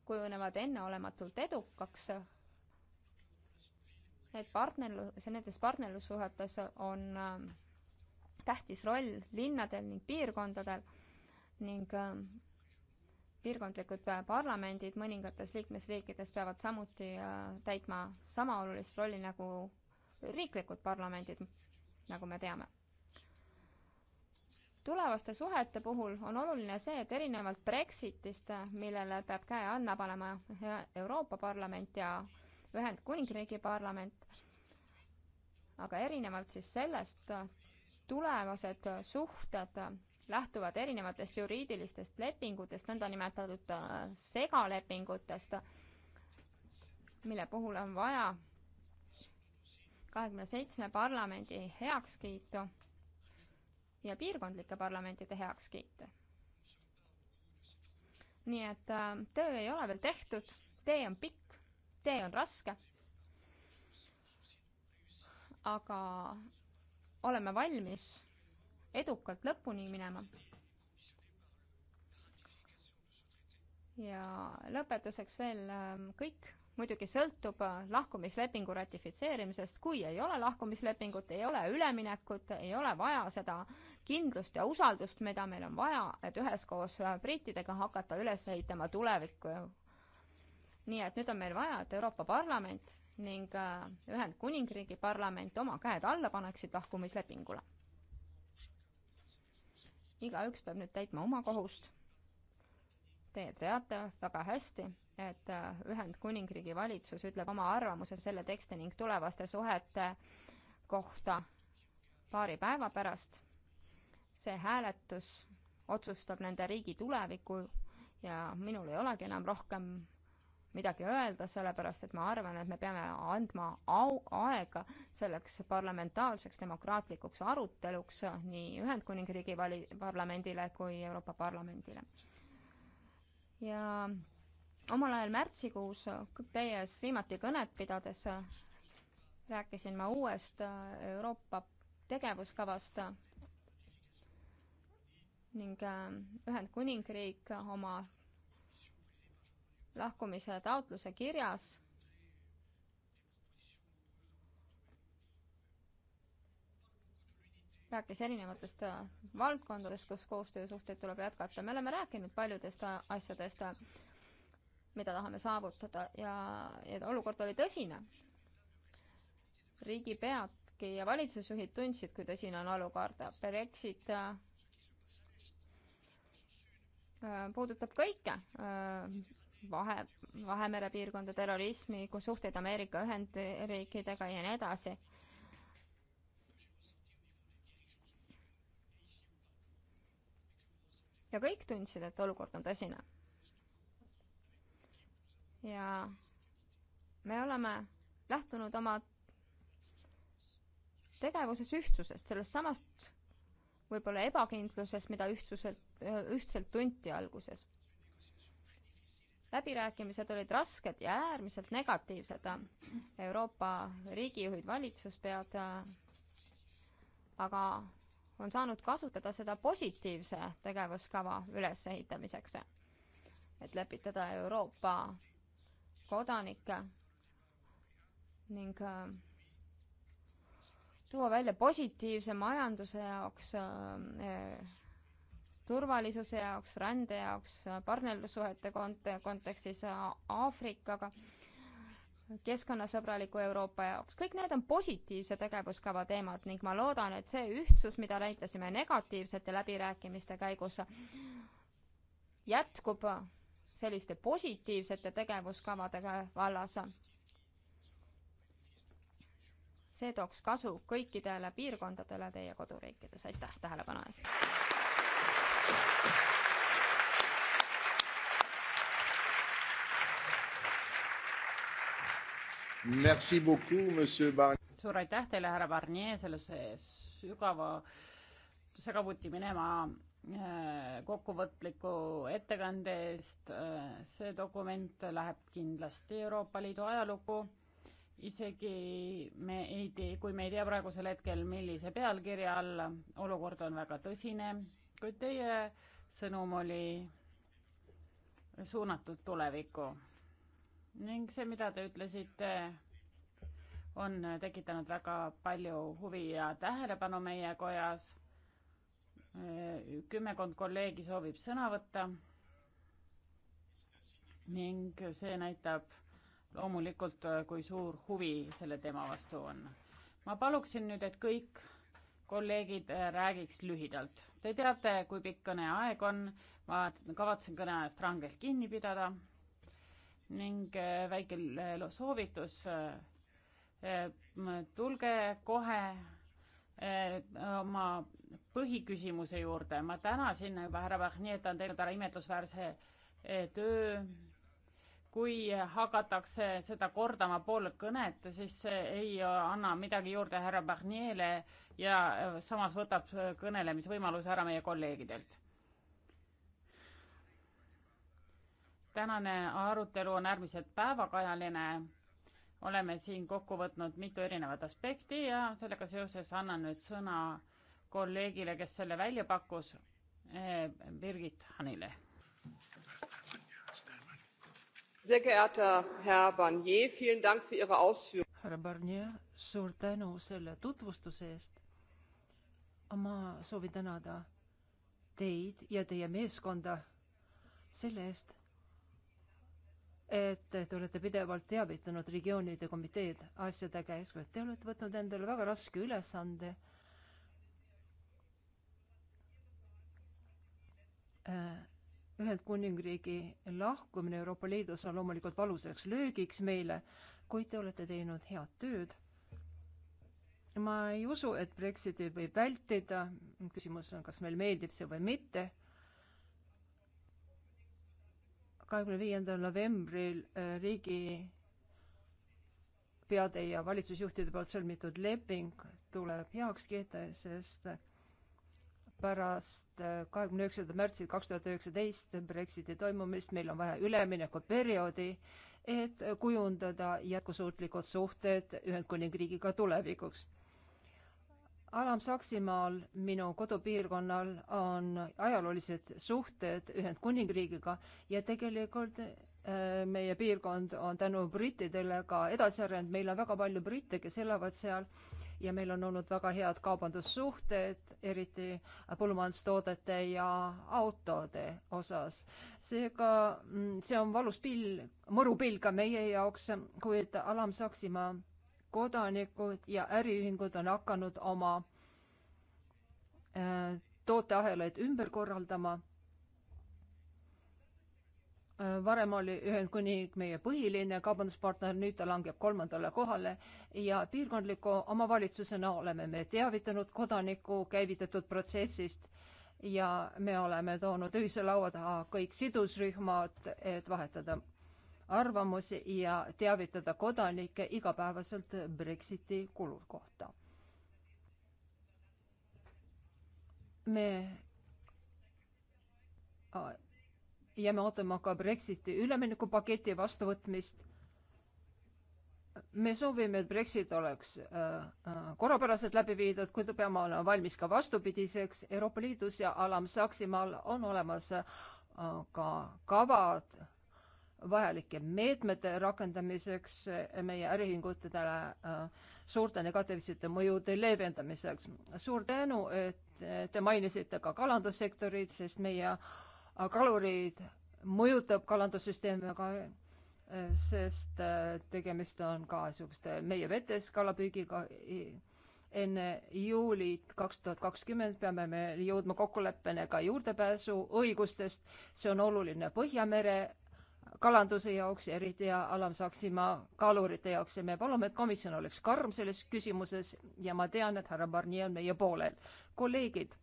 kujunevad enneolematult edukaks, et partnerlus, nendes partnerlussuhetes on äh, tähtis roll linnadel ning piirkondadel ning äh, piirkondlikud äh, parlamendid mõningates liikmesriikides peavad samuti täitma sama olulist rolli nagu riiklikud parlamendid, nagu me teame tulevaste suhete puhul on oluline see, et erinevalt Brexitist, millele peab käe alla panema Euroopa Parlament ja Ühendkuningriigi parlament, aga erinevalt siis sellest, tulevased suhted lähtuvad erinevatest juriidilistest lepingutest, nõndanimetatud äh, segalepingutest, mille puhul on vaja kahekümne seitsme parlamendi heakskiitu ja piirkondlike parlamentide heakskiite. nii et äh, töö ei ole veel tehtud, tee on pikk, tee on raske. aga oleme valmis edukalt lõpuni minema. ja lõpetuseks veel äh, kõik muidugi sõltub äh, lahkumislepingu ratifitseerimisest, kui ei ole lahkumislepingut, ei ole üleminekut, ei ole vaja seda kindlust ja usaldust, mida meil on vaja, et üheskoos äh, brittidega hakata üles ehitama tulevikku. nii et nüüd on meil vaja, et Euroopa Parlament ning äh, Ühendkuningriigi parlament oma käed alla paneksid lahkumislepingule. igaüks peab nüüd täitma oma kohust. Te teate väga hästi et äh, Ühendkuningriigi valitsus ütleb oma arvamuse selle teksti ning tulevaste suhete kohta paari päeva pärast. see hääletus otsustab nende riigi tuleviku ja minul ei olegi enam rohkem midagi öelda, sellepärast et ma arvan, et me peame andma au, aega selleks parlamentaarseks demokraatlikuks aruteluks nii Ühendkuningriigi vali-, parlamendile kui Euroopa Parlamendile. ja omal ajal märtsikuus teie ees viimati kõnet pidades rääkisin ma uuest äh, Euroopa tegevuskavast ning äh, Ühendkuningriik oma lahkumise taotluse kirjas rääkis erinevatest äh, valdkondadest, kus koostöösuhteid tuleb jätkata. me oleme rääkinud paljudest asjadest mida tahame saavutada ja, ja olukord oli tõsine. riigipeadki ja valitsusjuhid tundsid, kui tõsine on olukord. Brexit äh, äh puudutab kõike äh,, vahe, Vahemere piirkonda, terrorismi, suhteid Ameerika Ühendriikidega ja nii edasi ja kõik tundsid, et olukord on tõsine ja me oleme lähtunud oma tegevuses ühtsusest, sellest samast võib-olla ebakindlusest, mida ühtsuselt, ühtselt tunti alguses. läbirääkimised olid rasked ja äärmiselt negatiivsed. Euroopa riigijuhid, valitsuspead aga on saanud kasutada seda positiivse tegevuskava ülesehitamiseks, et lepitada Euroopa kodanikke ning äh, tuua välja positiivse majanduse jaoks, äh, äh, turvalisuse jaoks, rände jaoks, partnerlussuhete kont-, kontekstis Aafrikaga, keskkonnasõbraliku Euroopa jaoks, kõik need on positiivse tegevuskava teemad ning ma loodan, et see ühtsus, mida näitasime negatiivsete läbirääkimiste käigus, jätkub selliste positiivsete tegevuskavade vallas. see tooks kasu kõikidele piirkondadele teie koduriikides, aitäh tähelepanu eest! suur aitäh teile, härra Barnier, selle sügava segavuti minema Äh, kokkuvõtliku ettekande eest. Äh, see dokument läheb kindlasti Euroopa Liidu ajalukku. isegi me ei tea, kui me ei tea praegusel hetkel, millise pealkirja all, olukord on väga tõsine, kuid teie sõnum oli suunatud tulevikku. ning see, mida te ütlesite, on tekitanud väga palju huvi ja tähelepanu meie kojas kümmekond kolleegi soovib sõna võtta ning see näitab loomulikult, kui suur huvi selle teema vastu on. ma paluksin nüüd, et kõik kolleegid äh, räägiks lühidalt. Te teate, kui pikk kõneaeg on, ma kavatsen kõneajast rangelt kinni pidada ning äh, väike äh, soovitus, tulge kohe oma põhiküsimuse juurde. ma tänasin juba härra Vahni, et ta on teinud ära imetlusväärse eh, töö. kui hakatakse seda kordama pool kõnet, siis see ei anna midagi juurde härra Vahnile ja eh, samas võtab kõnelemisvõimaluse ära meie kolleegidelt. tänane arutelu on äärmiselt päevakajaline oleme siin kokku võtnud mitu erinevat aspekti ja sellega seoses annan nüüd sõna kolleegile, kes selle välja pakkus, eh, Birgit Hanile. härra Barnier, suur tänu selle tutvustuse eest. ma soovin tänada teid ja teie meeskonda selle eest, et te olete pidevalt teavitanud regioonide komiteed asjade käes, et te olete võtnud endale väga raske ülesande Äh, Ühendkuningriigi lahkumine Euroopa Liidus on loomulikult valusaks löögiks meile, kuid te olete teinud head tööd. ma ei usu, et Brexitit võib vältida, küsimus on, kas meile meeldib see või mitte. kahekümne viiendal novembril äh, riigi peade ja valitsusjuhtide poolt sõlmitud leping tuleb heaks kiita, sest pärast äh, kahekümne üheksanda märtsil kaks tuhat üheksateist Brexiti toimumist meil on vaja üleminekuperioodi, et kujundada jätkusuutlikud suhted Ühendkuningriigiga tulevikuks. Alam-Saksimaal, minu kodupiirkonnal, on ajaloolised suhted Ühendkuningriigiga ja tegelikult äh, meie piirkond on tänu brittidele ka edasi arenenud, meil on väga palju britte, kes elavad seal ja meil on olnud väga head kaubandussuhted, eriti põllumajandustoodete ja autode osas. seega mm, see on valus pill, mõrupill ka meie jaoks, kuid Alam-Saksimaa kodanikud ja äriühingud on hakanud oma äh, tooteahelaid ümber korraldama Äh, varem oli Ühendkuningriik meie põhiline kaubanduspartner, nüüd ta langeb kolmandale kohale ja piirkondliku omavalitsusena oleme me teavitanud kodanikku käivitatud protsessist ja me oleme toonud ühise laua taha kõik sidusrühmad, et vahetada arvamusi ja teavitada kodanikke igapäevaselt Brexiti kulu kohta. me ja me ootame ka Brexiti üleminekupaketi vastuvõtmist. me soovime, et Brexit oleks äh, äh, korrapäraselt läbi viidud, kuid peame olema valmis ka vastupidiseks. Euroopa Liidus ja Alam-Saksimaal on olemas äh, ka kavad vajalike meetmete rakendamiseks meie äriühingutele suurte negatiivsete mõjude leevendamiseks. suur tänu, et te mainisite ka kalandussektorit, sest meie äh, kalurid mõjutab kalandussüsteemi väga, äh, sest äh, tegemist on ka niisuguste meie vetes kalapüügiga. enne juulit kaks tuhat kakskümmend peame me jõudma kokkuleppele ka juurdepääsuõigustest. see on oluline Põhjamere kalanduse jaoks ja eriti ja Alam-Saksimaa kalurite jaoks ja me palume, et komisjon oleks karm selles küsimuses ja ma tean, et härra Barnier on meie poolel. kolleegid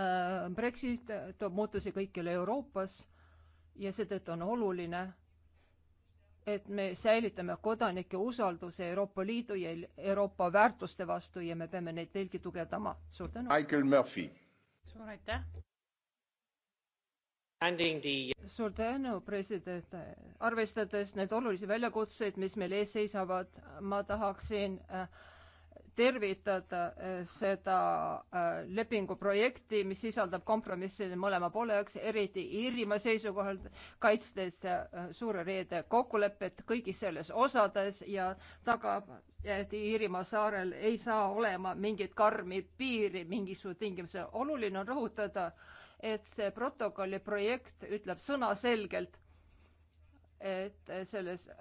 Äh, Brexit äh, toob muutusi kõikjal Euroopas ja seetõttu on oluline, et me säilitame kodanike usalduse Euroopa Liidu ja Euroopa väärtuste vastu ja me peame neid veelgi tugevdama. suur tänu. Michael Murphy. suur aitäh. suur tänu, president. arvestades neid olulisi väljakutseid, mis meil ees seisavad, ma tahaksin äh, tervitada äh, seda äh, lepingu projekti, mis sisaldab kompromissi mõlema poole jaoks, eriti Iirimaa seisukohalt, kaitstes äh, Suure Reede kokkulepet kõigis selles osades ja tagab, et Iirimaa saarel ei saa olema mingit karmi piiri mingisuguse tingimuse. oluline on rõhutada, et see protokolli projekt ütleb sõnaselgelt, et selles äh,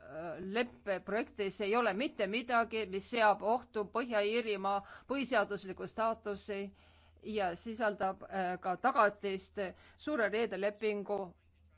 leppeprojektis ei ole mitte midagi, mis seab ohtu Põhja-Iirimaa põhiseadusliku staatusi ja sisaldab äh, ka tagatist suure reede lepingu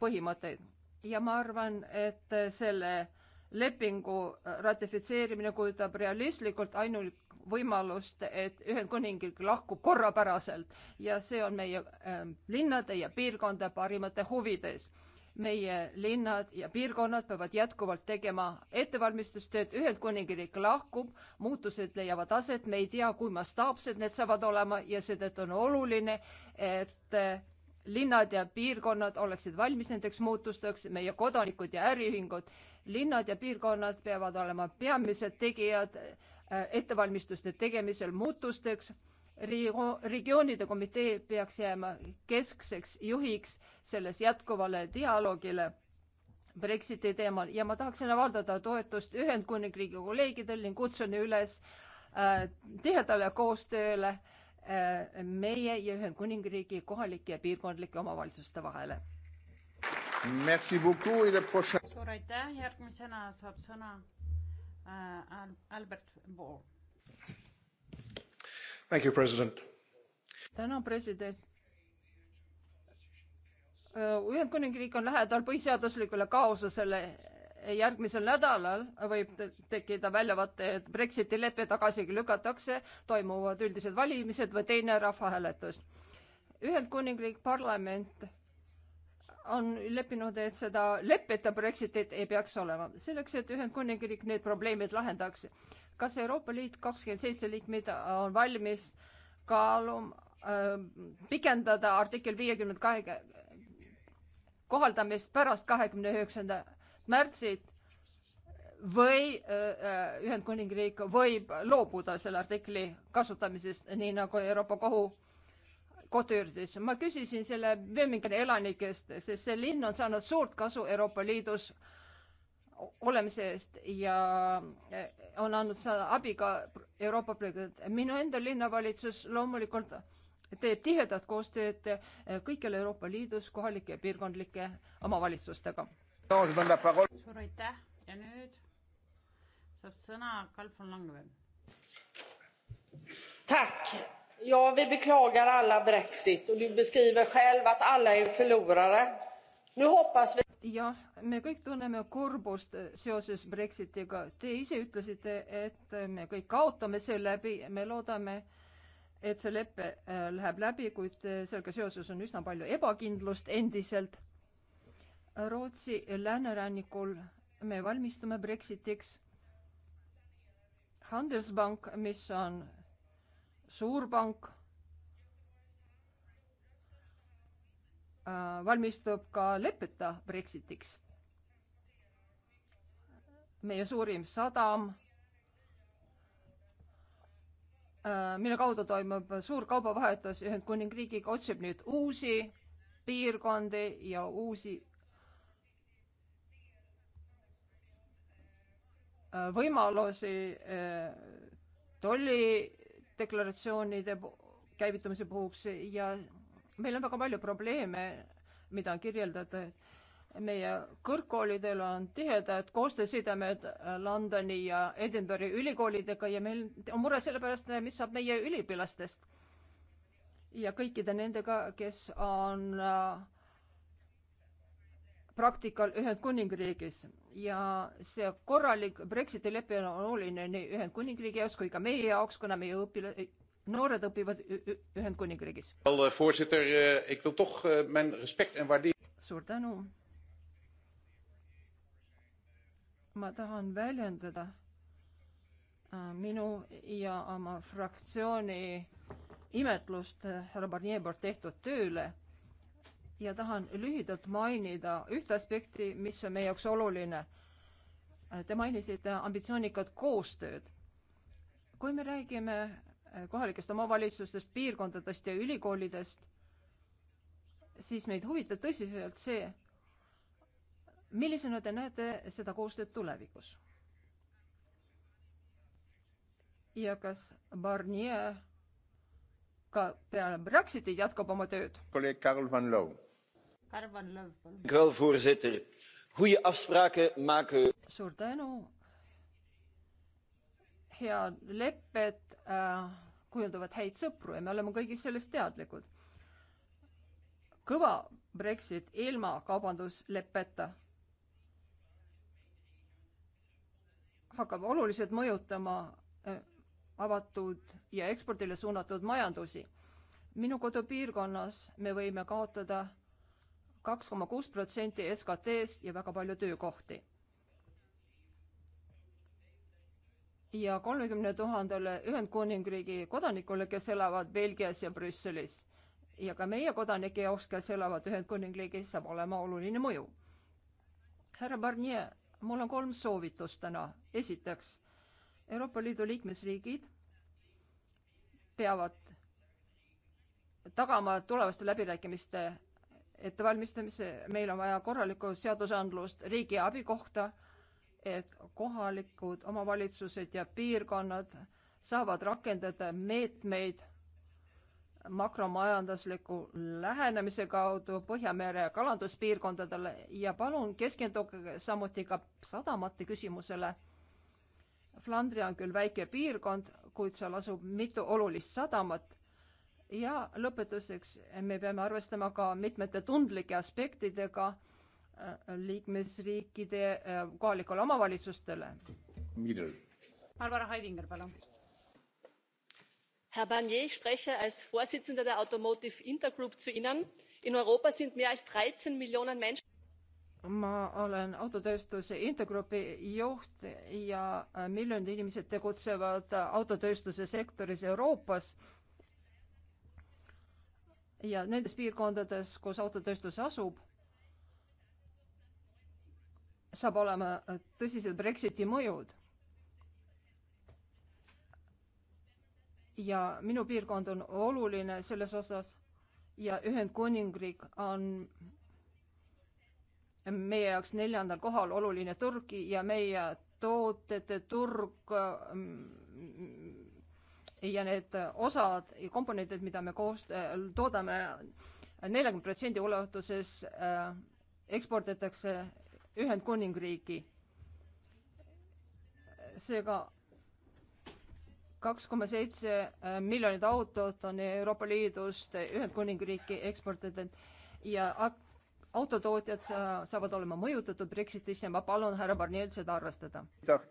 põhimõtteid. ja ma arvan, et selle lepingu ratifitseerimine kujutab realistlikult ainult võimalust, et Ühendkuningriik lahkub korrapäraselt ja see on meie äh, linnade ja piirkondade parimate huvides meie linnad ja piirkonnad peavad jätkuvalt tegema ettevalmistustööd, Ühendkuningriik lahkub, muutused leiavad aset, me ei tea, kui mastaapsed need saavad olema ja seetõttu on oluline, et eh, linnad ja piirkonnad oleksid valmis nendeks muutusteks, meie kodanikud ja äriühingud, linnad ja piirkonnad peavad olema peamised tegijad eh, ettevalmistuste tegemisel muutusteks Rio-, regioonide komitee peaks jääma keskseks juhiks selles jätkuvale dialoogile Brexiti teemal ja ma tahaksin avaldada toetust Ühendkuningriigi kolleegidel ning kutsun üles äh, tihedale koostööle äh, meie ja Ühendkuningriigi kohalike ja piirkondlike omavalitsuste vahele. suur aitäh, järgmisena saab sõna äh, Albert Bohr täna president. Äh, Ühendkuningriik on lähedal põhiseaduslikule kaosusele. järgmisel nädalal võib tekkida väljavaate, et Brexiti lepe tagasi lükatakse, toimuvad üldised valimised või teine rahvahääletus. Ühendkuningriik parlament on leppinud, et seda leppeta Brexitit ei peaks olema. selleks, et Ühendkuningriik need probleemid lahendaks, kas Euroopa Liit, kakskümmend seitse liikmed on valmis kaaluma äh,, pikendada artikkel viiekümne kahe kohaldamist pärast kahekümne üheksanda märtsit või äh, äh, Ühendkuningriik võib loobuda selle artikli kasutamisest, nii nagu Euroopa Kohus kodüürdis. ma küsisin selle Birminghami elanikest, sest see linn on saanud suurt kasu Euroopa Liidus olemise eest ja eh, on andnud abi ka Euroopa projektidele. minu enda linnavalitsus loomulikult teeb tihedat koostööd eh, kõikjal Euroopa Liidus kohalike ja piirkondlike omavalitsustega. suur aitäh ja nüüd saab sõna Kalv von Langeven. Ja, vi beklagar alla Brexit och du beskriver själv att alla är förlorare. Nu hoppas vi... jah, me kõik tunneme kurbust seoses Brexitiga. Te ise ütlesite, et me kõik kaotame seeläbi, me loodame, et see lepe äh, läheb läbi, kuid äh, sellega seoses on üsna palju ebakindlust endiselt. Rootsi läänerannikul me valmistume Brexitiks. Handelsbank, mis on suurpank äh, valmistub ka leppeta Brexitiks. meie suurim sadam, äh, mille kaudu toimub suur kaubavahetus Ühendkuningriigiga, otsib nüüd uusi piirkondi ja uusi äh, võimalusi tolli deklaratsioonide käivitumise puhuks ja meil on väga palju probleeme, mida on kirjeldatud. meie kõrgkoolidel on tihedad koostöösidemed Londoni ja Edinburghi ülikoolidega ja meil on mure selle pärast, mis saab meie üliõpilastest ja kõikide nendega, kes on äh, praktikal Ühendkuningriigis ja see korralik Brexiti lepe on oluline nii Ühendkuningriigi jaoks kui ka meie jaoks, kuna meie õpila-, noored õpivad Ühendkuningriigis. Eh, eh, eh, suur tänu. ma tahan väljendada minu ja oma fraktsiooni imetlust härra Barnier poolt tehtud tööle ja tahan lühidalt mainida ühte aspekti, mis on meie jaoks oluline. Te mainisite ambitsioonikat koostööd. kui me räägime eh, kohalikest omavalitsustest, piirkondadest ja ülikoolidest, siis meid huvitab tõsiselt see, millisena te näete seda koostööd tulevikus? ja kas Barnier ka peale Brexitit jätkab oma tööd? kolleeg Karl Van Loo Karvan Lõv, palun. suur tänu. head lepped äh, kujundavad häid sõpru ja me oleme kõigist sellest teadlikud. kõva Brexit ilma kaubandusleppeta hakkab oluliselt mõjutama äh, avatud ja ekspordile suunatud majandusi. minu kodupiirkonnas me võime kaotada kaks koma kuus protsenti SKT-st ja väga palju töökohti. ja kolmekümne tuhandele Ühendkuningriigi kodanikule, kes elavad Belgias ja Brüsselis ja ka meie kodanike jaoks, kes elavad Ühendkuningriigis, saab olema oluline mõju. härra Barnier, mul on kolm soovitust täna. esiteks, Euroopa Liidu liikmesriigid peavad tagama tulevaste läbirääkimiste ettevalmistamise, meil on vaja korralikku seadusandlust riigiabi kohta, et kohalikud omavalitsused ja piirkonnad saavad rakendada meetmeid makromajandusliku lähenemise kaudu Põhjamere kalanduspiirkondadele ja palun keskenduge samuti ka sadamate küsimusele. Flandria on küll väike piirkond, kuid seal asub mitu olulist sadamat ja lõpetuseks me peame arvestama ka mitmete tundlike aspektidega äh, liikmesriikide äh, kohalikule omavalitsustele. Barbara Heidinger, palun. Herr Barnier, ich spreche als Vorsitzender der Automotive Intergroup zu Ihnen. In Europa sind mehr als 13 Millionen Menschen ma olen autotööstuse intergrupi juht ja äh, miljonid inimesed tegutsevad autotööstuse sektoris Euroopas ja nendes piirkondades, kus autotööstus asub, saab olema tõsised Brexiti mõjud. ja minu piirkond on oluline selles osas ja Ühendkuningriik on meie jaoks neljandal kohal oluline Türgi ja meie tootete turg ja need osad ja komponendid, mida me koos äh, toodame, neljakümne protsendi ulatuses äh, eksporditakse Ühendkuningriiki. seega kaks koma seitse äh, miljonit autot on Euroopa Liidust Ühendkuningriiki eksportitud ja autotootjad saavad olema mõjutatud Brexitist ja ma palun härra Barniel seda arvestada.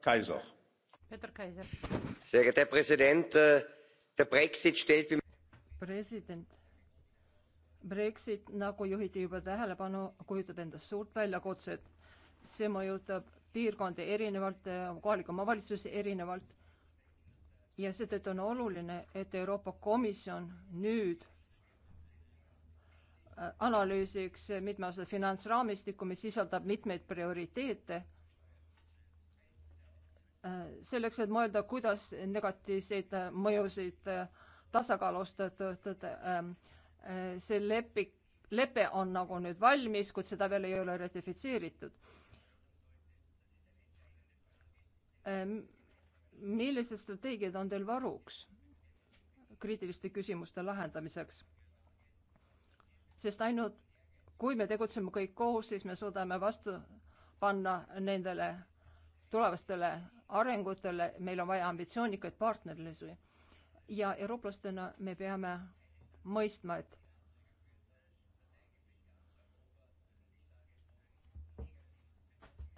Kaiser sehr geehrter herr präsident! Äh, der brexit stellt wie. president brexit nagu juhiti juba tähelepanu kujutab endast suurt väljakutset. see mõjutab piirkondi erinevalt äh, kohalikke omavalitsusi erinevalt ja seetõttu on oluline et euroopa komisjon nüüd äh, analüüsiks mitmeaastast finantsraamistikku mis sisaldab mitmeid prioriteete Äh, selleks, et mõelda, kuidas negatiivseid äh, mõjusid äh, tasakaalustatud, ähm, see lepik, lepe on nagu nüüd valmis, kuid seda veel ei ole ratifitseeritud. Ähm, millised strateegiad on teil varuks kriitiliste küsimuste lahendamiseks? sest ainult kui me tegutseme kõik koos, siis me suudame vastu panna nendele tulevastele arengutele, meil on vaja ambitsioonikaid partnerlusi. ja eurooplastena me peame mõistma, et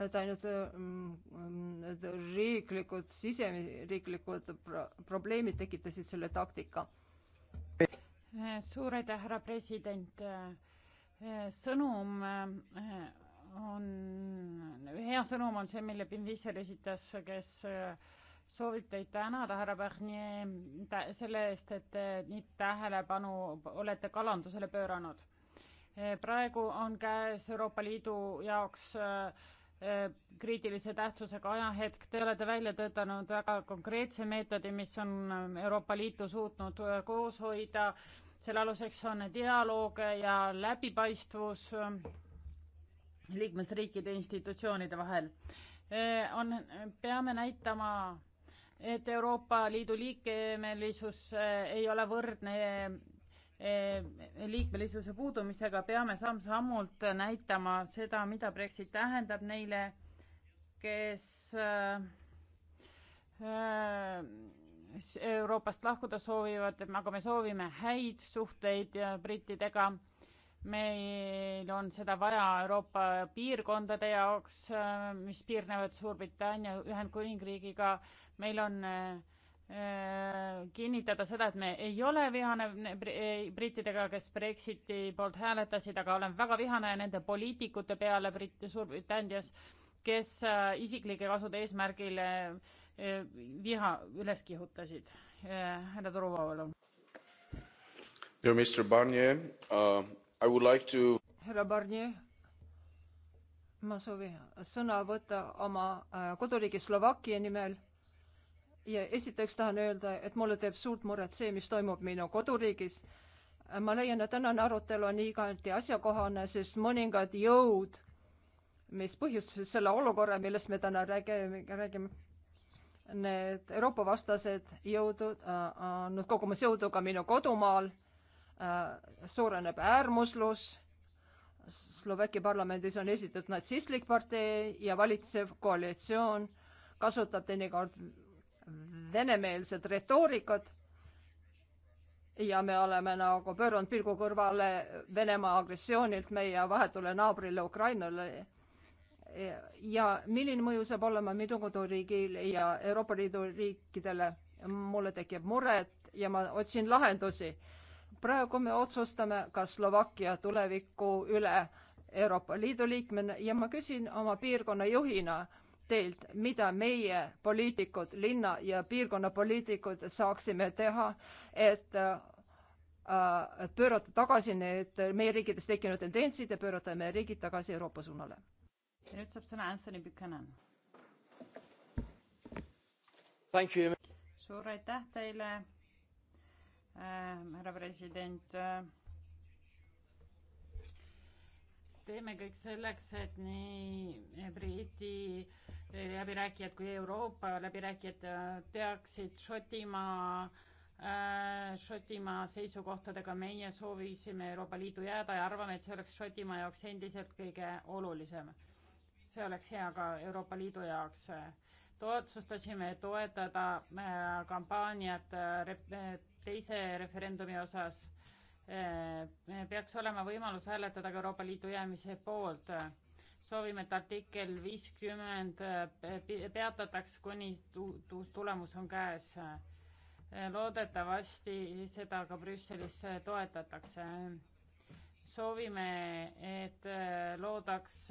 et ainult need mm, mm, riiklikud, siseriiklikud pro probleemid tekitasid selle taktika. suur aitäh, härra president. sõnum on, hea sõnum on see, mille Pim Visser esitas, kes äh, soovib teid tänada, härra Barnier, selle eest, et te nii tähelepanu olete kalandusele pööranud. Äh, praegu on käes Euroopa Liidu jaoks äh, kriitilise tähtsusega ajahetk, te olete välja töötanud väga konkreetse meetodi, mis on Euroopa Liitu suutnud koos hoida, selle aluseks on dialoog ja läbipaistvus liikmesriikide institutsioonide vahel. Eh, on, peame näitama, et Euroopa Liidu liikmelisus eh, ei ole võrdne eh, liikmelisuse puudumisega, peame samm-sammult näitama seda, mida Brexit tähendab neile, kes Euroopast lahkuda soovivad, aga me soovime häid suhteid brittidega meil on seda vaja Euroopa piirkondade jaoks, mis piirnevad Suurbritannia Ühendkuningriigiga, meil on äh, kinnitada seda, et me ei ole vihane brittidega, kes Brexiti poolt hääletasid, aga olen väga vihane nende poliitikute peale Brit-, Suurbritannias, kes äh, isiklike kasude eesmärgil äh, viha üles kihutasid. härra Turuvaa, palun. Dear Mr Barnier uh,, I would like to härra Barnier, ma soovin sõna võtta oma äh, koduriigi Slovakkia nimel ja esiteks tahan öelda, et mulle teeb suurt muret see, mis toimub minu koduriigis. ma leian, et tänane arutelu on igati asjakohane, sest mõningad jõud, mis põhjustasid selle olukorra, millest me täna räägime, räägime, need Euroopa vastased jõudud on äh, äh, nüüd kogumas jõudu ka minu kodumaal Äh, suureneb äärmuslus. Slovakkia parlamendis on esitatud natsistlik partei ja valitsev koalitsioon kasutab teinekord venemeelset retoorikat. ja me oleme nagu pööranud pilgu kõrvale Venemaa agressioonilt meie vahetule naabrile Ukrainale. ja milline mõju saab olema Midungudu riigil ja Euroopa Liidu riikidele? mulle tekib muret ja ma otsin lahendusi praegu me otsustame ka Slovakkia tuleviku üle Euroopa Liidu liikmena ja ma küsin oma piirkonna juhina teilt, mida meie poliitikud, linna ja piirkonna poliitikud saaksime teha, et äh, pöörata tagasi need meie riikides tekkinud tendentsid ja pöörata meie riigid tagasi Euroopa suunale. ja nüüd saab sõna Anthony Buchanan. suur aitäh teile Äh, härra president. Äh, teeme kõik selleks, et nii Briti läbirääkijad kui Euroopa läbirääkijad teaksid Šotimaa äh, Šotimaa seisukohtadega meie soovisime Euroopa Liidu jääda ja arvame, et see oleks Šotimaa jaoks endiselt kõige olulisem. see oleks hea ka Euroopa Liidu jaoks. otsustasime toetada kampaaniat teise referendumi osas eh, eh, peaks olema võimalus hääletada ka Euroopa Liidu jäämise poolt. soovime, et artikkel viiskümmend eh, peatataks, kuni uus tulemus on käes. loodetavasti seda ka Brüsselis toetatakse. soovime, et loodaks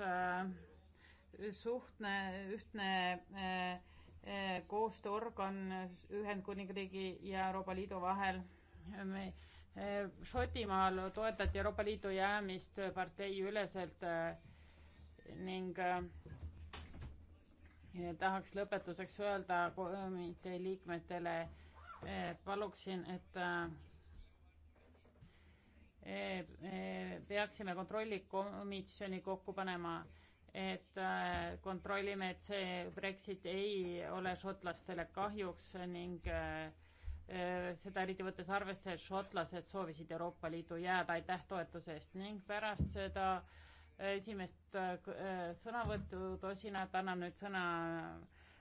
suhtne, ühtne koostööorgan Ühendkuningriigi ja Euroopa Liidu vahel. me eh, Šotimaal toetati Euroopa Liitu jäämist parteiüleselt eh, ning Ja eh, tahaks lõpetuseks öelda komitee liikmetele, paluksin, et peaksime kontrollikomisjoni kokku panema et äh, kontrollime, et see Brexit ei ole šotlastele kahjuks ning äh, äh, seda eriti võttes arvesse, et šotlased soovisid Euroopa Liidu jääda, aitäh toetuse eest ning pärast seda esimest sõnavõttu tosinat annan nüüd sõna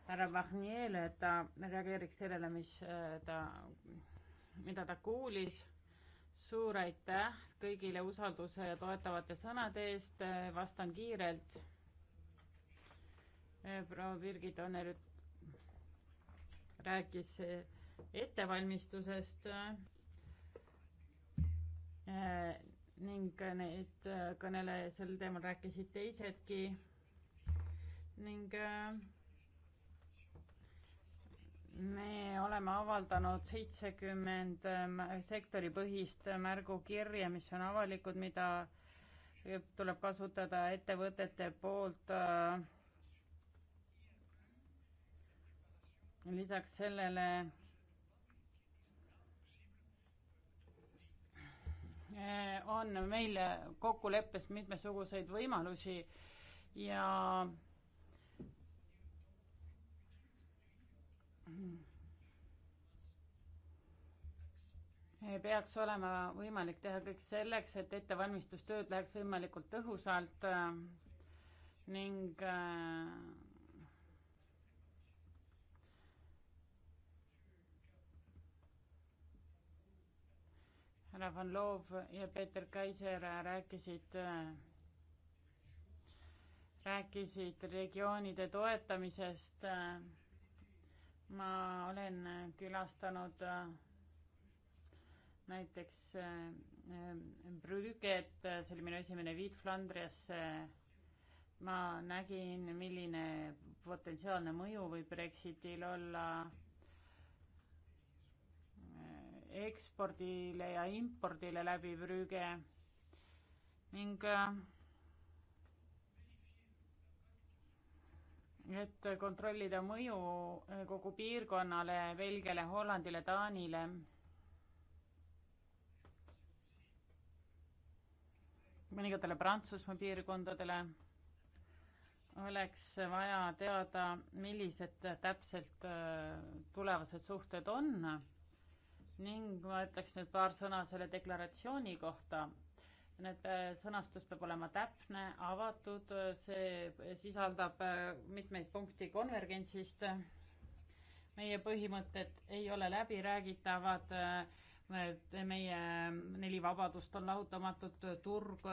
härra Vahniele, et ta reageeriks sellele, mis ta, mida ta kuulis. suur aitäh kõigile usalduse ja toetavate sõnade eest, vastan kiirelt Äh, proua Birgit Anner rääkis äh, ettevalmistusest äh, ning neid kõneleja sel teemal rääkisid teisedki ning me oleme avaldanud seitsekümmend sektoripõhist märgukirja, mis on avalikud, mida tuleb kasutada ettevõtete poolt äh, lisaks sellele eh, on meil kokkuleppes mitmesuguseid võimalusi ja eh, peaks olema võimalik teha kõik selleks, et ettevalmistustööd läheks võimalikult tõhusalt eh, ning härra Van Loov ja Peeter Kaiser rääkisid, rääkisid regioonide toetamisest. ma olen külastanud näiteks eh, Brügget, see oli minu esimene viit Flandriasse. ma nägin, milline potentsiaalne mõju võib Brexitil olla ekspordile ja impordile läbi prüge ning äh, et kontrollida mõju äh, kogu piirkonnale, Belgiale, Hollandile, Taanile. mõningatele Prantsusmaa piirkondadele oleks vaja teada, millised täpselt äh, tulevased suhted on ning ma ütleks nüüd paar sõna selle deklaratsiooni kohta. Need äh, sõnastus peab olema täpne, avatud, äh, see sisaldab äh, mitmeid punkti konvergentsist. meie põhimõtted ei ole läbiräägitavad. meie neli vabadust on lahutamatud, turg,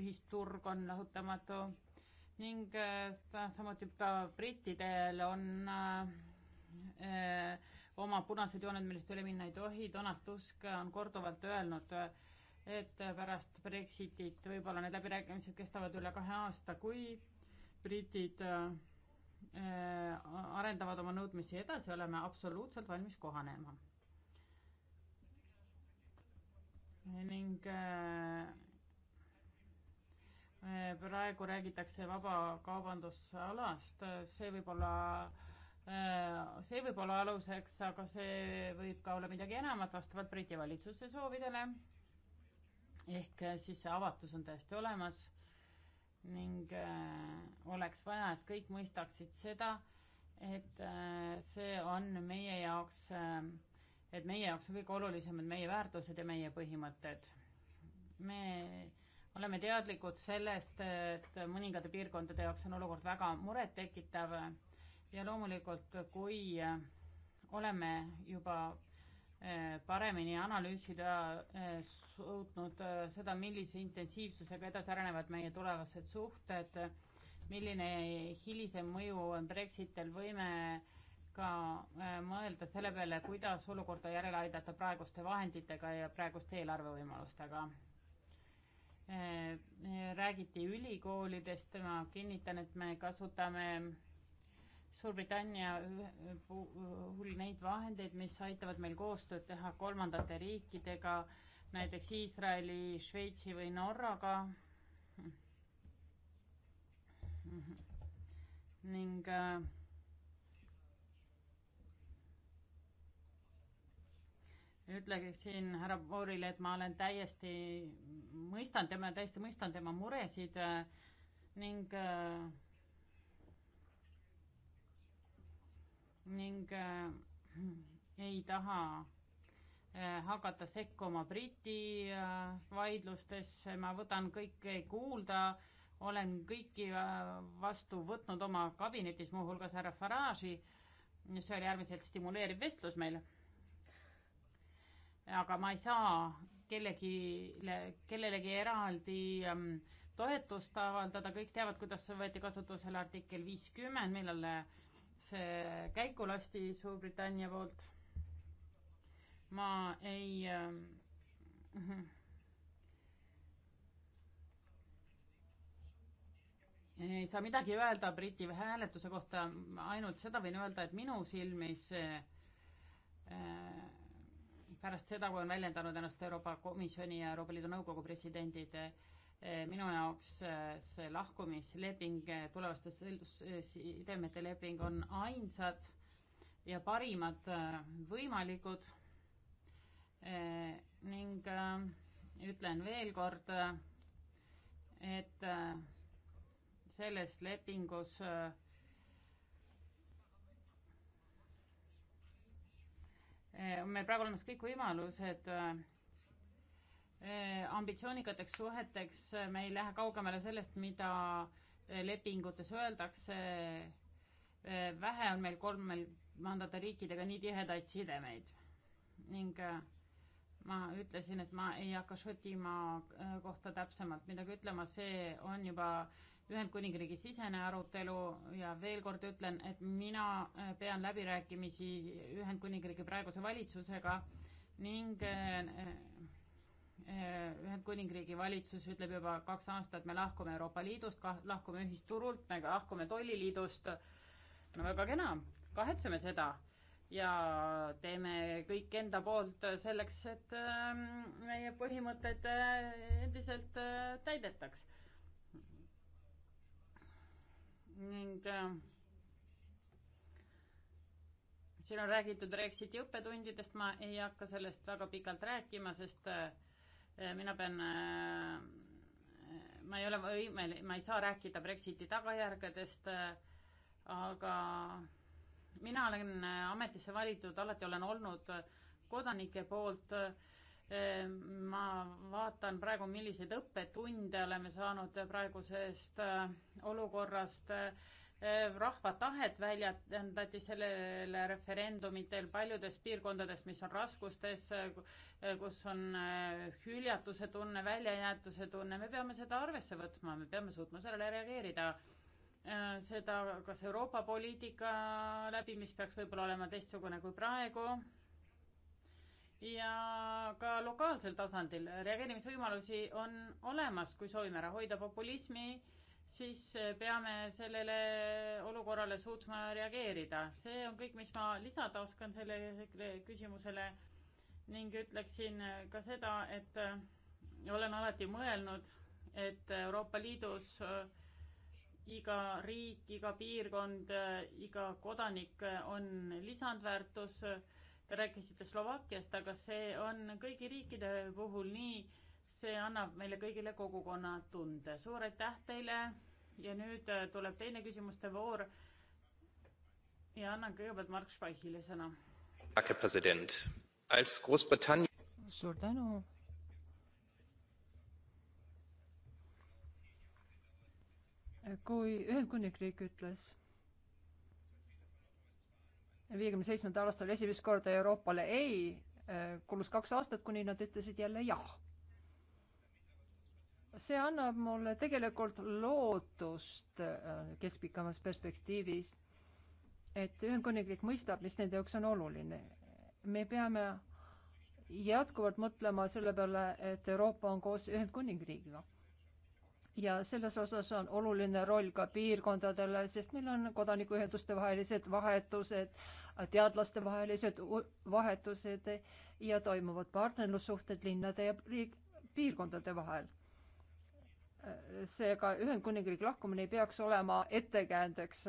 ühisturg on lahutamatu ning samuti ka brittidel on äh, oma punased jooned, millest üle minna ei tohi. Donald Tusk on korduvalt öelnud, et pärast Brexitit võib-olla need läbirääkimised kestavad üle kahe aasta, kui britid äh, arendavad oma nõudmisi edasi, oleme absoluutselt valmis kohanema. ning äh, äh, praegu räägitakse vabakaubandusalast, see võib olla Äh, see võib olla aluseks, aga see võib ka olla midagi enamat vastavalt Briti valitsuse soovidele. ehk äh, siis see avatus on täiesti olemas ning äh, oleks vaja, et kõik mõistaksid seda, et see on meie jaoks, et meie jaoks on kõige olulisemad meie väärtused ja meie põhimõtted. me oleme teadlikud sellest, et mõningate piirkondade jaoks on olukord väga murettekitav ja loomulikult, kui äh, oleme juba äh, paremini analüüsida äh, suutnud seda, millise intensiivsusega edasi arenevad meie tulevased suhted, milline hilisem mõju on Brexitil, võime ka mõelda selle peale, kuidas olukorda järele aidata praeguste vahenditega ja praeguste eelarvevõimalustega. räägiti ülikoolidest, ma kinnitan, et me kasutame Suurbritannia äh, puhul äh, neid vahendeid, mis aitavad meil koostööd teha kolmandate riikidega, näiteks Iisraeli, Šveitsi või Norraga ning äh, ütleksin härra Boorile, et ma olen täiesti, mõistan tema, täiesti mõistan tema muresid äh, ning äh, ning äh, ei taha äh, hakata sekkuma Briti äh, vaidlustesse, ma võtan kõike kuulda, olen kõiki vastu võtnud oma kabinetis, muuhulgas härra Farage'i, see oli äärmiselt stimuleeriv vestlus meil. aga ma ei saa kellegi, kellelegi eraldi ähm, toetust avaldada, kõik teavad, kuidas võeti kasutusele artikkel viiskümmend, millele see käiku lasti Suurbritannia poolt. ma ei äh, ei saa midagi öelda Briti hääletuse kohta, ainult seda võin öelda, et minu silmis äh, pärast seda, kui on väljendanud ennast Euroopa Komisjoni ja Euroopa Liidu Nõukogu presidendid äh,, Eh, minu jaoks eh, see lahkumisleping, eh, tulevaste sidemete leping on ainsad ja parimad võimalikud. ning ütlen veel kord, et selles lepingus on meil praegu olemas kõik võimalused Eh, ambitsioonikateks suheteks eh, me ei lähe kaugemale sellest, mida eh, lepingutes öeldakse. vähe on meil kolmandate riikidega nii tihedaid sidemeid ning ma ütlesin, et ma ei hakka Šotimaa kohta täpsemalt midagi ütlema, see on juba Ühendkuningriigi sisene arutelu ja veel kord ütlen, et mina pean läbirääkimisi Ühendkuningriigi praeguse valitsusega ning Ühendkuningriigi valitsus ütleb juba kaks aastat, me lahkume Euroopa Liidust, lahkume ühisturult, me lahkume tolliliidust. no väga kena, kahetseme seda ja teeme kõik enda poolt selleks, et ähm, meie põhimõtted äh, endiselt äh, täidetaks. ning äh, siin on räägitud Brexiti õppetundidest, ma ei hakka sellest väga pikalt rääkima, sest äh, Äh, mina pean, äh, ma ei ole võimel-, ma ei saa rääkida Brexiti tagajärgedest, äh, aga mina olen ametisse valitud, alati olen olnud kodanike poolt. ma vaatan praegu, milliseid õppetunde oleme saanud praegusest olukorrast Äh, rahva tahet väljendati sellele referendumitel paljudes piirkondades, mis on raskustes, äh, äh, kus on hüljatuse tunne, väljajäetuse tunne, me peame seda arvesse võtma, me peame suutma sellele reageerida. seda kas Euroopa poliitika läbi, mis peaks võib-olla olema teistsugune kui praegu, ja ka lokaalsel tasandil reageerimisvõimalusi on olemas, kui soovime ära hoida populismi äh, siis eh, peame sellele olukorrale suutma reageerida. see on kõik, mis ma lisada oskan sellele küsimusele ning ütleksin eh, ka seda, et eh, olen alati mõelnud, et Euroopa Liidus iga riik, iga piirkond, iga kodanik on lisandväärtus. Te rääkisite Slovakkiast, aga see on kõigi riikide puhul nii see annab meile kõigile kogukonna tunde. suur aitäh teile ja nüüd äh, tuleb teine küsimuste voor. ja annan kõigepealt Mark Speichile sõna. suur tänu. kui Ühendkuningriik ütles viiekümne seitsmendal aastal esimest korda Euroopale ei, äh, kulus kaks aastat, kuni nad ütlesid jälle jah see annab mulle tegelikult lootust äh, keskpikamas perspektiivis, et Ühendkuningriik mõistab, mis nende jaoks on oluline. me peame jätkuvalt mõtlema selle peale, et Euroopa on koos Ühendkuningriigiga. ja selles osas on oluline roll ka piirkondadele, sest meil on kodanikuühenduste vahelised vahetused, teadlaste vahelised vahetused ja toimuvad partnerlussuhted linnade ja piirkondade vahel seega Ühendkuningriigi lahkumine ei peaks olema ettekäändeks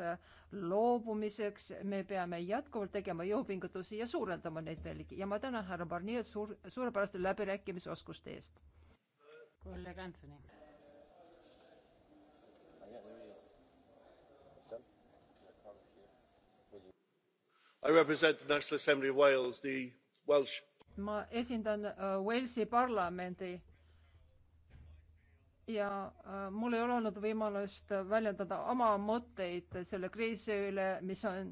loobumiseks, me peame jätkuvalt tegema jõupingutusi ja suurendama neid veelgi ja ma tänan härra Barnier suur, suurepäraste läbirääkimisoskuste eest. kolleeg Anthony. I represent the National Assembly of Wales, the Welsh. ma esindan uh, Walesi parlamendi uh, ja äh, mul ei ole olnud võimalust väljendada oma mõtteid selle kriisi üle, mis on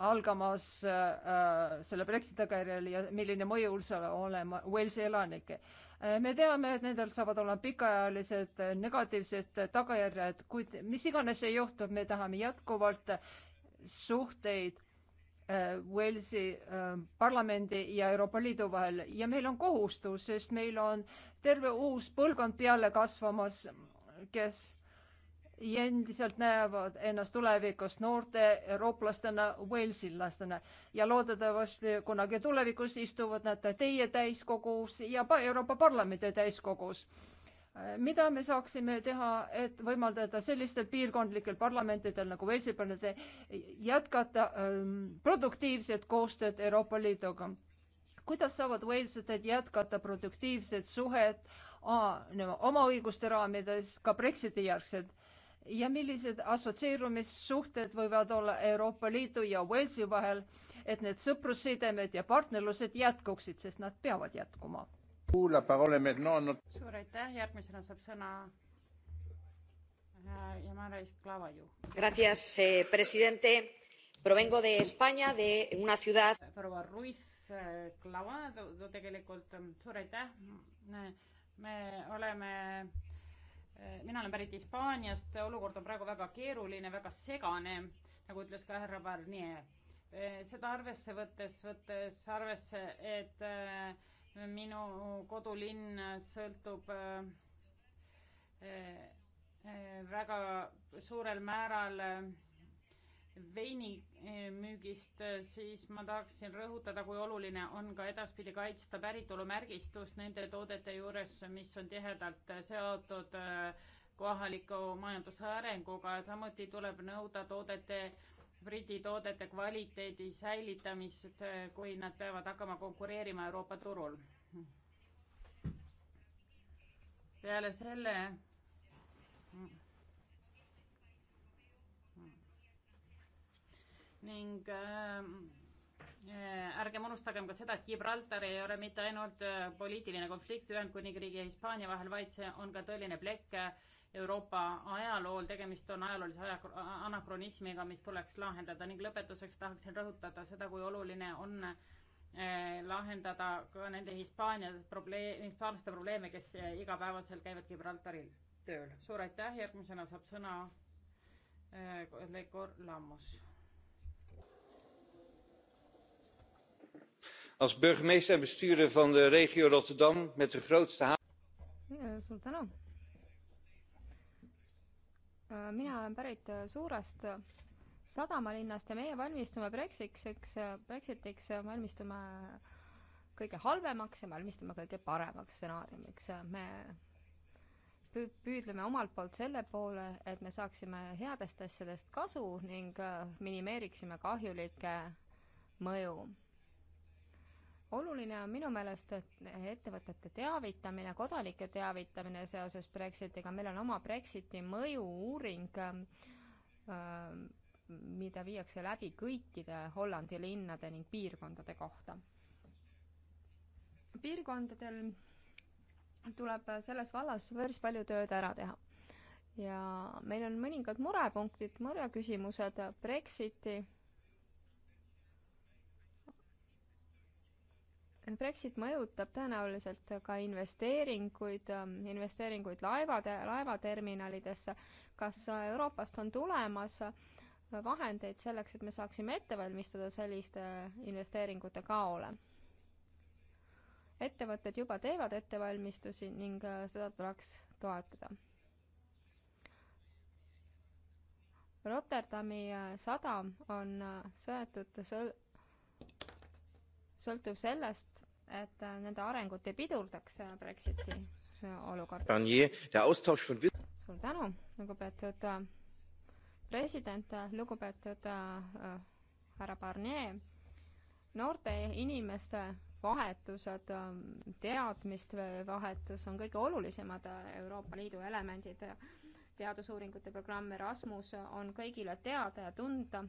algamas äh, selle Brexiti tagajärjel ja milline mõju seal olema Walesi elanike äh,. me teame, et nendel saavad olema pikaajalised äh, negatiivsed tagajärjed, kuid mis iganes ei juhtub, me tahame jätkuvalt suhteid äh, Walesi äh, parlamendi ja Euroopa Liidu vahel ja meil on kohustus, sest meil on äh, terve uus põlvkond peale kasvamas, kes endiselt näevad ennast tulevikus noorte eurooplastena, walesillastena ja loodetavasti kunagi tulevikus istuvad nad teie täiskogus ja Euroopa Parlamendi täiskogus. mida me saaksime teha, et võimaldada sellistel piirkondlikel parlamentidel nagu Walesi parlament jätkata ähm, produktiivset koostööd Euroopa Liiduga? kuidas saavad Waleslased jätkata produktiivset suhet oma õiguste raamides ka Brexiti järgselt ja millised assotsieerumissuhted võivad olla Euroopa Liidu ja Walesi vahel, et need sõprussidemed ja partnerlused jätkuksid, sest nad peavad jätkuma. suur aitäh, järgmisena saab sõna äh, Yamara Esclavayo. Gracias, eh, presidente. Provengo de España, de una ciudad. Proua Ruiz Klavado tegelikult, ähm, suur aitäh, me oleme, äh, mina olen pärit Hispaaniast, olukord on praegu väga keeruline, väga segane, nagu ütles ka härra Barnier. Äh, seda arvesse võttes, võttes arvesse, et äh, minu kodulinn sõltub väga suurel määral veinimüügist, eh, eh, siis ma tahaksin rõhutada, kui oluline on ka edaspidi kaitsta päritolumärgistust nende toodete juures, mis on tihedalt eh, seotud kohaliku majanduse arenguga, samuti tuleb nõuda toodete, Briti toodete kvaliteedi säilitamist, kui nad peavad hakkama konkureerima Euroopa turul. peale selle ning äh, äh, ärgem unustagem ka seda, et Gibraltar ei ole mitte ainult äh, poliitiline konflikt Ühendkuningriigi ja Hispaania vahel, vaid see on ka tõeline plekk äh, Euroopa ajalool, tegemist on ajaloolise aja, anakronismiga, mis tuleks lahendada ning lõpetuseks tahaksin rõhutada seda, kui oluline on äh, lahendada ka nende Hispaania probleem, hispaanlaste probleeme, kes äh, igapäevaselt käivad Gibraltaril tööl. suur aitäh, järgmisena saab sõna kolleeg Lammus als burgemeester en bestuurder van de regio rotterdam met de grootste haven. Äh, mina olen pärit äh, suurest äh, sadamalinnast ja meie valmistume Brexitiks, Brexitiks valmistume kõige halvemaks ja valmistume kõige paremaks stsenaariumiks. me püüdleme omalt poolt selle poole, et me saaksime headest asjadest kasu ning minimeeriksime kahjulikke mõju oluline on minu meelest ettevõtete teavitamine, kodanike teavitamine seoses Brexitiga, meil on oma Brexiti mõju-uuring, ähm, mida viiakse läbi kõikide Hollandi linnade ning piirkondade kohta. piirkondadel tuleb selles vallas päris palju tööd ära teha. ja meil on mõningad murepunktid, mureküsimused Brexiti Brexit mõjutab tõenäoliselt ka investeeringuid, ähm, investeeringuid laevade, laevaterminalidesse. kas Euroopast on tulemas vahendeid selleks, et me saaksime ette valmistada selliste investeeringute kaole? ettevõtted juba teevad ettevalmistusi ning äh, seda tuleks toetada. Rotterdami äh, sadam on äh, seotud sõltuv sellest, et äh, nende arengut ei pidurdaks äh, Brexiti äh, olukord. suur tänu, lugupeetud president, lugupeetud härra Barnier. noorte inimeste vahetused, teadmiste vahetus on kõige olulisemad Euroopa Liidu elemendid. teadusuuringute programm Erasmus on kõigile teada ja tunda.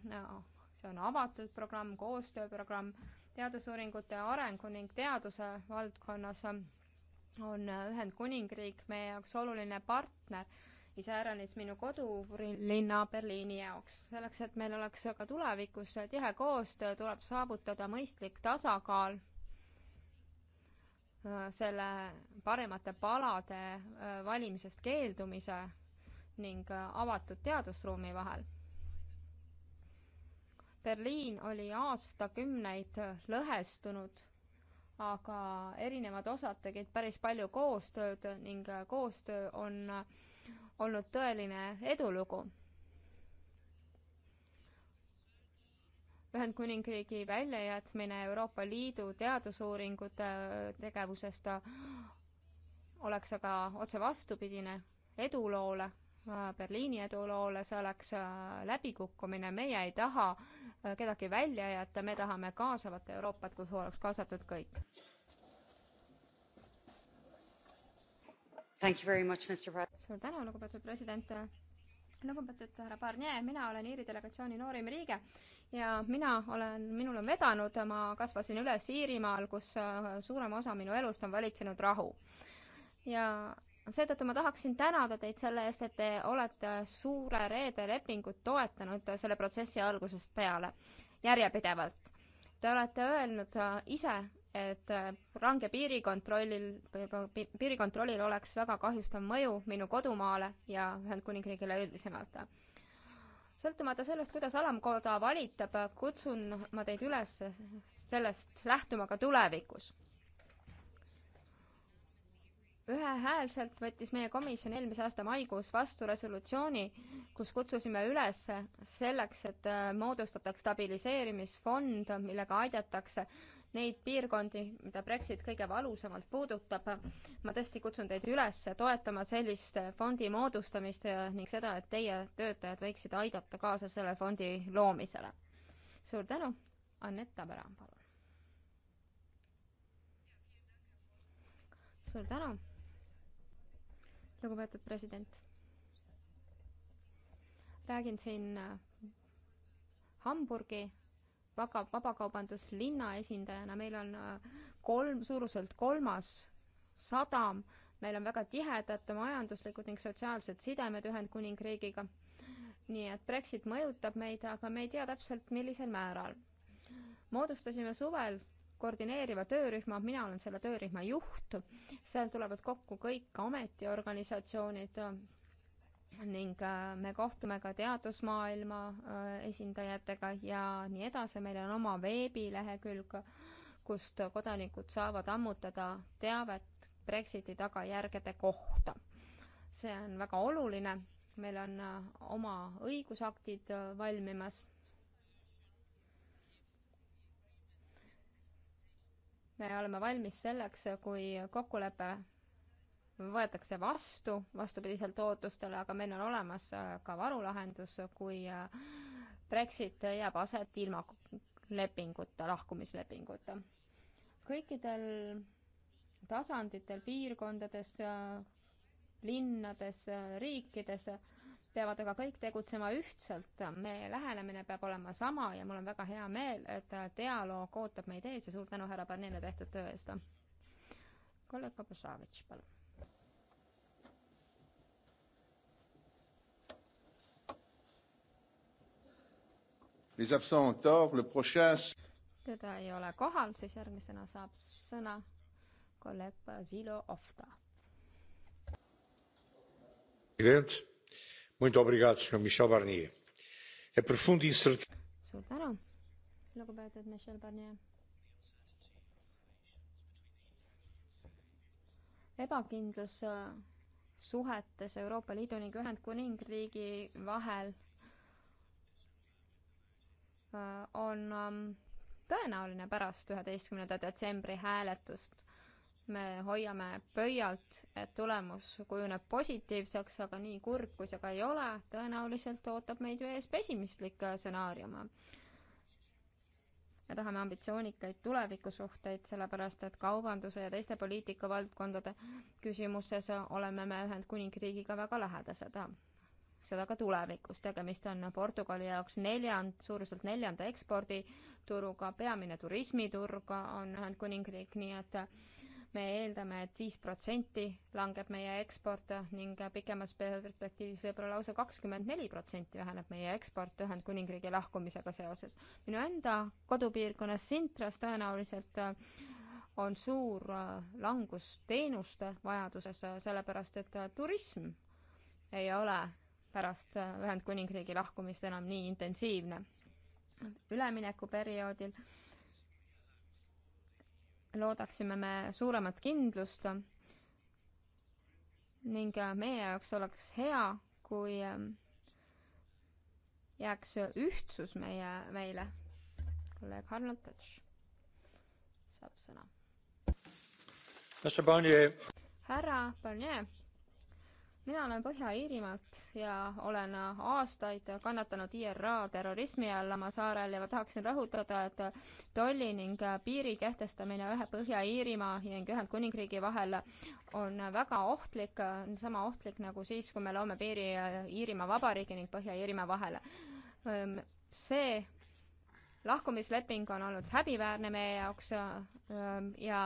see on avatud programm, koostööprogramm teadusuuringute arengu ning teaduse valdkonnas on Ühendkuningriik meie jaoks oluline partner, iseäranis minu kodulinna Berliini jaoks. selleks, et meil oleks ka tulevikus tihe koostöö, tuleb saavutada mõistlik tasakaal äh, selle parimate palade äh, valimisest keeldumise ning äh, avatud teadusruumi vahel Berliin oli aastakümneid lõhestunud, aga erinevad osad tegid päris palju koostööd ning koostöö on olnud tõeline edulugu Ühendkuningriigi väljajätmine Euroopa Liidu teadusuuringute tegevusest oleks aga otse vastupidine eduloole Äh, Berliini eduloole, see oleks äh, läbikukkumine, meie ei taha äh, kedagi välja jätta, me tahame kaasavat Euroopat, kuhu oleks kaasatud kõik. suur tänu, lugupeetud president. lugupeetud härra Barnier, mina olen Iiri delegatsiooni noorim liige ja mina olen, minul on vedanud, ma kasvasin üles Iirimaal, kus suurem osa minu elust on valitsenud rahu. ja seetõttu ma tahaksin tänada teid selle eest, et te olete Suure Reede lepingut toetanud selle protsessi algusest peale, järjepidevalt. Te olete öelnud äh, ise, et äh, range piirikontrollil, piirikontrollil oleks väga kahjustav mõju minu kodumaale ja Ühendkuningriigile üldisemalt. sõltumata sellest, kuidas alamkoda valitab, kutsun ma teid üles sellest lähtuma ka tulevikus ühehäälselt võttis meie komisjon eelmise aasta maikuus vastu resolutsiooni, kus kutsusime üles selleks, et äh, moodustataks stabiliseerimisfond, millega aidatakse neid piirkondi, mida Brexit kõige valusamalt puudutab. ma tõesti kutsun teid üles toetama sellist fondi moodustamist ning seda, et teie töötajad võiksid aidata kaasa selle fondi loomisele. suur tänu, Anett Taberam, palun. suur tänu lugupeetud president. räägin siin äh, Hamburgi vaba, vabakaubanduslinna esindajana, meil on äh, kolm, suuruselt kolmas sadam, meil on väga tihedad majanduslikud ning sotsiaalsed sidemed Ühendkuningriigiga. nii et Brexit mõjutab meid, aga me ei tea täpselt, millisel määral. moodustasime suvel koordineeriva töörühma, mina olen selle töörühma juht, seal tulevad kokku kõik ametiorganisatsioonid ning äh, me kohtume ka teadusmaailma äh, esindajatega ja nii edasi, meil on oma veebilehekülg, kust kodanikud saavad ammutada teavet Brexiti tagajärgede kohta. see on väga oluline, meil on äh, oma õigusaktid valmimas me oleme valmis selleks, kui kokkulepe võetakse vastu, vastupidiselt ootustele, aga meil on olemas äh, ka varulahendus, kui äh, Brexit jääb aset ilma lepinguta, lahkumislepinguta. kõikidel tasanditel, piirkondades, äh, linnades, riikides peavad aga kõik tegutsema ühtselt. meie lähenemine peab olema sama ja mul on väga hea meel, et dialoog ootab meid ees ja suur tänu härra Barnile tehtud töö eest. kolleeg Kabašavitš, palun. Les absents ont tort, le prochain teda ei ole kohal, siis järgmisena saab sõna kolleeg Basilo Ofta. president E suur tänu, lugupeetud Michel Barnier. ebakindlus äh, suhetes Euroopa Liidu ning Ühendkuningriigi vahel äh, on ähm, tõenäoline pärast üheteistkümnenda detsembri hääletust me hoiame pöialt, et tulemus kujuneb positiivseks, aga nii kurb, kui see ka ei ole, tõenäoliselt ootab meid ju ees pessimistlik stsenaarium. me tahame ambitsioonikaid tulevikusuhteid, sellepärast et kaubanduse ja teiste poliitikavaldkondade küsimuses oleme me Ühendkuningriigiga väga lähedased seda ka tulevikus. tegemist on Portugali jaoks neljand, suuruselt neljanda ekspordituruga, peamine turismiturg on Ühendkuningriik, nii et äh, me eeldame et, et viis protsenti langeb meie eksport ning pikemas perspektiivis võib-olla lausa kakskümmend neli protsenti väheneb meie eksport Ühendkuningriigi lahkumisega seoses. minu enda kodupiirkonnas Sintras tõenäoliselt äh, on suur äh, langus teenuste vajaduses, äh, sellepärast et turism ei ole pärast Ühendkuningriigi lahkumist enam nii intensiivne. üleminekuperioodil loodaksime me suuremat kindlust ning äh, meie jaoks oleks hea, kui ähm, jääks ühtsus meie, meile. kolleeg Arnold Kutš saab sõna. härra Barnier mina olen Põhja-Iirimaalt ja olen aastaid kannatanud IRA terrorismi all oma saarel ja ma tahaksin rõhutada, et tolli ning piiri kehtestamine ühe Põhja-Iirimaa ning Ühendkuningriigi vahel on väga ohtlik, sama ohtlik nagu siis, kui me loome piiri Iirimaa Vabariigi ning Põhja-Iirimaa vahele. Ehm, see lahkumisleping on olnud häbiväärne meie jaoks ehm, ja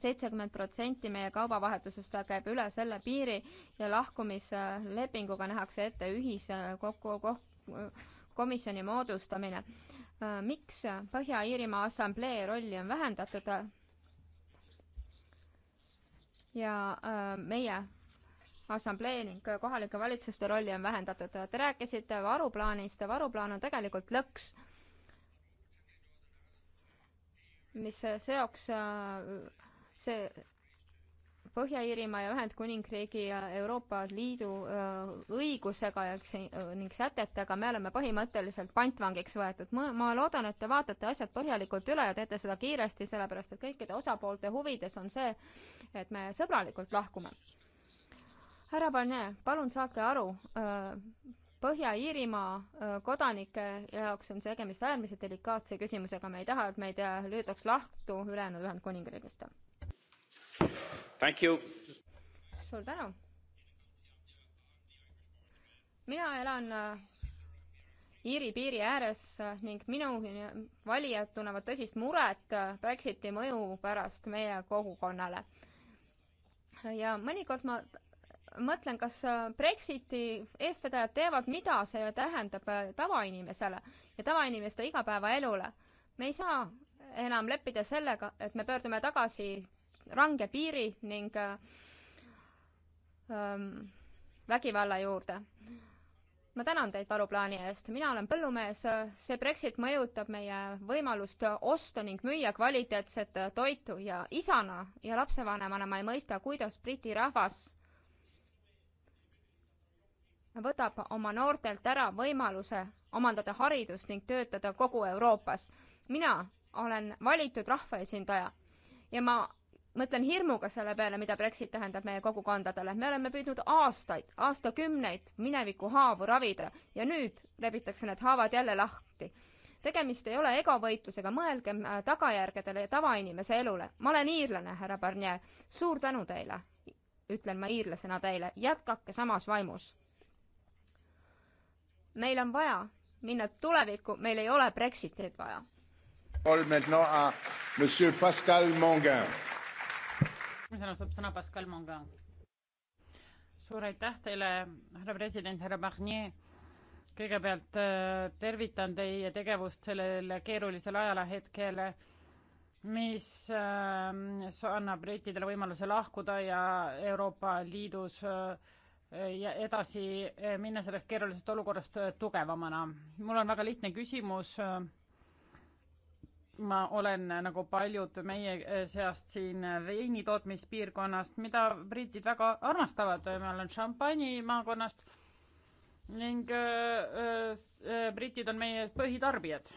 seitsekümmend protsenti meie kaubavahetusest käib üle selle piiri ja lahkumislepinguga nähakse ette ühise kokku, kokku, komisjoni moodustamine. miks Põhja-Iirimaa Assamblee rolli on vähendatud? ja äh, meie assamblee ning kohalike valitsuste rolli on vähendatud. Te rääkisite varuplaanist, varuplaan on tegelikult lõks, mis seoks äh, see Põhja-Iirimaa ja Ühendkuningriigi ja Euroopa Liidu äh, õigusega ja äh, ning sätetega me oleme põhimõtteliselt pantvangiks võetud. ma loodan, et te vaatate asjad põhjalikult üle ja teete seda kiiresti, sellepärast et kõikide osapoolte huvides on see, et me sõbralikult lahkume. härra Barnier, palun saage aru, äh, Põhja-Iirimaa kodanike jaoks on tegemist äärmiselt delikaatse küsimusega, me ei taha, et meid löödaks lahtu ülejäänud Ühendkuningriigist suur tänu. mina elan äh, Iiri piiri ääres äh, ning minu äh, valijad tunnevad tõsist muret Brexiti mõju pärast meie kogukonnale. ja mõnikord ma mõtlen, kas Brexiti eestvedajad teavad, mida see tähendab tavainimesele ja tavainimeste igapäevaelule. me ei saa enam leppida sellega, et me pöördume tagasi range piiri ning ähm, vägivalla juurde. ma tänan teid varuplaani eest, mina olen põllumees, see Brexit mõjutab meie võimalust osta ning müüa kvaliteetset toitu ja isana ja lapsevanemana ma ei mõista, kuidas Briti rahvas võtab oma noortelt ära võimaluse omandada haridust ning töötada kogu Euroopas. mina olen valitud rahvaesindaja ja ma mõtlen hirmuga selle peale, mida Brexit tähendab meie kogukondadele. me oleme püüdnud aastaid, aastakümneid mineviku haavu ravida ja nüüd rebitakse need haavad jälle lahti. tegemist ei ole egovõitlusega, mõelgem äh, tagajärgedele ja tavainimese elule. ma olen iirlane, härra Barnier. suur tänu teile, ütlen ma iirlasena teile. jätkake samas vaimus. meil on vaja minna tulevikku, meil ei ole Brexitit vaja. Pascal Mongain järgmisena saab sõna Pascal Monga. suur aitäh teile, härra president, härra Barnier. kõigepealt äh, tervitan teie tegevust sellel keerulisel ajalahetkel, mis äh, annab brittidele võimaluse lahkuda ja Euroopa Liidus äh, ja edasi minna sellest keerulisest olukorrast tugevamana. mul on väga lihtne küsimus ma olen nagu paljud meie seast siin veini tootmispiirkonnast, mida britid väga armastavad, ma olen šampanji maakonnast ning äh, äh, britid on meie põhitarbijad.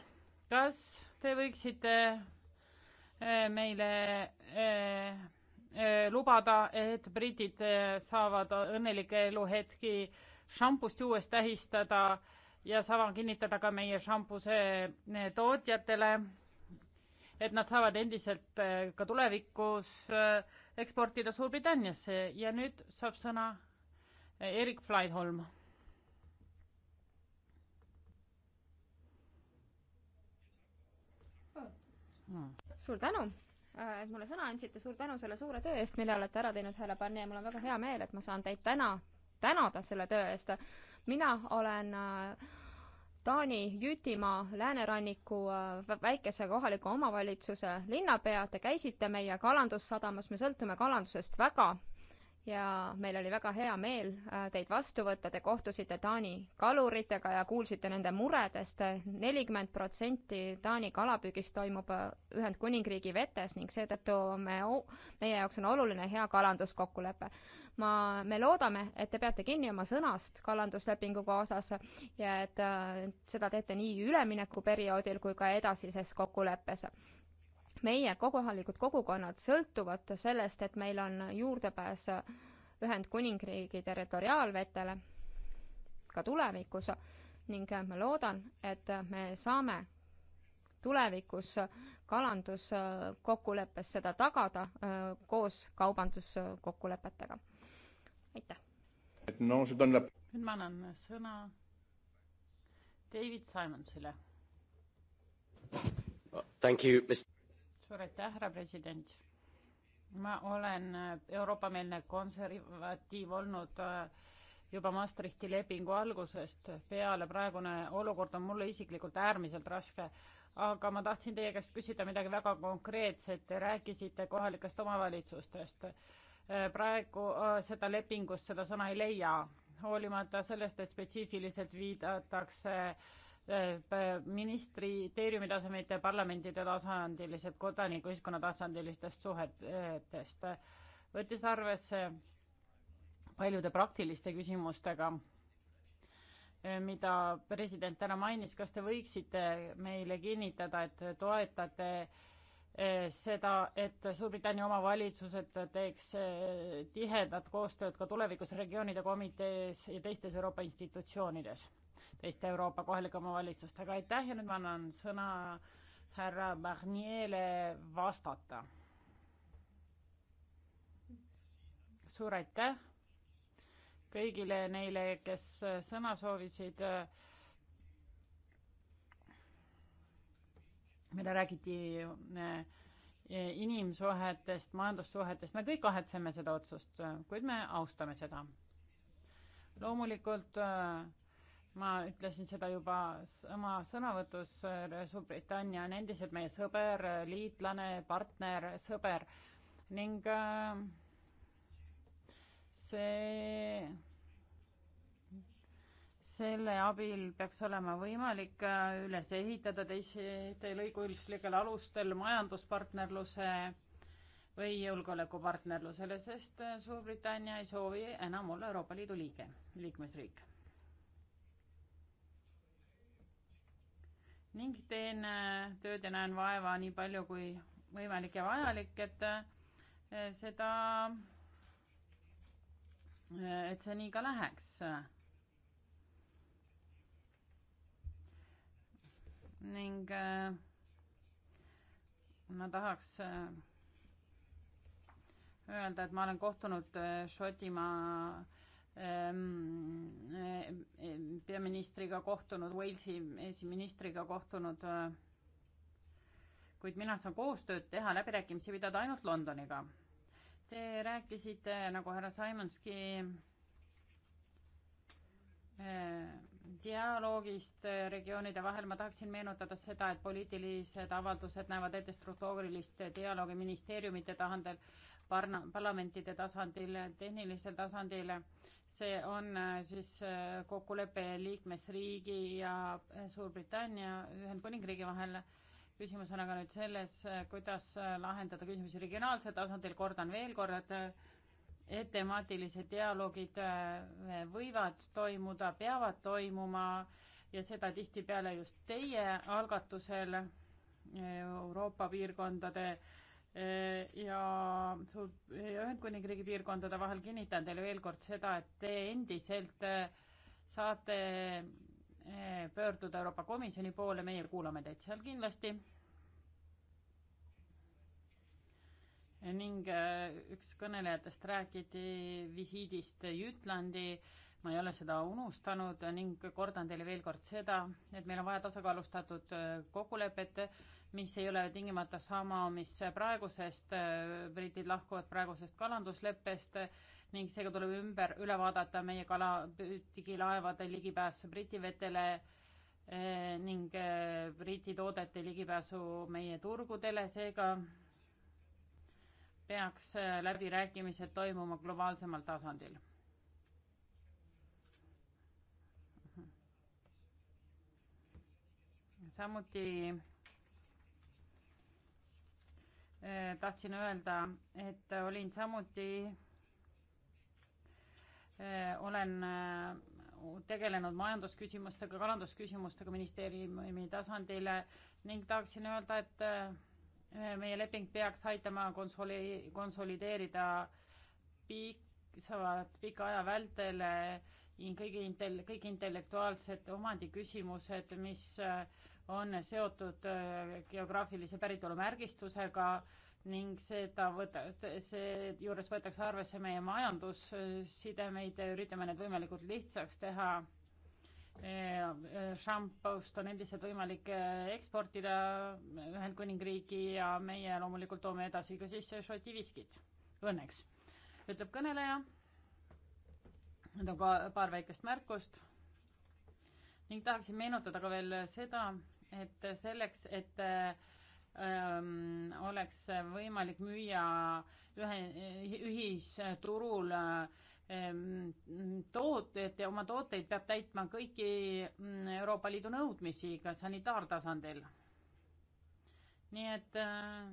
kas te võiksite äh, meile äh, äh, lubada, et britid äh, saavad õnnelikke eluhetki šampust juues tähistada ja sama kinnitada ka meie šampuse äh, tootjatele et nad saavad endiselt äh, ka tulevikus äh, eksportida Suurbritanniasse ja nüüd saab sõna äh, Erik Flaidholm. suur tänu, et mulle sõna andsite, suur tänu selle suure töö eest, mille olete ära teinud, härra Barnier, mul on väga hea meel, et ma saan teid täna tänada selle töö eest. mina olen äh, Taani Jütimaa lääneranniku äh, väikese kohaliku omavalitsuse linnapea, te käisite meie kalandussadamas, me sõltume kalandusest väga ja meil oli väga hea meel äh, teid vastu võtta, te kohtusite Taani kaluritega ja kuulsite nende muredest. nelikümmend protsenti Taani kalapüügist toimub äh, Ühendkuningriigi vetes ning seetõttu me, meie jaoks on oluline hea kalanduskokkulepe. ma, me loodame, et te peate kinni oma sõnast kalanduslepinguga osas ja et äh, seda teete nii üleminekuperioodil kui ka edasises kokkuleppes meie kohalikud kogukonnad sõltuvad sellest, et meil on juurdepääs Ühendkuningriigi territoriaalvetele ka tulevikus ning ma loodan, et me saame tulevikus kalanduskokkuleppes seda tagada äh, koos kaubanduskokkulepetega. aitäh! nüüd ma annan sõna David Simonsile suur aitäh, härra president. ma olen äh, Euroopa-meelne konservatiiv olnud äh, juba Maastrichti lepingu algusest peale, praegune olukord on mulle isiklikult äärmiselt raske aga ma tahtsin teie käest küsida midagi väga konkreetset, te rääkisite kohalikest omavalitsustest. Äh, praegu seda lepingust seda sõna ei leia, hoolimata sellest, et spetsiifiliselt viidatakse äh, Äh, ministriteeriumi tasemelt ja parlamentide tasandilised kodanikuühiskonna tasandilistest suhetest, võttis arvesse paljude praktiliste küsimustega, äh, mida president täna mainis, kas te võiksite meile kinnitada, et toetate äh, seda, et Suurbritannia omavalitsused teeks tihedat koostööd ka tulevikus regioonide komitees ja teistes Euroopa institutsioonides teiste Euroopa kohalike omavalitsustega. aitäh ja nüüd ma annan sõna härra Barnier'le vastata. suur aitäh kõigile neile, kes sõna soovisid. meile räägiti eh, inimsuhetest, majandussuhetest, me kõik kahetseme seda otsust, kuid me austame seda. loomulikult äh, ma ütlesin seda juba oma sõnavõtus, äh, Suurbritannia on endiselt meie sõber, äh, liitlane, partner, sõber ning äh, see, selle abil peaks olema võimalik üles ehitada teistel õiguslikel alustel majanduspartnerluse või julgeolekupartnerlusele, sest Suurbritannia ei soovi enam olla Euroopa Liidu liige, liikmesriik ning teen äh, tööd ja näen vaeva nii palju kui võimalik ja vajalik, et äh, seda, äh, et see nii ka läheks. ning ma tahaks öelda, et ma olen kohtunud Šotimaa Ehm, eh, peaministriga kohtunud, Walesi esiministriga kohtunud, eh, kuid mina saan koostööd teha, läbirääkimisi pidada ainult Londoniga. Te rääkisite nagu härra Simonski eh, dialoogist regioonide vahel ma tahaksin meenutada seda, et poliitilised avaldused näevad ette struktuurilist dialoogi ministeeriumite tahandel parna-, parlamentide tasandil, tehnilisel tasandil. see on äh, siis äh, kokkulepe liikmesriigi ja äh, Suurbritannia, Ühendkuningriigi vahel. küsimus on aga nüüd selles, kuidas lahendada küsimusi regionaalsel tasandil, kordan veel kord, et temaatilised dialoogid võivad toimuda, peavad toimuma ja seda tihtipeale just teie algatusel Euroopa piirkondade äh, Eh, ja Ühendkuningriigi piirkondade vahel kinnitan teile veel kord seda, et te endiselt eh, saate eh, pöörduda Euroopa Komisjoni poole, meie kuulame teid seal kindlasti. ning üks kõnelejatest räägiti visiidist Jütlandi, ma ei ole seda unustanud ning kordan teile veel kord seda, et meil on vaja tasakaalustatud kokkulepet mis ei ole tingimata sama, mis praegusest, britid lahkuvad praegusest kalandusleppest ning seega tuleb ümber, üle vaadata meie kalapüügilaevade ligipääs Briti vetele eh, ning eh, Briti toodete ligipääsu meie turgudele, seega peaks eh, läbirääkimised toimuma globaalsemal tasandil mhm. samuti Äh, tahtsin öelda, et olin samuti, äh, olen äh, tegelenud majandusküsimustega, kalandusküsimustega ministeeriumi tasandil ning tahaksin öelda, et meie leping peaks aitama konsoli-, konsolideerida piisavalt pika aja vältel kõigi intel-, kõik intellektuaalsed omandiküsimused, mis äh, on seotud äh, geograafilise päritolu märgistusega ning seda võta-, seejuures võetakse arvesse meie majandussidemeid ja üritame need võimalikult lihtsaks teha. Äh, äh, Šampost on endiselt võimalik eksportida Ühendkuningriigi ja meie loomulikult toome edasi ka sisse Šoti viskid, õnneks, ütleb kõneleja. Need on ka paar väikest märkust ning tahaksin meenutada ka veel seda, et selleks, et ähm, oleks võimalik müüa ühe, ühisturul ähm, tooted ja oma tooteid peab täitma kõiki mm, Euroopa Liidu nõudmisi ka sanitaartasandil. nii et äh,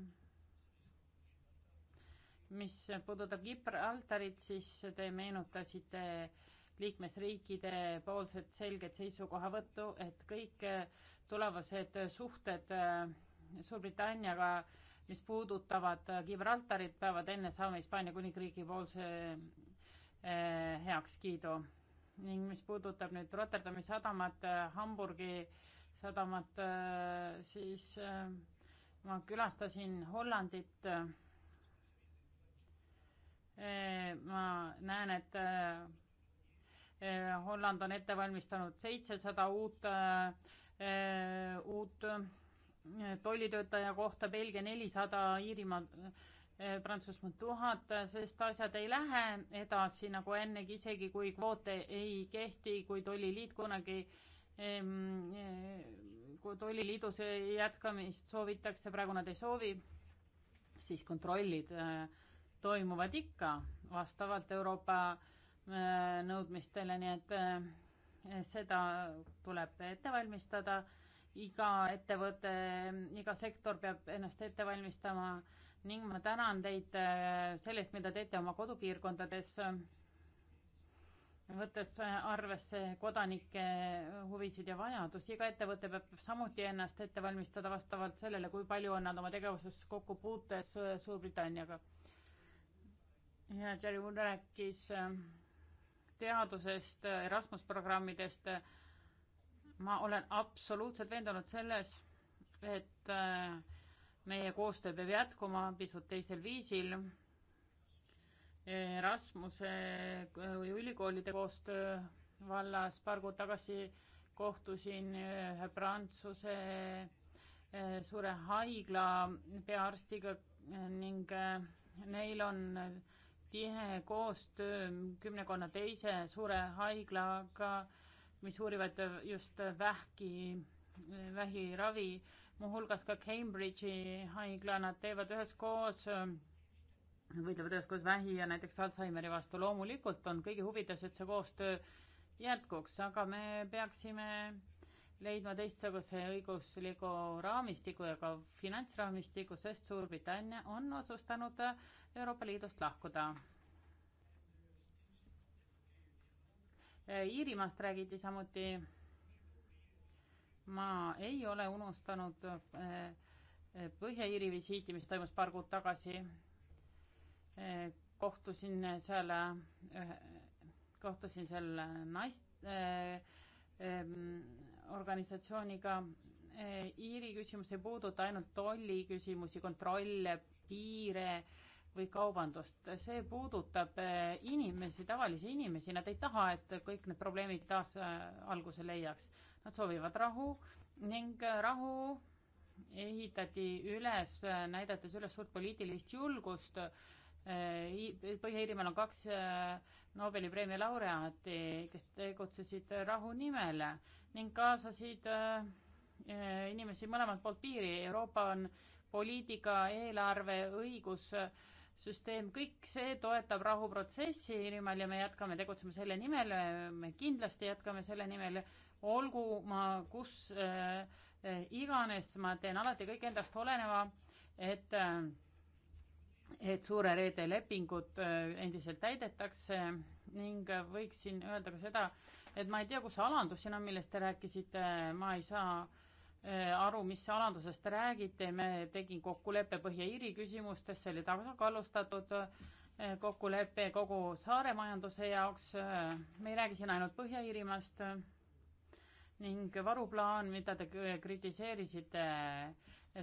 mis puudutab Gibraltarit, siis te meenutasite liikmesriikide poolset selget seisukohavõttu, et kõik tulevased suhted äh, Suurbritanniaga, mis puudutavad äh, Gibraltarit, peavad enne saama Hispaania kuningriigi poolse äh, heakskiidu ning mis puudutab nüüd Rotterdami sadamat, Hamburgi sadamat, siis ma külastasin Hollandit. ma näen, et Holland on ette valmistanud seitsesada uut Äh, uut äh, tollitöötaja kohta, Belgia nelisada, Iirimaa, äh, Prantsusmaa tuhat, sest asjad ei lähe edasi nagu ennegi, isegi kui kvoote ei kehti, kui tolliliit kunagi ehm, kui tolliliidus jätkamist soovitakse, praegu nad ei soovi, siis kontrollid toimuvad ikka vastavalt Euroopa nõudmistele, nii et seda tuleb ette valmistada, iga ettevõte, iga sektor peab ennast ette valmistama ning ma tänan teid äh, sellest, mida teete oma kodupiirkondades, võttes arvesse kodanike huvisid ja vajadusi, iga ettevõte peab samuti ennast ette valmistada vastavalt sellele, kui palju on nad oma tegevuses kokkupuutes Suurbritanniaga. ja Jerry Wood rääkis äh, teadusest, Erasmus programmidest. ma olen absoluutselt veendunud selles, et äh, meie koostöö peab jätkuma pisut teisel viisil. Erasmuse äh, ülikoolide koostöö vallas paar kuud tagasi kohtusin ühe äh, Prantsuse suure haigla peaarstiga ning neil on tihe koostöö kümnekonna teise suure haiglaga, mis uurivad just vähki, vähiravi, muuhulgas ka Cambridge'i haigla, nad teevad üheskoos, võitlevad üheskoos vähi ja näiteks Alžeimeri vastu. loomulikult on kõigi huvides, et see koostöö jätkuks, aga me peaksime leidma teistsuguse õigusliku raamistiku ja ka finantsraamistiku, sest Suurbritannia on otsustanud Euroopa Liidust lahkuda. Iirimaast räägiti samuti. ma ei ole unustanud eh, Põhja-Iiri visiiti, mis toimus paar kuud tagasi. Eh, kohtusin seal, eh, kohtusin seal naist- äh,, äh, organisatsiooniga. Iiri küsimus ei puuduta ainult tolliküsimusi, kontrolle, piire või kaubandust, see puudutab inimesi, tavalisi inimesi, nad ei taha, et kõik need probleemid taas alguse leiaks. Nad soovivad rahu ning rahu ehitati üles, näidates üles suurt poliitilist julgust. Põhja-Iirimaal on kaks Nobeli preemia laureaati, kes tegutsesid rahu nimel ning kaasasid äh, äh, inimesi mõlemalt poolt piiri. Euroopa on poliitika, eelarve, õigussüsteem, kõik see toetab rahuprotsessi nimel ja me jätkame tegutsema selle nimel, me kindlasti jätkame selle nimel, olgu ma kus äh, äh iganes, ma teen alati kõik endast oleneva, et äh, et suure reede lepingut endiselt täidetakse ning võiksin öelda ka seda, et ma ei tea, kus see alandus siin on, millest te rääkisite, ma ei saa eh, aru, mis alandusest te räägite, me tegin kokkuleppe Põhja-Iiri küsimustes, see oli tasakaalustatud eh, kokkulepe kogu saare majanduse jaoks, eh, me ei räägi siin ainult Põhja-Iirimaast ning varuplaan, mida te kritiseerisite,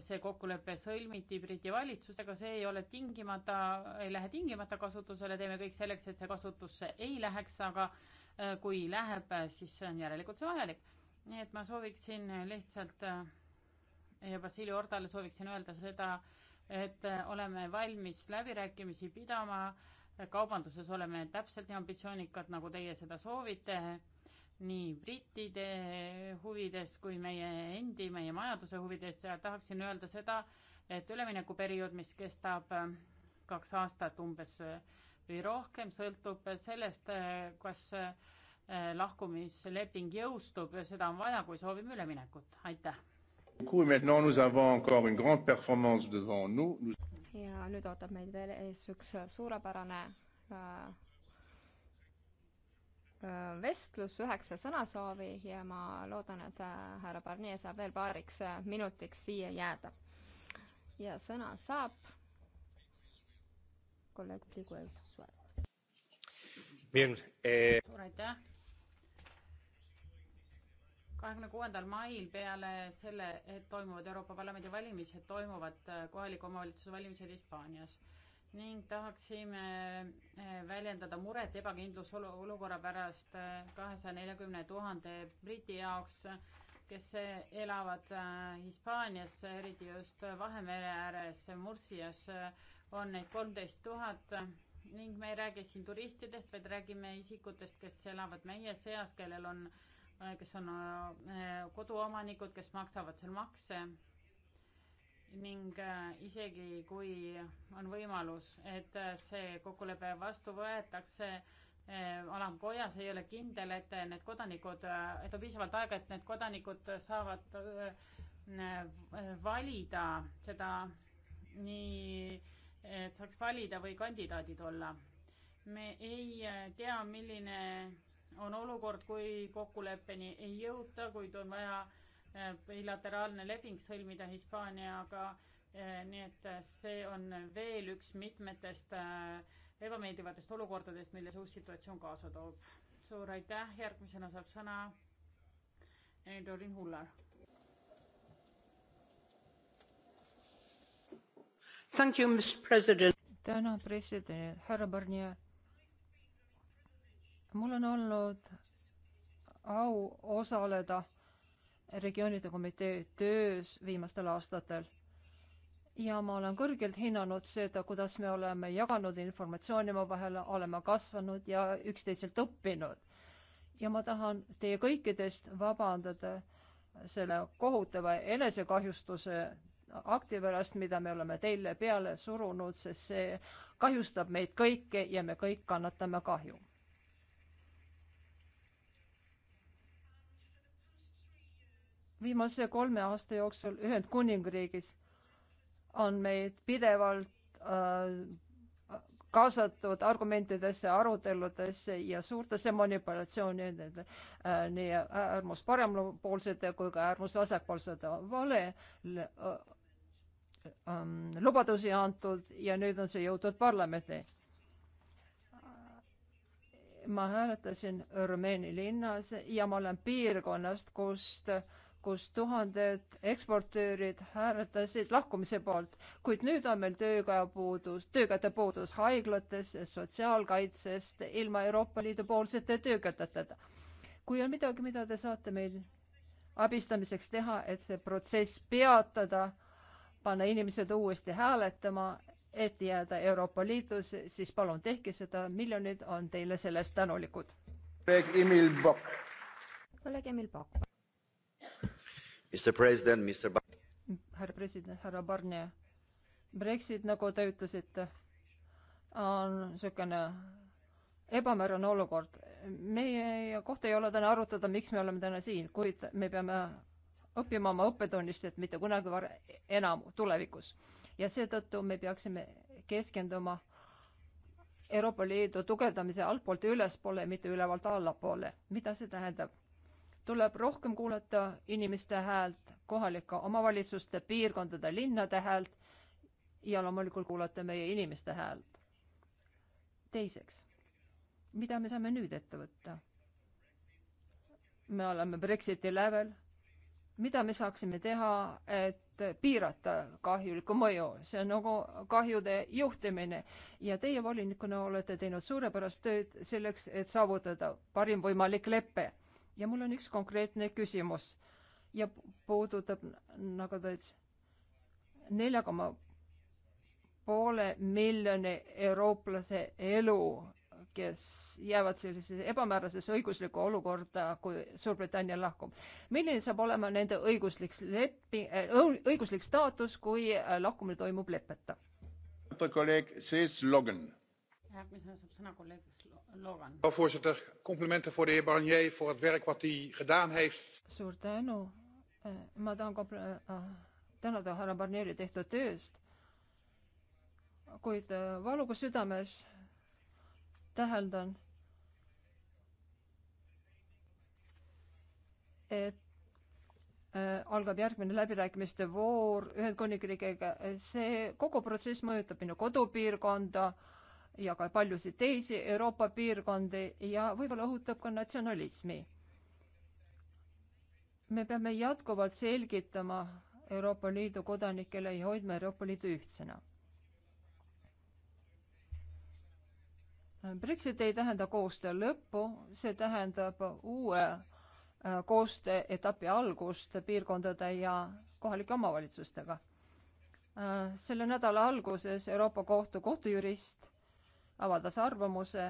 see kokkulepe sõlmiti Briti valitsusega, see ei ole tingimata, ei lähe tingimata kasutusele, teeme kõik selleks, et see kasutusse ei läheks, aga Äh, kui läheb, äh, siis see on järelikult see vajalik. nii et ma sooviksin lihtsalt äh, ja Vassili Ordale sooviksin öelda seda, et oleme valmis läbirääkimisi pidama, kaubanduses oleme täpselt nii ambitsioonikad, nagu teie seda soovite, nii brittide huvides kui meie endi, meie majanduse huvides ja tahaksin öelda seda, et üleminekuperiood, mis kestab kaks aastat umbes või rohkem, sõltub sellest, kas eh, lahkumisleping jõustub ja seda on vaja, kui soovime üleminekut, aitäh. ja nüüd ootab meid veel ees üks suurepärane äh, äh, vestlus, üheksa sõnasoovi ja ma loodan, et äh, härra Barnier saab veel paariks minutiks siia jääda. ja sõna saab kolleeg Piguel Suel. Eh, suur aitäh. kahekümne kuuendal mail peale selle, et toimuvad Euroopa Parlamendi valimised, toimuvad eh, kohaliku omavalitsuse valimised Hispaanias ning tahaksime eh, väljendada muret ebakindluse olukorra pärast kahesaja neljakümne tuhande briti jaoks, kes elavad Hispaanias, eriti just Vahemere ääres, Murcias on neid kolmteist tuhat ning me ei räägi siin turistidest, vaid räägime isikutest, kes elavad meie seas, kellel on, kes on äh, koduomanikud, kes maksavad seal makse. ning äh, isegi kui on võimalus, et äh, see kokkulepe vastu võetakse, alamkojas ei ole kindel, et need kodanikud, et on piisavalt aega, et need kodanikud saavad valida seda nii et saaks valida või kandidaadid olla. me ei tea, milline on olukord, kui kokkuleppeni ei jõuta, kuid on vaja eh, bilateraalne leping sõlmida Hispaaniaga, eh, nii et see on veel üks mitmetest eh, ebameeldivatest olukordadest, milles uus situatsioon kaasa toob. suur aitäh, järgmisena saab sõna Dorin Hullar tänan, president, härra Barnier. mul on olnud au osaleda regioonide komitee töös viimastel aastatel ja ma olen kõrgelt hinnanud seda, kuidas me oleme jaganud informatsiooni omavahel, oleme kasvanud ja üksteiselt õppinud. ja ma tahan teie kõikidest vabandada selle kohutava enesekahjustuse akti pärast, mida me oleme teile peale surunud, sest see kahjustab meid kõiki ja me kõik kannatame kahju. viimase kolme aasta jooksul Ühendkuningriigis on meid pidevalt äh, kaasatud argumentidesse, aruteludesse ja suurtesse manipulatsioonidele äh, nii äärmus parempoolsete kui ka äärmus vasakpoolsete vale äh, ähm, lubadusi antud ja nüüd on see jõudnud parlamendi. ma hääletasin Rumeenia linnas ja ma olen piirkonnast, kust, kus tuhanded eksportöörid hääletasid lahkumise poolt, kuid nüüd on meil töökäe puudus, töökäte puudus haiglates, sotsiaalkaitsest ilma Euroopa Liidu poolsete töökäteteta. kui on midagi, mida te saate meil abistamiseks teha, et see protsess peatada panna inimesed uuesti hääletama, et jääda Euroopa Liidus, siis palun tehke seda, miljonid on teile selle eest tänulikud. kolleeg Emil Bokk. kolleeg Emil Bokk. Mr President, Mr Bar-. härra president, härra Barnier. Brexit, nagu te ütlesite, on niisugune ebamäärane olukord. meie kohta ei ole täna arutada, miks me oleme täna siin, kuid me peame õppima oma õppetunnist, et mitte kunagi varem, enam tulevikus. ja seetõttu me peaksime keskenduma Euroopa Liidu tugevdamise altpoolt ülespoole, mitte ülevalt allapoole. mida see tähendab? tuleb rohkem kuulata inimeste häält, kohalike omavalitsuste, piirkondade, linnade häält ja loomulikult kuulata meie inimeste häält. teiseks, mida me saame nüüd ette võtta? me oleme Brexiti lävel mida me saaksime teha, et piirata kahjulikku mõju, see on nagu kahjude juhtimine ja teie volinikuna olete teinud suurepärast tööd selleks, et saavutada parim võimalik lepe. ja mul on üks konkreetne küsimus ja puudutab nagu ta ütles, nelja koma poole miljoni eurooplase elu kes jäävad sellisesse ebamäärasesse õiguslikku olukorda, kui Suurbritannia lahkub. milline saab olema nende õiguslik lepi, õiguslik staatus, kui äh, lahkumine toimub leppeta? kolleeg Sees Logan. järgmisena saab sõna kolleeg Logan. voorzitter, komplimente voor de heer Barnier voor het werk wat hij gedaan heeft. suur tänu. Äh, ma tahan kompl-, äh, tänada härra Barnieri tehtud tööst kuid valuga südames täheldan, et äh, algab järgmine läbirääkimiste voor Ühendkuningriigiga, see kogu protsess mõjutab minu kodupiirkonda ja ka paljusid teisi Euroopa piirkondi ja võib-olla õhutab ka natsionalismi. me peame jätkuvalt selgitama Euroopa Liidu kodanikele ja hoidma Euroopa Liidu ühtsena. Brexit ei tähenda koostöö lõppu, see tähendab uue äh, koostööetapi algust piirkondade ja kohalike omavalitsustega. Äh, selle nädala alguses Euroopa Kohtu kohtujurist avaldas arvamuse,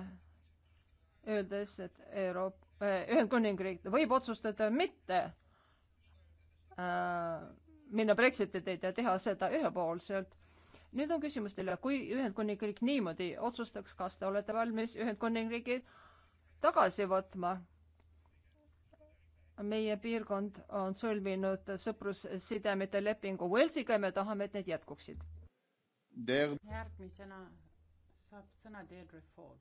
öeldes, et Euroopa, äh, Ühendkuningriik võib otsustada mitte minna Brexiti teed ja teha seda ühepoolselt nüüd on küsimus teile, kui Ühendkuningriik niimoodi otsustaks, kas te olete valmis Ühendkuningriigi tagasi võtma? meie piirkond on sõlminud sõprussidemete lepingu Walesiga ja me tahame, et need jätkuksid. järgmisena saab sõna Deirdre Ford.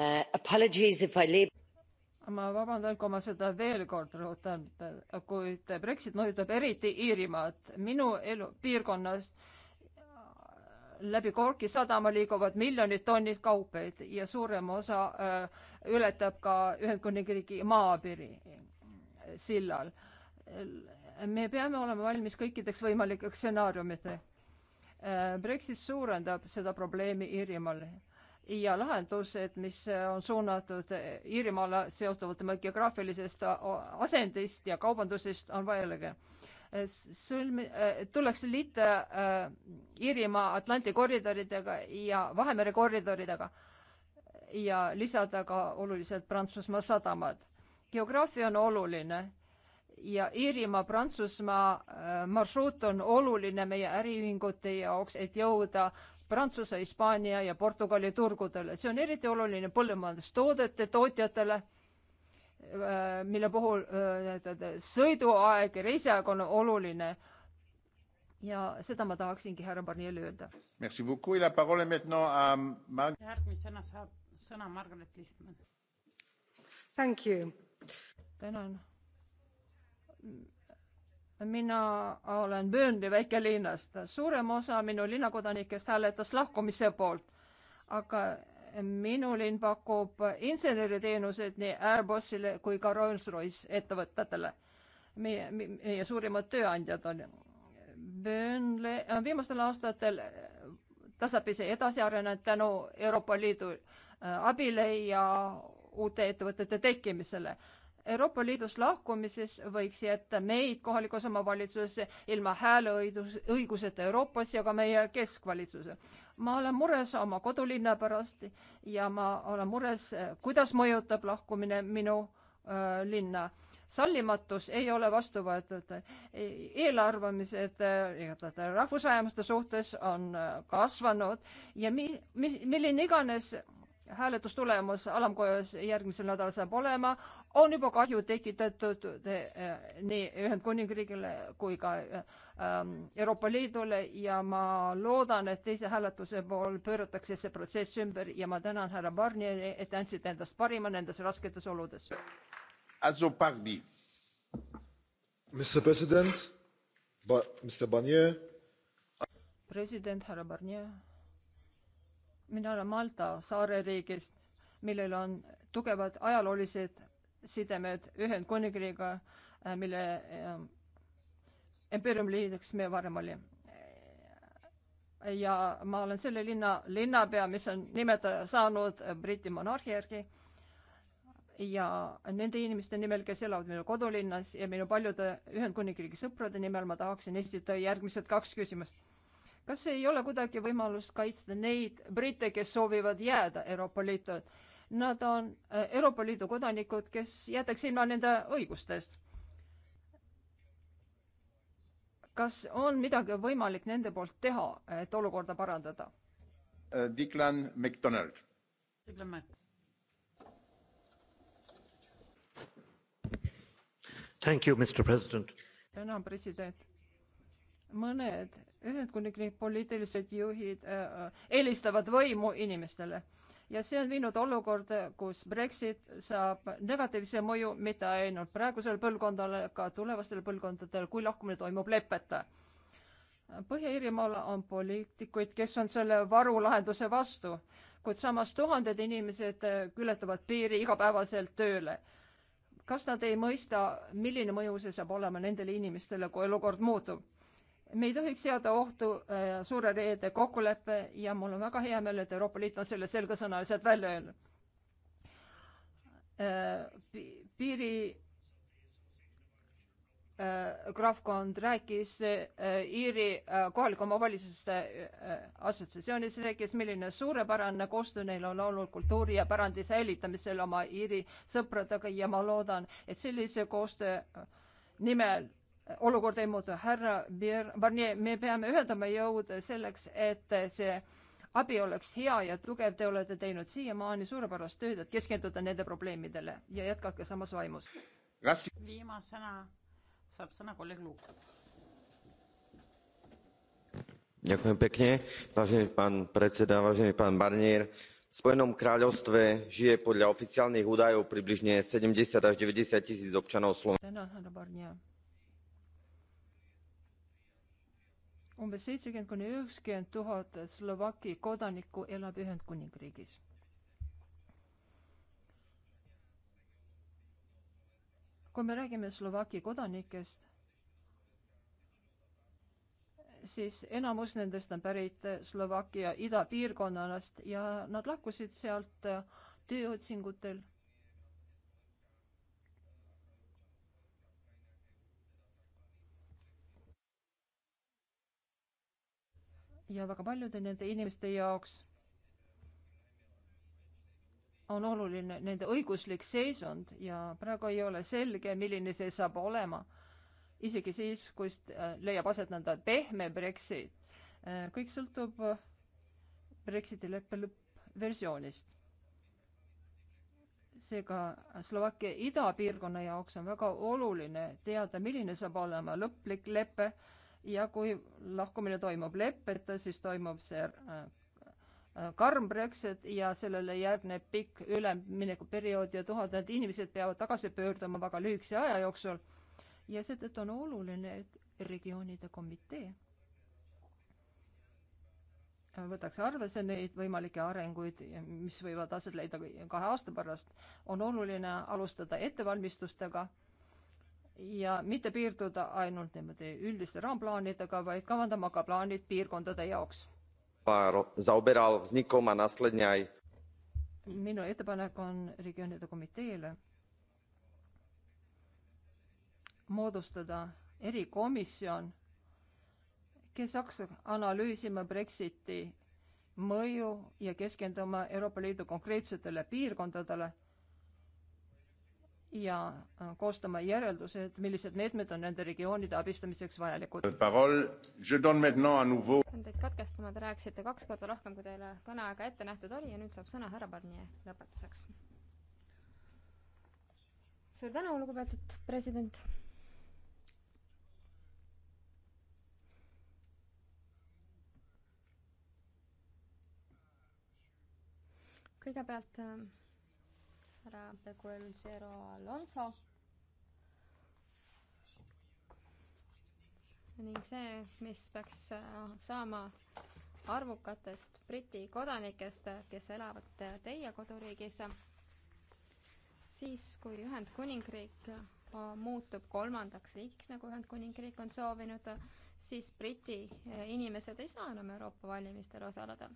Uh, apologies if I leave ma vabandan, kui ma seda veel kord rõhutan, kuid Brexit mõjutab eriti Iirimaad. minu elu piirkonnas läbi Corki sadama liiguvad miljonid tonnid kaupeid ja suurem osa öö, äh, ületab ka Ühendkuningriigi maapiiri äh, sillal. me peame olema valmis kõikideks võimalikeks stsenaariumiteks. Äh, Brexit suurendab seda probleemi Iirimaal ja lahendused, mis on suunatud Iirimaale seotuvalt tema geograafilisest asendist ja kaubandusest, on vajalik. Sõlmi-, äh, tuleks liita äh, Iirimaa Atlandi koridoridega ja Vahemere koridoridega ja lisada ka oluliselt Prantsusmaa sadamad. geograafia on oluline ja Iirimaa-Prantsusmaa äh, marsruut on oluline meie äriühingute jaoks, et jõuda äh, Prantsuse, Hispaania ja Portugali turgudele. see on eriti oluline põllumajandustoodete tootjatele, äh, mille puhul äh, sõiduaeg ja reisiaeg on oluline. ja seda ma tahaksingi härra Barnierile öelda. järgmisena saab sõna Margaret Lihtmann. tänan mina olen Burnley väikelinnast, suurem osa minu linnakodanikest hääletas lahkumise poolt, aga minu linn pakub inseneriteenuseid nii Airbusile kui ka Rolls-Royce ettevõtetele. meie, meie suurimad tööandjad on Burnley, viimastel aastatel tasapisi edasi arenenud tänu Euroopa Liidu äh, abile ja uute ettevõtete tekkimisele Euroopa Liidust lahkumises võiks jätta meid kohalikus omavalitsuses ilma hääleõiguseta Euroopas ja ka meie keskvalitsuse. ma olen mures oma kodulinna pärast ja ma olen mures, kuidas mõjutab lahkumine minu äh, linna. sallimatus ei ole vastu võetud. eelarvamised äh, rahvusvähemuste suhtes on kasvanud ja mi-, mis, milline iganes hääletustulemus alamkojas järgmisel nädalal saab olema, on juba kahju tekitatud eh, nii Ühendkuningriigile kui ka ehm, Euroopa Liidule ja ma loodan, et teise hääletuse pool pööratakse see protsess ümber ja ma tänan härra Barnieri, et andsite endast parima nendes rasketes oludes. president härra Barnier mina olen Malta saareriigist, millel on tugevad ajaloolised sidemed Ühendkuningriigiga, äh, mille impeeriumiliidriks äh, me varem olime. ja ma olen selle linna linnapea, mis on nimetada saanud äh, Briti monarhia järgi ja nende inimeste nimel, kes elavad minu kodulinnas ja minu paljude Ühendkuningriigi sõprade nimel ma tahaksin esitada järgmised kaks küsimust kas ei ole kuidagi võimalust kaitsta neid britte, kes soovivad jääda Euroopa Liitu? Nad on äh, Euroopa Liidu kodanikud, kes jätaks ilma nende õigustest. kas on midagi võimalik nende poolt teha, et olukorda parandada? Äh, Declan McDonald. Declan Mac-. tänan, president mõned Ühendkuningriigi poliitilised juhid äh, äh, eelistavad võimu inimestele ja see on viinud olukorda, kus Brexit saab negatiivse mõju mitte ainult praegusele põlvkondadele, ka tulevastele põlvkondadele, kui lahkumine toimub leppeta. Põhja-Iirimaal on poliitikuid, kes on selle varulahenduse vastu, kuid samas tuhanded inimesed äh, ületavad piiri igapäevaselt tööle. kas nad ei mõista, milline mõju see saab olema nendele inimestele, kui olukord muutub? me ei tohiks seada ohtu äh, suure reede kokkuleppe ja mul on väga hea meel, et Euroopa Liit on selle selgesõnaliselt välja öelnud. Äh, piiri äh, graafkond rääkis Iiri kohalike omavalitsuste assotsiatsioonis, rääkis, milline suurepärane koostöö neil on olnud kultuuri ja pärandi säilitamisel oma Iiri sõpradega ja ma loodan, et sellise koostöö nimel olukord ei muutu. härra Barnier, me peame ühendama jõud selleks, et see abi oleks hea ja tugev. Te olete teinud siiamaani suurepärast tööd, et keskenduda nende probleemidele ja jätkake samas vaimus. viimasena saab sõna kolleeg Luuk. Ďakujem pekne, vážený pán predseda, vážený pán Barnier. V Spojenom kráľovstve žije podľa oficiálnych údajov približne 70 až 90 tisíc občanov Slovenska. umbes seitsekümmend kuni üheksakümmend tuhat Slovaki kodanikku elab Ühendkuningriigis. kui me räägime Slovaki kodanikest, siis enamus nendest on pärit Slovakkia idapiirkonnast ja nad lahkusid sealt tööotsingutel ja väga paljude nende inimeste jaoks on oluline nende õiguslik seisund ja praegu ei ole selge, milline see saab olema. isegi siis, kui äh, leiab aset nõnda pehme Brexit. Äh, kõik sõltub äh, Brexiti leppe lõppversioonist. seega Slovakkia idapiirkonna jaoks on väga oluline teada, milline saab olema lõplik lepe ja kui lahkumine toimub leppeta, siis toimub see äh, äh, karm Brexit ja sellele järgneb pikk üleminekuperiood ja tuhanded inimesed peavad tagasi pöörduma väga lühikese aja jooksul. ja seetõttu on oluline, et regioonide komitee äh, võtaks arvesse neid võimalikke arenguid, mis võivad aset leida kahe aasta pärast. on oluline alustada ettevalmistustega ja mitte piirduda ainult niimoodi üldiste raamplaanidega, vaid kavandama ka plaanid piirkondade jaoks. minu ettepanek on regioonide komiteele moodustada erikomisjon, kes hakkaks analüüsima Brexiti mõju ja keskenduma Euroopa Liidu konkreetsetele piirkondadele ja äh, koostama järeldused, millised meetmed on nende regioonide abistamiseks vajalikud. pean teid katkestama, te rääkisite kaks korda rohkem, kui teile kõneaega ette nähtud oli ja nüüd saab sõna härra Barnier lõpetuseks. suur tänu, lugupeetud president. kõigepealt äh, härra Peguelzero Alonso ning see, mis peaks äh, saama arvukatest Briti kodanikest, kes elavad teie koduriigis, siis kui Ühendkuningriik äh, muutub kolmandaks riigiks, nagu Ühendkuningriik on soovinud, siis Briti äh, inimesed ei saa enam Euroopa valimistel osaleda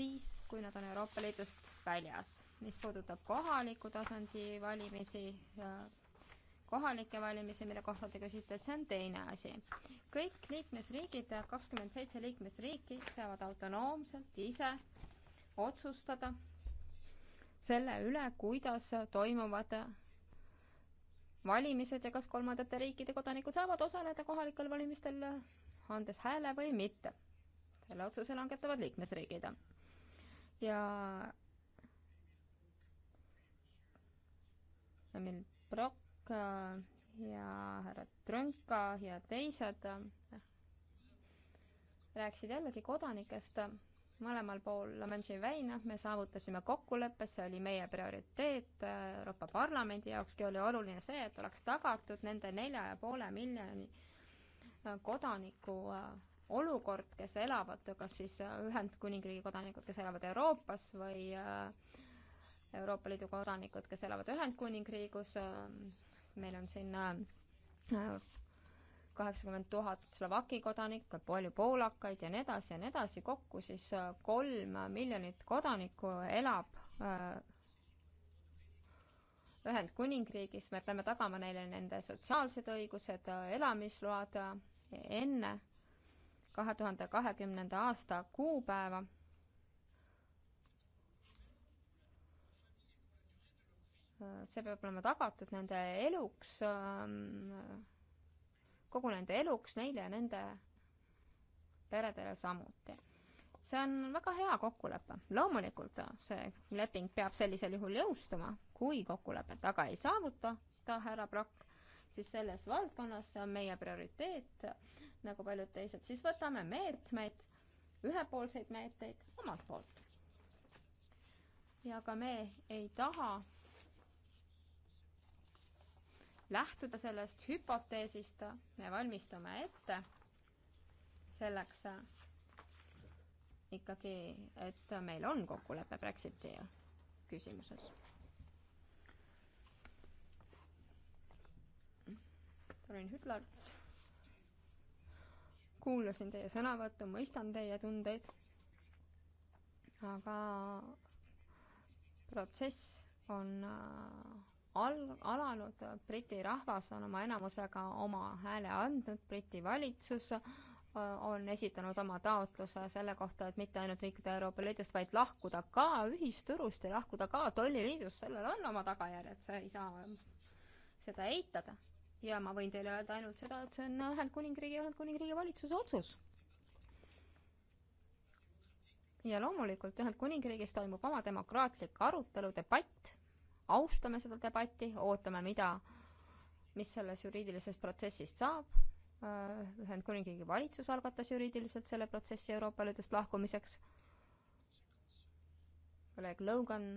siis, kui nad on Euroopa Liidust väljas. mis puudutab kohaliku tasandi valimisi, kohalikke valimisi, mille kohta te küsite, see on teine asi. kõik liikmesriigid, kakskümmend seitse liikmesriiki saavad autonoomselt ise otsustada selle üle, kuidas toimuvad valimised ja kas kolmandate riikide kodanikud saavad osaleda kohalikel valimistel, andes hääle või mitte. selle otsuse langetavad liikmesriigid ja Emil Brock äh, ja härra Trõnka ja teised äh, rääkisid jällegi kodanikest mõlemal pool La Manche'i väina, me saavutasime kokkuleppe, see oli meie prioriteet äh, Euroopa Parlamendi jaokski oli oluline see, et oleks tagatud nende nelja ja poole miljoni kodaniku olukord, kes elavad, kas siis äh, Ühendkuningriigi kodanikud, kes elavad Euroopas või äh, Euroopa Liidu kodanikud, kes elavad Ühendkuningriigus, äh, meil on siin kaheksakümmend tuhat Slovaki kodanikku, palju poolakaid ja nii edasi ja nii edasi, kokku siis kolm miljonit kodanikku elab Ühendkuningriigis, me peame tagama neile nende sotsiaalsed õigused, elamisload enne kahe tuhande kahekümnenda aasta kuupäeva. see peab olema tagatud nende eluks, ähm, kogu nende eluks, neile ja nende peredele samuti. see on väga hea kokkulepe. loomulikult see leping peab sellisel juhul jõustuma, kui kokkulepet aga ei saavuta, härra Brock, siis selles valdkonnas see on meie prioriteet nagu paljud teised, siis võtame meetmeid, ühepoolseid meetmeid omalt poolt. ja ka me ei taha lähtuda sellest hüpoteesist, me valmistume ette selleks ikkagi, et meil on kokkulepe Brexiti küsimuses. Karin Hüdlart kuulasin teie sõnavõttu, mõistan teie tundeid, aga protsess on äh, al-, alanud, Briti rahvas on oma enamusega oma hääle andnud, Briti valitsus äh, on esitanud oma taotluse selle kohta, et mitte ainult liikuda Euroopa Liidust, vaid lahkuda ka ühisturust ja lahkuda ka tolliliidust, sellel on oma tagajärjed, sa ei saa seda eitada ja ma võin teile öelda ainult seda, et see on Ühendkuningriigi ja Ühendkuningriigi valitsuse otsus. ja loomulikult Ühendkuningriigis toimub oma demokraatlik arutelu, debatt, austame seda debatti, ootame, mida, mis selles juriidilises protsessis saab, äh, Ühendkuningriigi valitsus algatas juriidiliselt selle protsessi Euroopa Liidust lahkumiseks, kolleeg Logan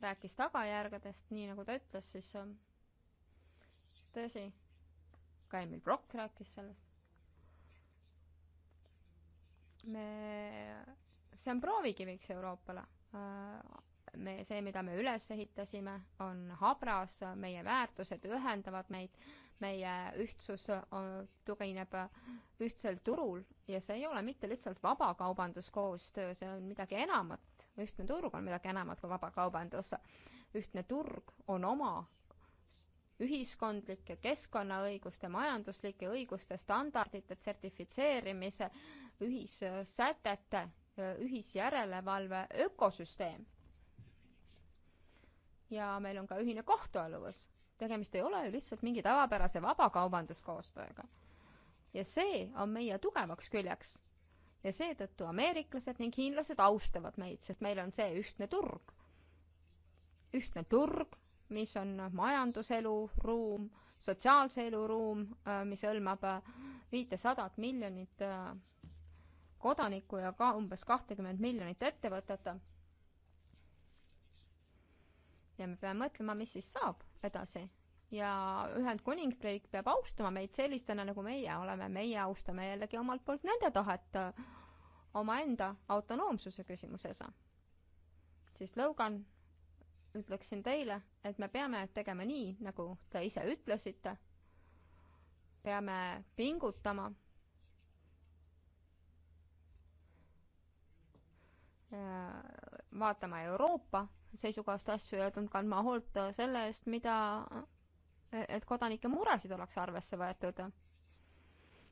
rääkis tagajärgedest, nii nagu ta ütles, siis äh, tõsi, ka Emil Brock rääkis sellest. me, see on proovikiviks Euroopale. Äh, me, see, mida me üles ehitasime, on habras, meie väärtused ühendavad meid, meie ühtsus on, äh, tugineb äh, ühtsel turul ja see ei ole mitte lihtsalt vabakaubanduskoostöö, see on midagi enamat. ühtne turg on midagi enamat kui vabakaubandus. ühtne turg on oma ühiskondlike keskkonnaõiguste, majanduslike õiguste standardite sertifitseerimise ühissätete ühisjärelevalve ökosüsteem. ja meil on ka ühine kohtualuvus. tegemist ei ole ju lihtsalt mingi tavapärase vabakaubanduskoostööga. ja see on meie tugevaks küljeks. ja seetõttu ameeriklased ning hiinlased austavad meid, sest meil on see ühtne turg. ühtne turg, mis on majanduselu ruum, sotsiaalse elu ruum, äh, mis hõlmab äh, viitesadat miljonit äh, kodanikku ja ka umbes kahtekümmet miljonit ettevõtet. ja me peame mõtlema, mis siis saab edasi ja Ühendkuningriik peab austama meid sellistena, nagu meie oleme, meie austame jällegi omalt poolt nende tahet omaenda autonoomsuse küsimuses. siis Logan ütleksin teile, et me peame tegema nii, nagu te ise ütlesite. peame pingutama. vaatama Euroopa seisukohast asju ja kandma hoolt selle eest, mida, et kodanike muresid oleks arvesse võetud.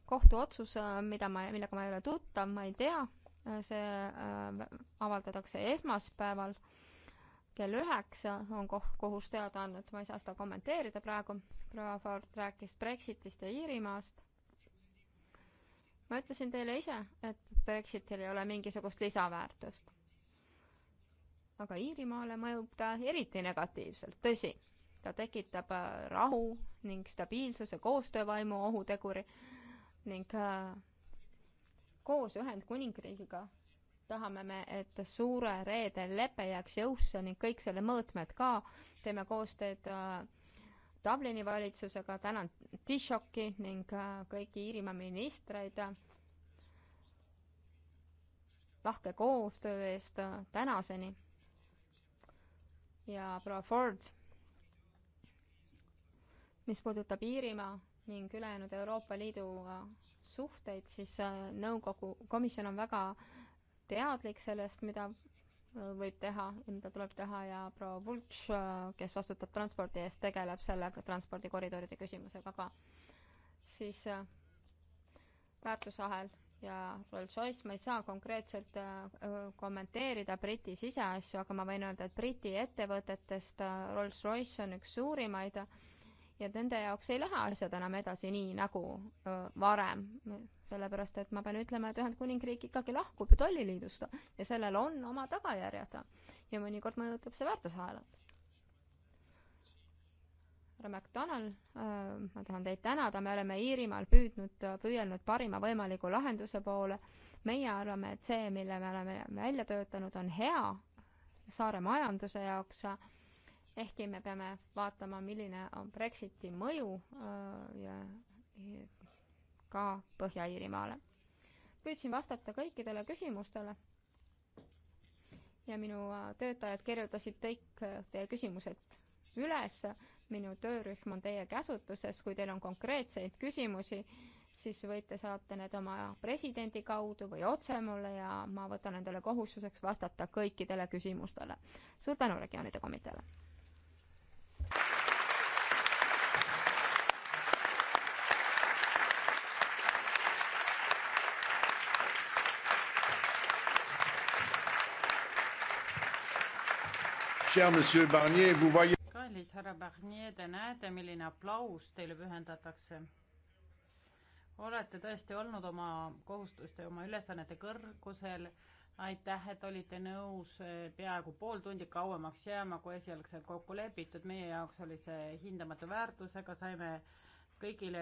kohtuotsus, mida ma, millega ma ei ole tuttav, ma ei tea, see äh, avaldatakse esmaspäeval kell üheksa on koh-, kohus teada andnud, ma ei saa seda kommenteerida praegu, proua Ford rääkis Brexitist ja Iirimaast. ma ütlesin teile ise, et Brexitil ei ole mingisugust lisaväärtust. aga Iirimaale mõjub ta eriti negatiivselt, tõsi, ta tekitab äh, rahu ning stabiilsuse koostöövaimu ohuteguri ning äh, koos Ühendkuningriigiga tahame me, et suure reede lepe jääks jõusse ning kõik selle mõõtmed ka. teeme koostööd äh, Dublini valitsusega, tänan Taoiseach'i ning äh, kõiki Iirimaa ministreid äh, lahke koostöö eest tänaseni. ja proua Ford, mis puudutab Iirimaa ning ülejäänud Euroopa Liidu suhteid, siis nõukogu, komisjon on väga teadlik sellest, mida äh, võib teha ja mida tuleb teha ja proua Vultš, äh, kes vastutab transpordi eest, tegeleb sellega, transpordikoridoride küsimusega ka. siis äh, väärtusahel ja Rolls-Royce, ma ei saa konkreetselt kommenteerida Briti siseasju, aga ma võin öelda, et Briti ettevõtetest Rolls-Royce on üks suurimaid ja nende jaoks ei lähe asjad enam edasi nii nagu varem sellepärast et ma pean ütlema, et Ühendkuningriik ikkagi lahkub ju tolliliidust ja sellel on oma tagajärjed ja mõnikord mõjutab see väärtusahelat. härra MacDonald, äh, ma tahan teid tänada, me oleme Iirimaal püüdnud, püüelnud parima võimaliku lahenduse poole. meie arvame, et see, mille me oleme välja töötanud, on hea saare majanduse jaoks ehkki me peame vaatama, milline on Brexiti mõju äh, ja, ja ka Põhja-Iirimaale. püüdsin vastata kõikidele küsimustele ja minu äh, töötajad kirjutasid kõik äh, teie küsimused üles. minu töörühm on teie käsutuses, kui teil on konkreetseid küsimusi, siis võite saata need oma presidendi kaudu või otse mulle ja ma võtan endale kohustuseks vastata kõikidele küsimustele. suur tänu regioonide komiteele! kallis härra Barnier, te näete, milline aplaus teile pühendatakse. olete tõesti olnud oma kohustuste, oma ülesannete kõrgusel. aitäh, et olite nõus eh, peaaegu pool tundi kauemaks jääma, kui esialgselt kokku lepitud. meie jaoks oli see hindamatu väärtusega, saime kõigile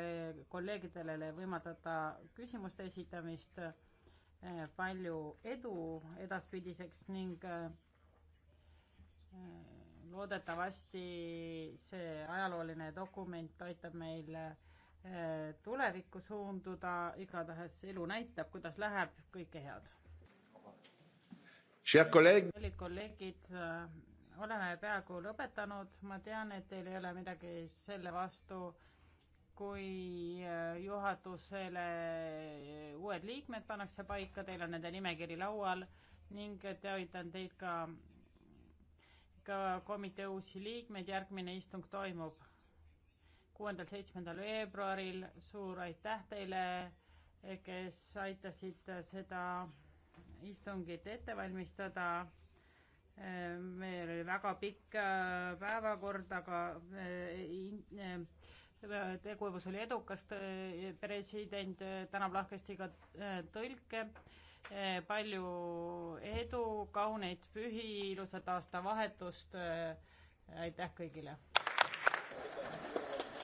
kolleegidele võimaldada küsimuste esitamist. Eh, palju edu edaspidiseks ning eh, loodetavasti see ajalooline dokument aitab meil eh, tulevikku suunduda, igatahes elu näitab, kuidas läheb, kõike head. kallid kolleegid, eh, oleme peaaegu lõpetanud, ma tean, et teil ei ole midagi selle vastu, kui eh, juhatusele uued liikmed pannakse paika, teil on nende nimekiri laual ning teavitan teid ka ka komitee uusi liikmeid, järgmine istung toimub kuuendal, seitsmendal veebruaril, suur aitäh teile, kes aitasid seda istungit ette valmistada. meil oli väga pikk äh, päevakord, aga äh, äh, tegevus oli edukas, president tänab lahkesti ka tõlke Eh, palju edu, kauneid pühi, ilusat aastavahetust. Eh, aitäh kõigile.